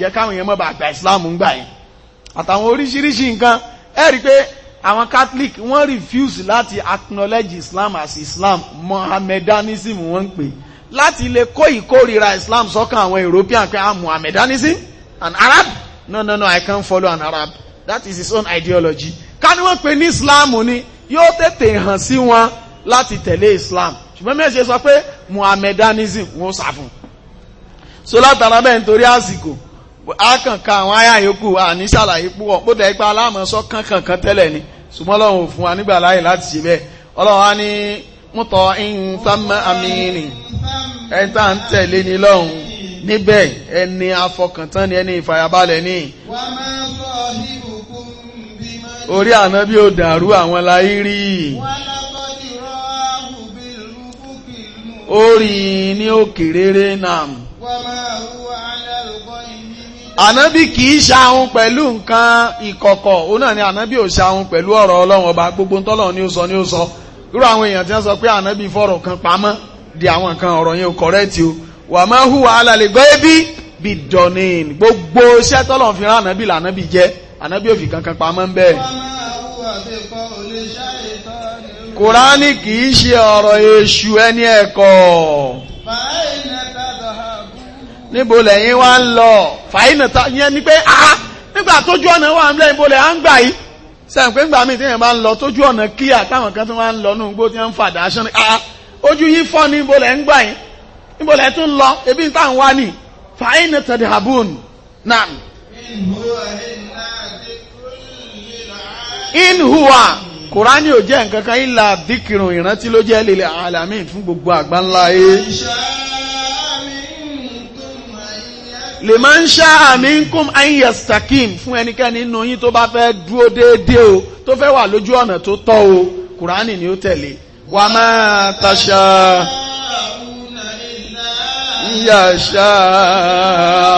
àwọn Catholic wọ́n refuse láti acknowledge Islam as Islam Mohammedanism wọ́n ń pè láti lè kó ìkórira Islam sọ́kàn àwọn European pé ah Mohammedanism an Arab no no no I can't follow an Arab that is his own ideology ká ní wọ́n pè ní Islam ni yóò tètè hàn sí wọn láti tẹ̀lé Islam ṣùgbọ́n mẹ́sẹ̀ sọ pé Mohammedanism wọ́n sàfún so látara bẹ́ẹ̀ nítorí àsìkò a kàn ka àwọn àyà yòókù àní ṣàlàyé púpọ̀ bó dẹ̀ gba aláàmọ́sọ́ kankankan tẹ́lẹ̀ ni ṣùgbọ́n Ọlọ́run ò fún wa nígbà láàyè láti ṣe bẹ́ẹ̀ Ọlọ́run á ní mútọ̀ ìǹsámá àmìnì ẹni tá à ń tẹ̀lé ni lọ́hùn níbẹ̀ ẹni afọkàntán ni ẹni ìfàyàbalẹ̀ ni. orí ànábì ò dàrú àwọn láyé rí orí ní òkè rere nam ànábì kì í ṣahun pẹ̀lú nǹkan ìkọ̀kọ̀ òun náà ni ànábì ò ṣahun pẹ̀lú ọ̀rọ̀ ọlọ́run ọba gbogbo ntọ́lọ́run ni ó sọ ni ó sọ irú àwọn èèyàn tí wọ́n sọ pé ànábì fọ̀rọ̀ kan pamọ́ di àwọn nǹkan ọ̀rọ̀ yẹn ò kọ̀rẹ́ẹ̀tì o wà máa hùwà alàlẹ́ gbọ́ ẹbí bí dọ̀nìn gbogbo iṣẹ́ tọ́lọ́run fi rán ànábì lànábì jẹ́ ànábì ò fi kankan pamọ́ ń bẹ́ẹ̀. kùránì kì í ṣe ọ̀rọ̀ èṣù ẹni ẹ̀kọ́ níbo lẹ́yìn wá ń lọ fàáyínà tá yẹn ni pé ah nígbà tójú ọ̀nà wà ń lẹ́yìn níbo lẹ́yìn à ń gbà yìí sẹ́yìn pé ńgbà míì téèyàn bá ń lọ tójú ọ̀nà kíá táwọn kan tó wá ń lọ nù gbó tí wọ́n ń fàdà aṣọ ni ah ojú yín fọ́ ní níbo lẹ́yìn gbà yìí níbo lẹ́yìn tún lọ ebi ń táwọn wá nì fàáyínà tẹ̀dẹ̀ habun náà. in huwa kùránì ò jẹ́ nǹkan kan ìlà díkìrùn ìrántí ló jẹ́ lílẹ̀ alamin fún gbogbo lè máa ń ṣá àmínkùn ayyastakim fún ẹnikẹ́ni nínú yín tó bá fẹ́ dúró déédéé o tó fẹ́ wà lójú ọ̀nà tó tọ́ o kùránì ni ó tẹ̀lé wà máa taṣà yàṣà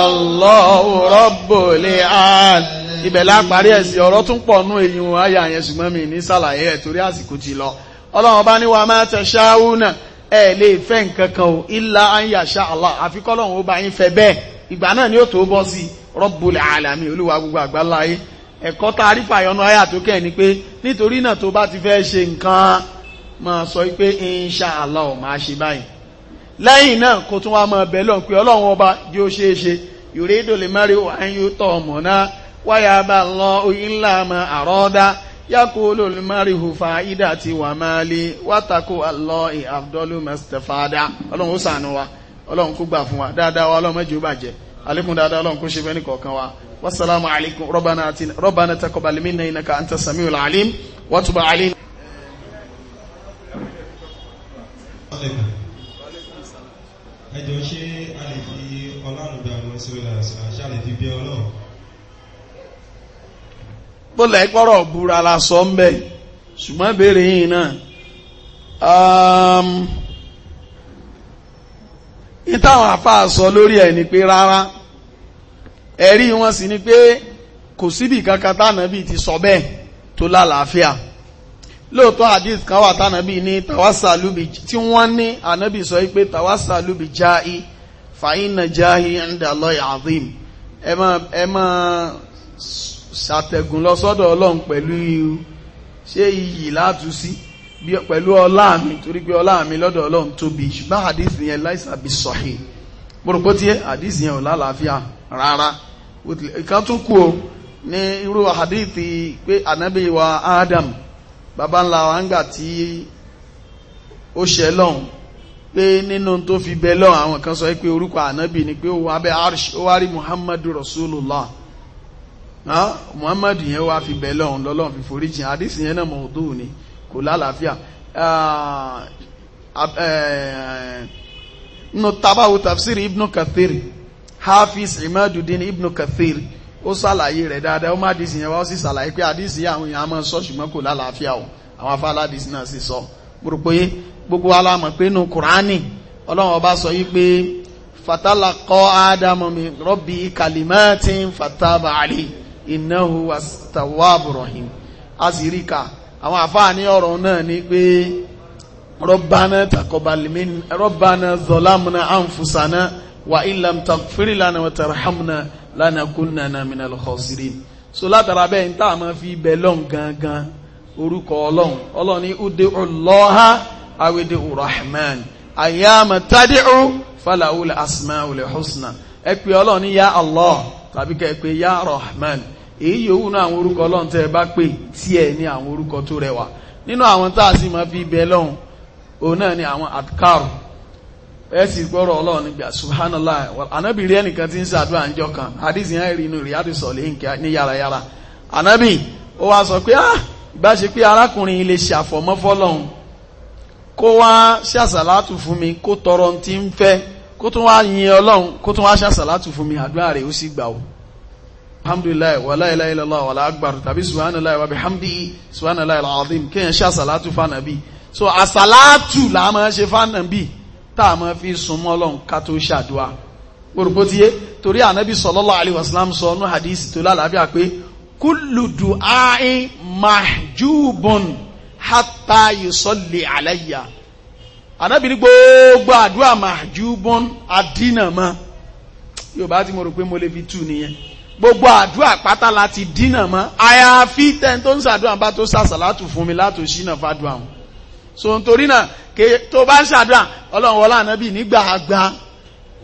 Allahu rabbul alamin ibẹ̀ láparí ẹ̀sìn ọ̀rọ̀ tún pọ̀ nú èyí wọn àyà yẹn ṣùgbọ́n mi ní sàlàyé ẹ̀ torí àsìkò ti lọ ọlọ́run bá ní wà máa taṣà ẹ̀ lè fẹ́ nǹkan kan o illa an yàṣà Allah àfikọ́lọ́run ó bá yín fẹ́ bẹ́ẹ̀ ìgbà náà ni ó tó bọ́ sí Rabbul Alamin olúwa gbogbo àgbáláyé ẹ̀kọ́ tá a rí fàyọnú ayé àtókẹ́ ni pé nítorí náà tó bá ti fẹ́ ṣe nǹkan máa sọ pé insha Allah máa ṣe báyìí lẹ́yìn náà kó tún wá máa bẹ̀ lọ́n pé ọlọ́run ọba yóò ṣe é ṣe yuridu al-mar'u an yutamana wa yaba Allahu illa ma arada yakulu al-mar'u fa'idati wa mali wa taqwa Allahi afdalu mastafada ọlọ́run ó sànù wa ọlọ́run kó gbà fún wa dáadáa wa ọlọ́run má jẹ́ ó bàjẹ́ alekun dáadáa ọlọ́run kó ṣe fẹ́ ní wa wasalaamu alaikum rabbana atina rabbana taqabbal minna innaka anta samiul alim wa tub alaina ẹjọ́ ṣe a lè ọlọ́run bí àwọn ìṣẹ́lẹ̀ àṣà lè fi bí ọlọ́run bó lẹ́ pọ́rọ̀ búra la sọ ń bẹ̀ ṣùgbọ́n béèrè yìí náà um, ìtàwọn àfáà sọ lórí ẹ̀ ni pé rárá ẹ̀rí wọn sì ni pé kò síbì kankan tánàbí ti sọ bẹ́ẹ̀ tó lálàáfíà lóòótọ́ hadith kan wà tánàbí ní tàwásà lúbi tí wọ́n ní ànábì sọ pé tàwásà lúbi jáì fàyínà jáì ẹ̀ńdà lọ́yà àdìm ẹ pẹ̀lú ọlá mi torí pé ọlá mi lọ́dọ̀ ọlọ́run tóbi ṣùgbọ́n hadith yẹn láìsà bí sọ̀hì gbogbo tí hadith yẹn ò lálàáfíà rárá ìkan tún kú o ní irú hadith pé ànábì wa Adam bàbá ńlá wa ńgbà tí ó ṣẹ lọ́hùn pé nínú tó fi bẹ lọ́hùn àwọn kan sọ pé orúkọ ànábì ni pé ó wà bẹ arsh ó wá rí Muhammadu Rasulullah Muhammadu yẹn wá fi bẹ lọ́hùn lọ́lọ́run fi foríjìn hadith yẹn náà mọ̀ ọ́dún kò lálàáfíà ah, ah, eh, nínú tabawo tafsir ibnu kathir hafiz imaduddin ibnu kathir ó ṣàlàyé rẹ̀ dáadáa ó má dìsì yẹn wá ó sì ṣàlàyé pé àdìsì àwọn èèyàn máa sọ ṣùgbọ́n kò lálàáfíà o àwọn afáládìsì náà sì sọ gbogbo gbogbo alámọ̀ pé nínú kùránì ọlọ́run ọba sọ yí pé fatala kọ́ ádámù mi rọ́bì kalimatin fataba ali innahu wastawab azirika àwọn àfáà ní ọ̀rọ̀ náà ni pé rọ́bánà takọbalmin rọ́bánà zọlámùnà àǹfùsànà wà ìlàm takfírí lánà wà tàràhàmùnà lánà kúnnà min al-khasirin so látara bẹ́ẹ̀ ń tàà máa fi ibẹ̀ lọ́n gangan orúkọ ọlọ́run ọlọ́run ní ude ọlọ́ha awede urahman ayyama tadi'u falawul asmaul husna ẹ pé ọlọ́run ní ya Allah tàbí kẹ́ pé ya rahman èyí yòówù náà àwọn orúkọ ọlọ́run tẹ́ ẹ bá pè tí ẹ ní àwọn orúkọ tó rẹwà nínú àwọn tá a sì máa fi bẹ lọ́hùn òun náà ni àwọn àtikárù ẹ sì gbọ́rọ̀ ọlọ́run nígbà subhanallah ànábì rí ẹnìkan tí ń ṣàdúrà ńjọ́ kan àdìsí yẹn rí inú riyadu sọ̀lẹ̀ ní yàrá-yàrá ànábì ó wá sọ pé ah ìbá ṣe pé arákùnrin ilé ṣàfọ̀mọ́ fọ́lọ́hun kó wá ṣàṣàlátù fún mi kó tọrọ ti ń fẹ́ kó tún wá yin ọlọ́run kó tún wá ṣàṣàlátù fún mi àdúrà rẹ̀ ó sì gbà ó alhamdulilayi wàlá ilaha illallah wàlá akbar tàbí subhanallahi wa bihamdihi subhanallahi alazim kéèyàn ṣe àsàlátù fànàbí so àsàlátù là máa ṣe fànàbí tá a máa fi súnmọ́ Ọlọ́run ká tó ṣàdúà orùpótíyé torí ànábì sallallahu alaihi wasallam sọ ọ́nú hadisi tó lálàáfíà pé kullu du'ain mahjubun hatta yusalli alayya ànábì ní gbogbo àdúrà mahjubun adínàmọ́ yóò bá ti mo rò pé mo lè fi tú nìyẹn gbogbo àdúrà pátá láti dínà mọ́ àyàfi tẹ́ni tó ń ṣàdúrà bá tó ṣàṣàlátù fún mi látò ṣínà fàdúrà wọn so nítorí náà tó bá ń ṣàdúrà ọlọ́run wọlá ànábì nígbà àgbà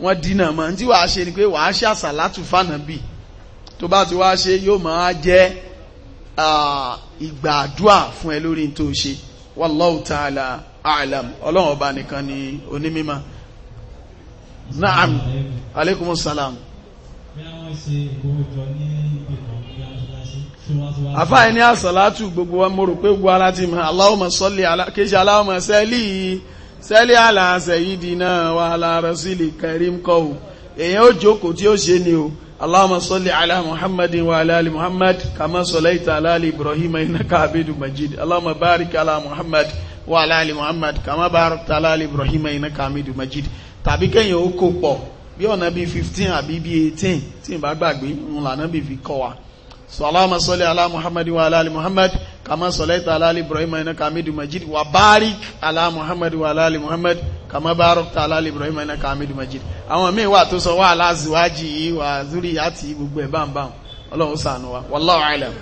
wọn dínà mọ́ ní tí wàá ṣe ni pé wàá ṣàṣàlátù fànàbì tó bá ti wá ṣe yóò máa jẹ́ ìgbà àdúrà fún ẹ lórí tó ṣe wallahu ta'ala a'lam ọlọ́run ọba nìkan ni onímímọ́ naam alaikumus salam àfáà ní àsàlátù gbogbo wa mo rò pé gbogbo ara ti mọ̀ Allahumma salli ala kéṣe Allahumma salli salli ala sayidina wa ala rasili karim kọ́ o èyàn ó jókòó tí ó ṣe ni o Allahumma salli ala Muhammadin wa ala Muhammad kama sallaita ala ali Ibrahim innaka Abidul Majid Allahumma barik ala Muhammad wa ala Muhammad kama barakta ala Ibrahim innaka Hamidul Majid tàbí kẹ́yìn ó kó pọ̀ bí ọ̀nà bí fifteen àbí bí 18 tí n bá gbàgbé ń lànà bí fi kọ́ wa sọláàmà sọlẹ̀ alá wa alá muhammad kama sọlẹ̀ta alá ibrahim iná kamidu majid wa barik alá muhammad wa alá muhammad kama barokta alá ibrahim iná kamidu majid àwọn míì wà tó sọ wà aláàzíwájì yìí wà zúrí àti gbogbo ẹ̀ bámbám ọlọ́run ṣàánú wa wallahu alam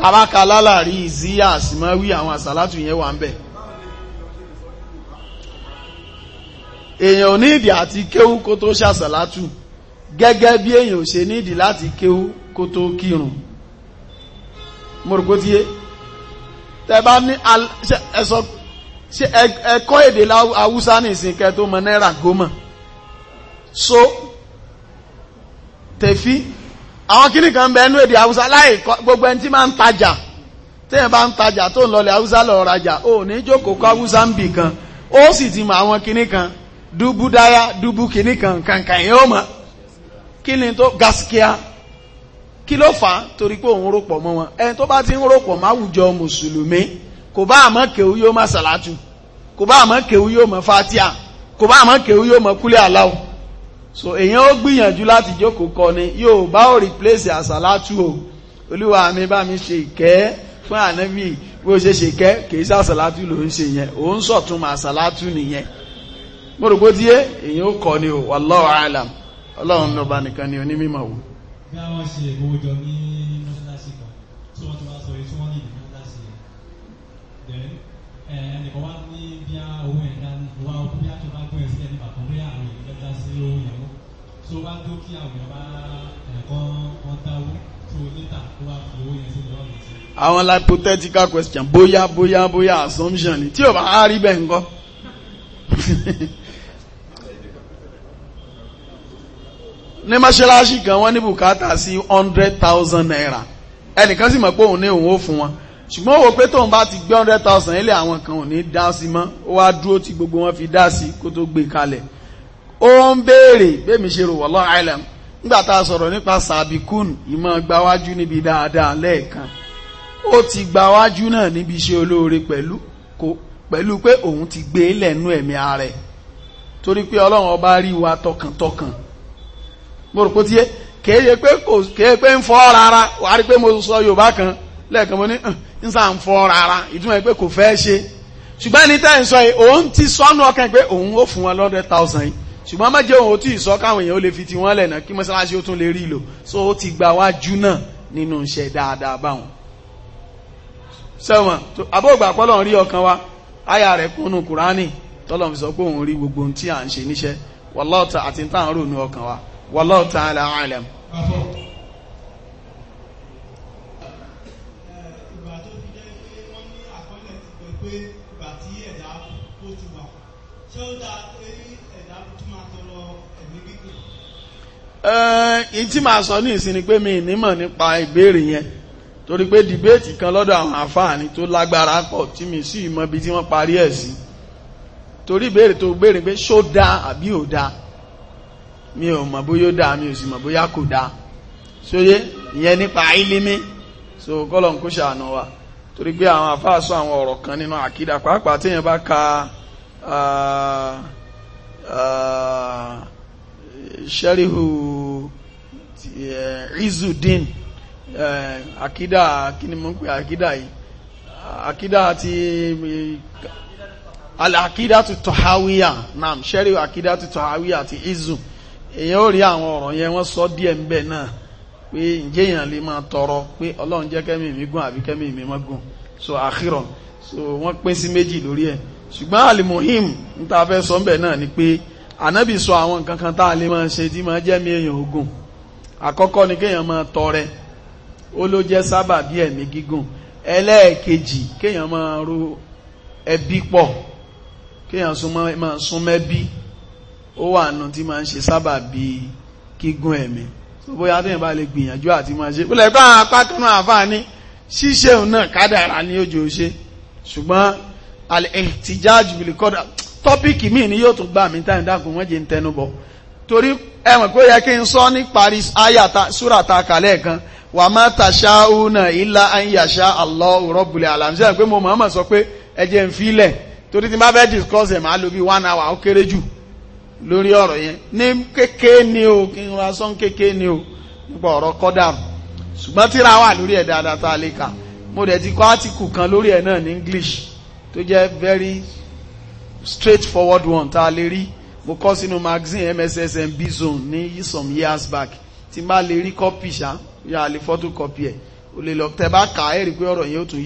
tabaka lálàrí ìzíyà àsìmáwí àwọn àsàlátù yẹn wà èèyàn ò nídìí àti kéwú kó tó ṣàṣàlátù gẹ́gẹ́ bí èèyàn ò ṣe nídìí láti kéwú kó tó kírun mọ̀rọ̀kótíyé tẹ́bá ní ẹ̀sọ́ ẹ̀kọ́ èdè haúsá nìsìn kẹ tó mọ̀ náírà gómọ̀ so tẹ̀fí àwọn kìnnì kan bẹ ẹnu èdè haúsá láì gbogbo ẹni tí máa ń tajà tẹ́yìn bá ń tajà tó ń lọlẹ̀ haúsá lọ rajà ó ní jókòó kọ́ haúsá ń bì kan ó sì ti mọ̀ àwọn kìnnì kan dubu daya dubu kìíní kankankan yóò mọ̀ kí ni tó gaskiya kí ló fà á torí pé òun rò pọ̀ mọ́ wọn ẹni tó bá ti ń rò pọ̀ mọ́ àwùjọ mùsùlùmí kò bá àmọ́ kéwú yóò mọ̀ sàlátù kò bá àmọ́ kéwú yóò mọ̀ fatia kò bá àmọ́ kéwú yóò mọ̀ kúlẹ̀ aláwọ̀ so èyàn ó gbìyànjú láti jókòó kọ ni yóò bá ò replace àsàlátù o olúwa mi bá mi ṣe ìkẹ́ fún ànábì bó ṣe ṣe kẹ́ kì í sàsàlátù ló ń ṣe yẹn òun sọ̀tún màsàlátù nìyẹn mo rò pé tí yé èyí ó kọ́ ni o wallahu alam ọlọ́run lọ́ba nìkan ni onímọ̀ wò. bí àwọn ṣe ìwò jọ ní mọ́ṣáláṣí kan tí wọ́n ti wá sọ tí wọ́n ní ìdí mọ́ṣáláṣí yẹn ẹnìkan wá ní bí a owó ẹ̀dá wá ó bí a tó bá gbọ́ ẹ̀sìn ẹni bàtàn bí àwọn èèyàn dá sí owó ìyàwó tó bá tó kí àwọn èèyàn hypothetical question bóyá bóyá bóyá assumption ni tí ò bá rí bẹ́ẹ̀ ńkọ́. ní mọ́ṣáláṣí kan wọ́n ní bùkátà sí hundred thousand naira ẹnìkan sì mọ̀ pé òun ní òun ó fún wọn ṣùgbọ́n wò pé tóun bá ti gbé hundred thousand ilé àwọn kan ò ní dá sí mọ́ ó wá dúró tí gbogbo wọn fi dá sí kó tó gbé kalẹ̀ ó ń béèrè bẹ́ẹ̀mi ṣe rò wọ́lọ́ island nígbà tá a sọ̀rọ̀ nípa sàbíkún ìmọ̀ gbawájú níbi dáadáa lẹ́ẹ̀kan ó ti gbawájú náà níbi iṣẹ́ olóore pẹ̀lú pé òun ti gbé lẹ́nu ẹ̀mí ara ẹ̀ torí pé ọlọ́run ọba rí wa tọkàntọkàn mo rò pé tiẹ́ kèéye pé kò kèéye pé ń fọ́ rárá wà á rí pé mo sọ yorùbá kan lẹ́ẹ̀kan mo ní ń sà ń fọ́ rárá ìtumọ̀ yìí kò fẹ́ ṣe ṣùgbọ́n ẹni tẹ́ sọ òun ti thousand yìí ṣùgbọ́n má jẹ́ òun ó tí ì sọ káwọn èèyàn ó lè fi so ó ti gbà wájú náà nínú iṣẹ́ dáadáa báwọn sẹ́wọ̀n abóògbà pọ́lọ̀ rí ọkàn wa ayà rẹ̀ kúnnù kùránì tọ́lọ̀ fi sọ pé òun rí gbogbo tí à ń ṣe níṣẹ́ wọ́lọ́ọ̀tà àti táà rò ní ọkàn wa wallahu ta'ala alam. ẹ̀ẹ́n tí máa sọ ní ìsinmi pé mi nímọ̀ nípa ìbéèrè yẹn torí pé dìbéètì kan lọ́dọ̀ àwọn àfáàní tó lágbára pọ̀ tí mi sì mọ ibi tí wọ́n parí ẹ̀ sí torí ìbéèrè tó béèrè pé ṣó dáa àbí ò dáa mi ò mọ̀ bóyá dáa mi ò sì mọ̀ bóyá kò dáa sóyé ìyẹn nípa ilimi so kọ́lọ̀ ń ṣàánú wa torí pé àwọn àfáà sọ àwọn kan nínú àkídà pàápàá téèyàn bá ka ṣẹ́ríhù Izudin àkídà kí ni mo ń pè àkídà yìí àkídà ti àkídà tu tọ̀háwíyà náà ṣẹ́ríhù àkídà tu ti Izu. èyàn ó rí àwọn ọ̀rọ̀ yẹn wọ́n sọ díẹ̀ ń bẹ̀ náà pé ǹjẹ́ èèyàn lè máa tọrọ pé ọlọ́run jẹ́ mi gùn àbí kẹ́mì mi gùn so àkírọ̀ so wọ́n pín sí méjì lórí ẹ̀ ṣùgbọ́n àlìmọ̀hìm ń ta fẹ́ náà ni pé ànábì sọ àwọn nǹkan kan tá a lè máa ṣe èèyàn ogun àkọ́kọ́ ni kéèyàn máa tọrẹ ó ló jẹ́ ó wà nù tí máa ń ṣe sábà bí kígún ẹ̀mí tó bóyá tẹ́yìn bá lè gbìyànjú àti máa ṣe pẹ̀lẹ́ bá apá kan náà àfáà ní ṣíṣe òun náà kádàrà ní ojú ṣe ṣùgbọ́n al-ihtijaj bil-qadar tọ́pìkì míì ni yóò tún gbà mí táyìn dákun wọ́n jẹ́ ń tẹnu bọ̀ torí ẹ̀wọ̀n pé ó yẹ kí n sọ ní parí ayata súrata kàlẹ́ kan wà má tasha'una illa an yasha Allahu rabbul alamin ṣe pé mo mọ̀ọ́mọ̀ sọ pé ẹ jẹ́ ń filẹ̀ torí tí n bá fẹ́ discuss ẹ̀ máa lo bí one hour ó kéré jù lórí ọ̀rọ̀ yẹn ní nkeke ni o kí n ra ni o nípa ọ̀rọ̀ kọ́dà ṣùgbọ́n tíra wà lórí ẹ̀ dáadáa tá a lè kà mo dẹ̀ ti kọ́ kan lórí ẹ̀ náà ní English tó jẹ́ very straight forward one tá a lè rí mo kọ́ sínú magazine MSSN Bizone ní some years back tí n bá lè rí kọ́pì ṣá yà lè ẹ̀ o lè lọ tẹ bá kà á pé ọ̀rọ̀ yẹn ó tún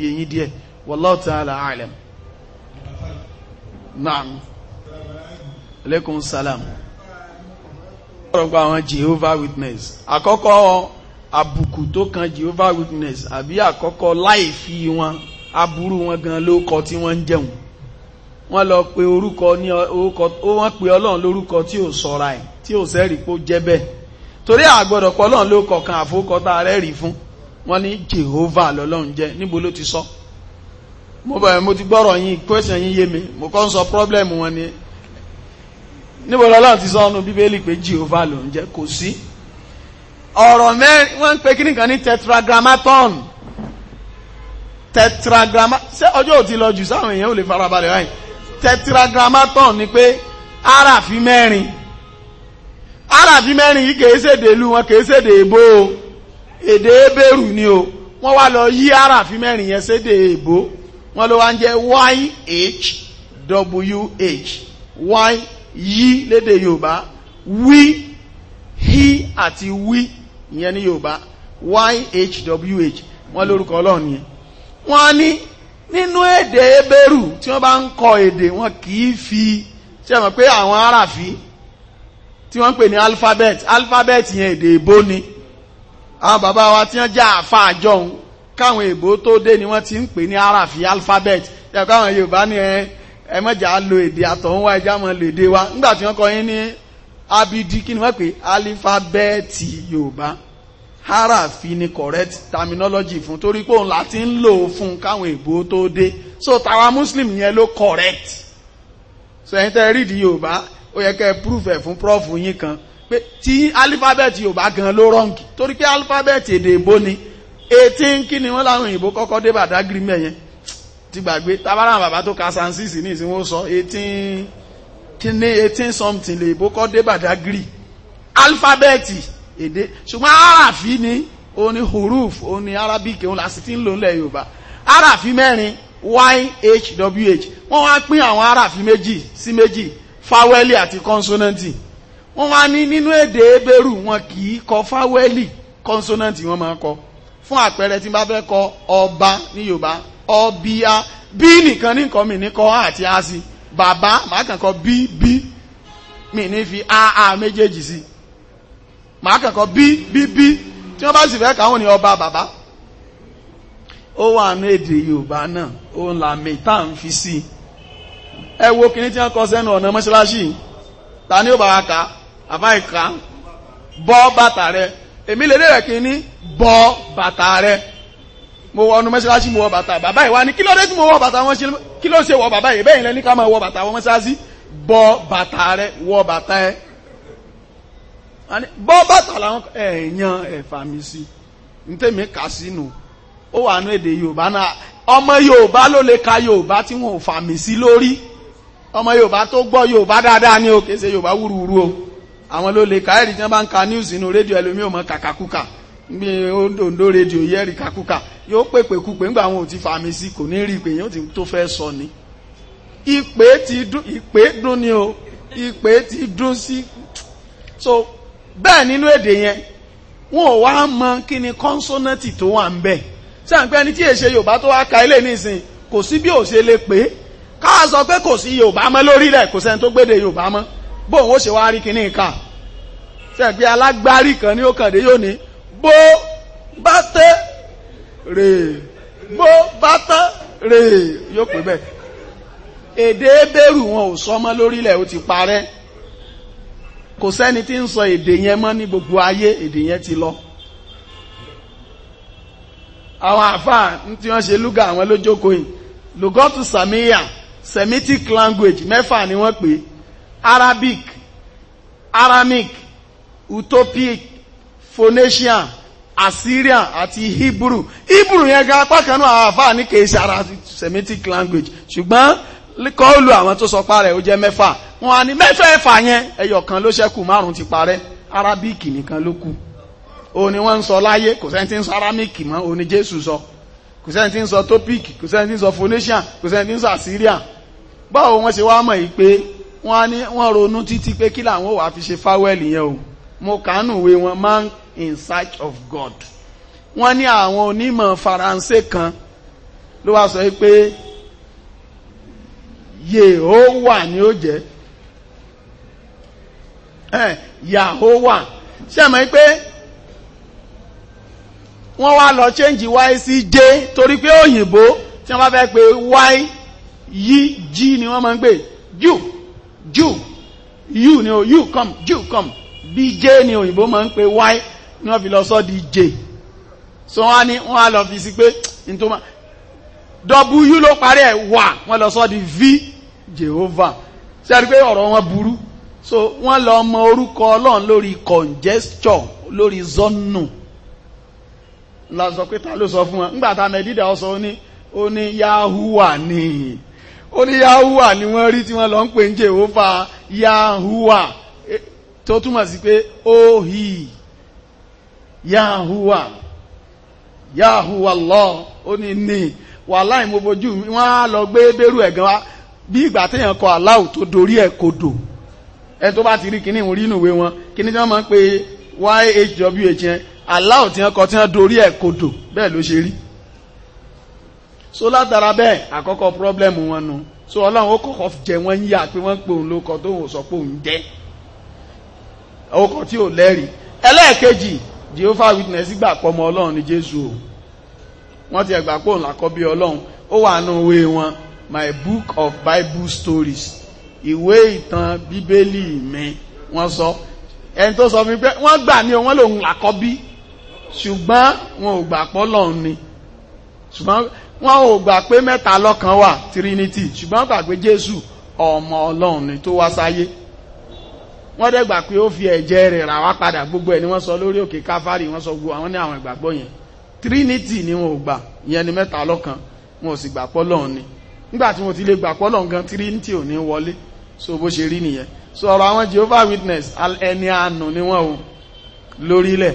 alaikum salam ọ̀rọ̀gbà àwọn Jehovah Witness àkọ́kọ́ àbùkù tó kan Jehovah Witness àbí àkọ́kọ́ láìfi wọn aburú wọn gan ló kọ tí wọ́n ń jẹun wọ́n lọ pe orúkọ ní orúkọ wọ́n pe Ọlọ́run lórúkọ tí ò sọra ẹ̀ tí ò sẹ́rì pó jẹ́ bẹ́ẹ̀ torí àgbọ̀dọ̀ pọ̀ Ọlọ́run ló kọ̀kan àfọkọ́tà rẹ̀ rí fún wọ́n ní Jehovah lọ́lọ́run jẹ́ níbo ló ti sọ mo bẹ̀rẹ̀ mo ti gbọ́rọ̀ yín question yín yé mi mo kọ́ ń sọ problem wọn ni níbo lọ́lọ́run ti sọ ọ́nù bíbélì pé Jehovah ló ń jẹ́ kò sí ọ̀rọ̀ mẹ́rin wọ́n ń pe kíní kan ní tetragrammaton tetragramma ṣé ọjọ́ ò ti lọ jù sáwọn èèyàn ò lè farabalẹ̀ wáyé tetragrammaton ni pé àràfí mẹ́rin àràfí mẹ́rin yìí kèé ṣèdè ìlú wọn kèé ṣèdè èbó o èdè ebèrù ni o wọ́n wá lọ yí àràfí mẹ́rin yẹn ṣèdè èbó wọ́n ló wá ń jẹ́ YHWH yí lédè yorùbá wí hí àti wí ìyẹn ní yorùbá yhwh wọ́n lórúkọ ọlọ́run yẹn wọ́n á ní nínú èdè ebérù tí wọ́n bá ń kọ èdè wọn kì í fi ṣe mọ̀ pé àwọn aráàfin tí wọ́n ń pè ní alphabet alphabet yẹn èdè èbó ni àwọn bàbá wa tí wọ́n já àfa àjọhún káwọn èbó tó dé ni wọ́n ti ń pè ní aráàfin alphabet yàtọ̀ àwọn yorùbá ni ẹ̀ ẹ mọ́jà lo èdè àtọ̀húnwá ẹjá mọ́ lo èdè wa nígbà tí wọ́n kọ́ yín ní abidi kí ni wọ́n pè alifábẹ́ẹ̀tì yorùbá harafi ni correct terminology fún torí pé òun láti ń lò fún káwọn èbó tó dé so tàwa muslim yẹn ló correct so ẹ̀yin tẹ́ rí di yorùbá ó yẹ kẹ́ proof ẹ̀ fún prof yín kan pé tí alifábẹ́ẹ̀tì yorùbá gan ló rọ́ǹkì torí pé alifábẹ́ẹ̀tì èdè èbó ni eighteen kí ni wọ́n láwọn òyìnbó kọ́kọ́ dé bàdágírí mẹ́yẹn ti gbàgbé tabara bàbá tó ka sansisi ní ìsinwó sọ 18 kíní 18 something lè bó kọ́ dé Badagry alifábẹ́ẹ̀tì èdè ṣùgbọ́n arafi ni o ní huruf o ní arabic òun làsì tí ń lò nílẹ̀ Yorùbá arafi mẹ́rin yhwh wọ́n wá pín àwọn arafi méjì sí méjì fáwẹ́lì àti kọ́nsọ́nẹ́ntì wọ́n wá ní nínú èdè ebéèrú wọn kì í kọ fáwẹ́lì kọ́nsọ́nẹ́ntì wọ́n máa kọ fún àpẹẹrẹ tí n bá fẹ́ kọ ọba ní Yorùbá ọbíà bí nìkan ní nǹkan mi ní kọ́ àti a sí bàbá màá kàn kọ́ bí bí mi ní fi aa méjèèjì sí màá kàn kọ́ bí bí bí tí wọ́n bá sì fẹ́ káwọn ní ọba bàbá ó wà ní èdè Yorùbá náà ó ń la mi tá à ń fi sí ẹ wo kíní tí wọ́n kọ sẹ́nu ọ̀nà mọ́ṣáláṣí ta ni ó bá wa kà àbá ìka bọ́ bàtà rẹ èmi lè dé rẹ̀ kí bọ́ bàtà rẹ mo wọ ọnu mọ́ṣáláṣí mo wọ bàtà bàbá ìwá ni kí ló dé tí mo wọ bàtà wọn ṣe kí ló ṣe wọ bàbá yìí bẹ́ẹ̀ lẹ́ni ká máa wọ bàtà wọn mọ́ṣáláṣí bọ bàtà rẹ wọ bàtà ẹ bọ bàtà làwọn ẹ̀yàn ẹ̀fà mi sí ní tèmi kà sínú ó wà nú èdè Yorùbá náà ọmọ Yorùbá ló lè ka Yorùbá tí wọn ò fà mí sí lórí ọmọ Yorùbá tó gbọ́ Yorùbá dáadáa ní Yorùbá o àwọn ló ka tí wọ́n bá ń ka rédíò ẹlòmíì ò mọ bí ondo rédíò yẹ́rì kakuka yóò pèpè kúpè ńgbà àwọn ò ti fàmì sí kò ní rí ìpè yóò ti tó fẹ́ sọ ni ìpè ti dún ìpè dún ni o ìpè ti dún sí so bẹ́ẹ̀ nínú èdè yẹn wọn ò wá mọ kí ni kọ́nsọ́nẹ́tì tó wà ń bẹ̀ ṣé à ń pẹ́ ẹni tí èṣe Yorùbá tó wá ka ilé nísìn kò sí bí ò ṣe lè pè é ká sọ pé kò sí Yorùbá mọ́ lórílẹ̀ kò sẹ́ni tó gbéde Yorùbá mọ́ bóun ó ṣe wá rí kíní ìka ṣé à alágbárí kan ní ó kàn dé yóò ní bó bá tẹ́ rèé bó bá tẹ́ rèé yóò pè bẹ́ẹ̀ èdè ebéèrù wọn ò sọmọ lórílẹ̀ ó ti parẹ́ kò sẹ́ni tí ń sọ èdè yẹn mọ́ ní gbogbo ayé èdè yẹn ti lọ àwọn àfáà tí wọ́n ṣe lúgà àwọn lójókòó yìí lùgọ́tù sàmíyà semitic language mẹ́fà ni wọ́n pè arabic aramic utopic Phoenician Assyrian àti Hebrew Hebrew yẹn gan apá kan náà àfà ní kìí ara Semitic language ṣùgbọ́n kọ́ọ̀lù àwọn tó sọ parẹ́ ó jẹ́ mẹ́fà wọn á ní mẹ́fẹ̀ẹ̀fà yẹn ẹyọ kan ló ṣẹ́kù márùn-ún ti parẹ́ Arabic nìkan ló kù ó ní wọ́n ń sọ láyé kò sẹ́ni tí ń sọ Arabic mọ́ ó ní Jésù sọ kò sẹ́ni tí ń sọ Topic kò sẹ́ni tí ń sọ Phoenician kò sẹ́ni tí ń sọ Assyrian báwo wọ́n ṣe wá mọ̀ yìí pé wọ́n ronú títí pé kí làwọn ò wá fi ṣe fáwẹ́lì yẹn o mo kàánù we wọn máa ń in search of God wọ́n ní àwọn onímọ̀ faransé kan ló wá sọ pé Yehowa ni ó jẹ́ eh, Yahowa ṣe mọ̀ pé wọ́n wá lọ change y sí j torí pé òyìnbó tí wọ́n bá fẹ́ pé y yí G." ni wọ́n máa ń pè jù jù u ni o u come jù come bj ni òyìnbó máa ń pè y ní wọ́n fi lọ sọ di j so wọ́n á ní wọ́n á lọ fi sí pé ntoma w ló parí ẹ̀ wà wọ́n lọ sọ di v Jehovah ṣe àrí pé ọ̀rọ̀ wọn burú so wọ́n lọ mọ orúkọ ọlọ́run lórí congestion lórí zonu la sọ pé ta ló sọ fún wọn nígbà tá mẹ́dídà ọ sọ ó ní ó ní yahuwa ni ó ní yahuwa ni wọ́n rí tí wọ́n lọ ń pè ń Jehovah yahuwa e, tó túmọ̀ sí pé ó yahuwa yahuwa lọ ó ní ní wàláì mo bojú wọn á lọ gbé bẹ̀rù ẹ̀gán wa bí ìgbà téèyàn kọ aláwù tó dorí ẹ̀ kodò ẹ tó bá ti rí kíní ìwọ̀n rí ìnùwé wọn kíní tí wọ́n máa ń pe yhwh yẹn aláwù tí wọ́n kọ tí wọ́n dorí ẹ̀ kodò bẹ́ẹ̀ ló ṣe rí so látara bẹ́ẹ̀ àkọ́kọ́ pírọ́blẹ́mù wọn nu so ọlọ́run ó kọ́kọ́ jẹ wọ́n yá pé wọ́n ń pè òun ló kọ tó ń sọ pé òun jẹ́ ọkọ̀ tí ò lẹ́rìí ẹlẹ́ẹ̀kejì Jehovah Witness gbà pọ̀ ọmọ Ọlọ́run ní Jésù o wọ́n ti ẹ̀gbà pọ̀ làkọ́bí Ọlọ́run ó wà nù òwe wọn my book of Bible stories ìwé ìtàn bíbélì mi wọ́n sọ ẹni tó sọ fún mi pé wọ́n gbà ní òun lòun làkọ́bí ṣùgbọ́n wọn ò gbà pọ̀ Ọlọ́run ni ṣùgbọ́n wọn ò gbà pé mẹ́ta lọ́kan wà Trinity ṣùgbọ́n gbà Jésù ọmọ Ọlọ́run ni tó wá sáyé wọ́n dẹ̀ gbà pé ó fi ẹ̀jẹ̀ rẹ̀ rà wá padà gbogbo ẹ̀ ni wọ́n sọ lórí òkè káfárì wọ́n sọ gbogbo àwọn ní àwọn ìgbàgbọ́ yẹn trinity ni wọn ò gbà ìyẹn ni mẹ́ta lọ́kan wọn ò sì gbà pọ́lọ́run ni nígbà tí mo ti lè gbà pọ́lọ́run gan trinity ò ní wọlé so bó ṣe rí nìyẹn so ọ̀rọ̀ àwọn Jehovah Witness ẹni àánú ni wọ́n o lórílẹ̀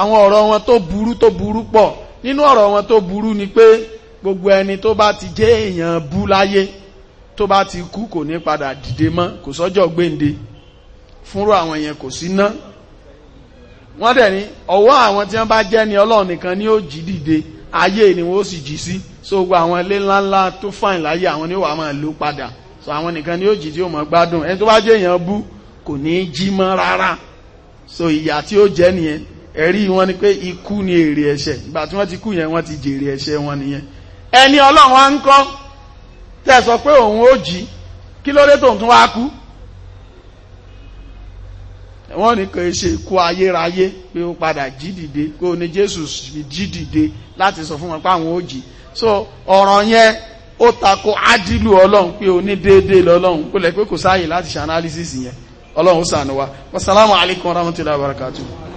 àwọn ọ̀rọ̀ wọn tó burú tó burú pọ̀ nínú ọ̀rọ̀ wọn tó burú ni pé gbogbo ẹni tó bá ti jẹ́ èèyàn bú láyé tó bá ti kú kò ní padà dìde mọ́ kò sọ́jọ́ gbéǹde fúnrú àwọn èèyàn kò sí ná wọ́n dẹ̀ ní ọwọ́ àwọn tí wọ́n bá jẹ́ ni ọlọ́run nìkan ni ó jí dìde ayé ni wọ́n ó sì jí sí so gbogbo àwọn ilé ńláńlá tó fàìn láyé àwọn ni wàá máa lò padà so àwọn nìkan ni ó jí tí ó mọ̀ gbádùn ẹni tó bá jẹ́ èèyàn bú kò ní í jí mọ́ rárá so ìyà tí ó jẹ́ nìyẹn ẹ̀rí wọn ni pé ikú ni èrè ẹ̀ṣẹ̀ ìgbà tí wọ́n ti kú yẹn wọ́n ti jèrè ẹ̀ṣẹ̀ wọn nìyẹn ẹni ọlọ́run wa ń kọ́ tẹ́ sọ pé òun ó jí kí ló dé tóun tún wá kú wọ́n ní kò ṣe ikú ayérayé pé ó padà jí dìde kó ní Jésù jí dìde láti sọ fún wọn pé àwọn ò jí so ọ̀ràn yẹn ó tako ádìlú ọlọ́run pé ó ní déédéé lọ́lọ́run kó lẹ́ pé kò sáàyè láti ṣe analysis yẹn ọlọ́run ó ṣàánú wa wasalaamu wa rahmatulahi wa barakatuh.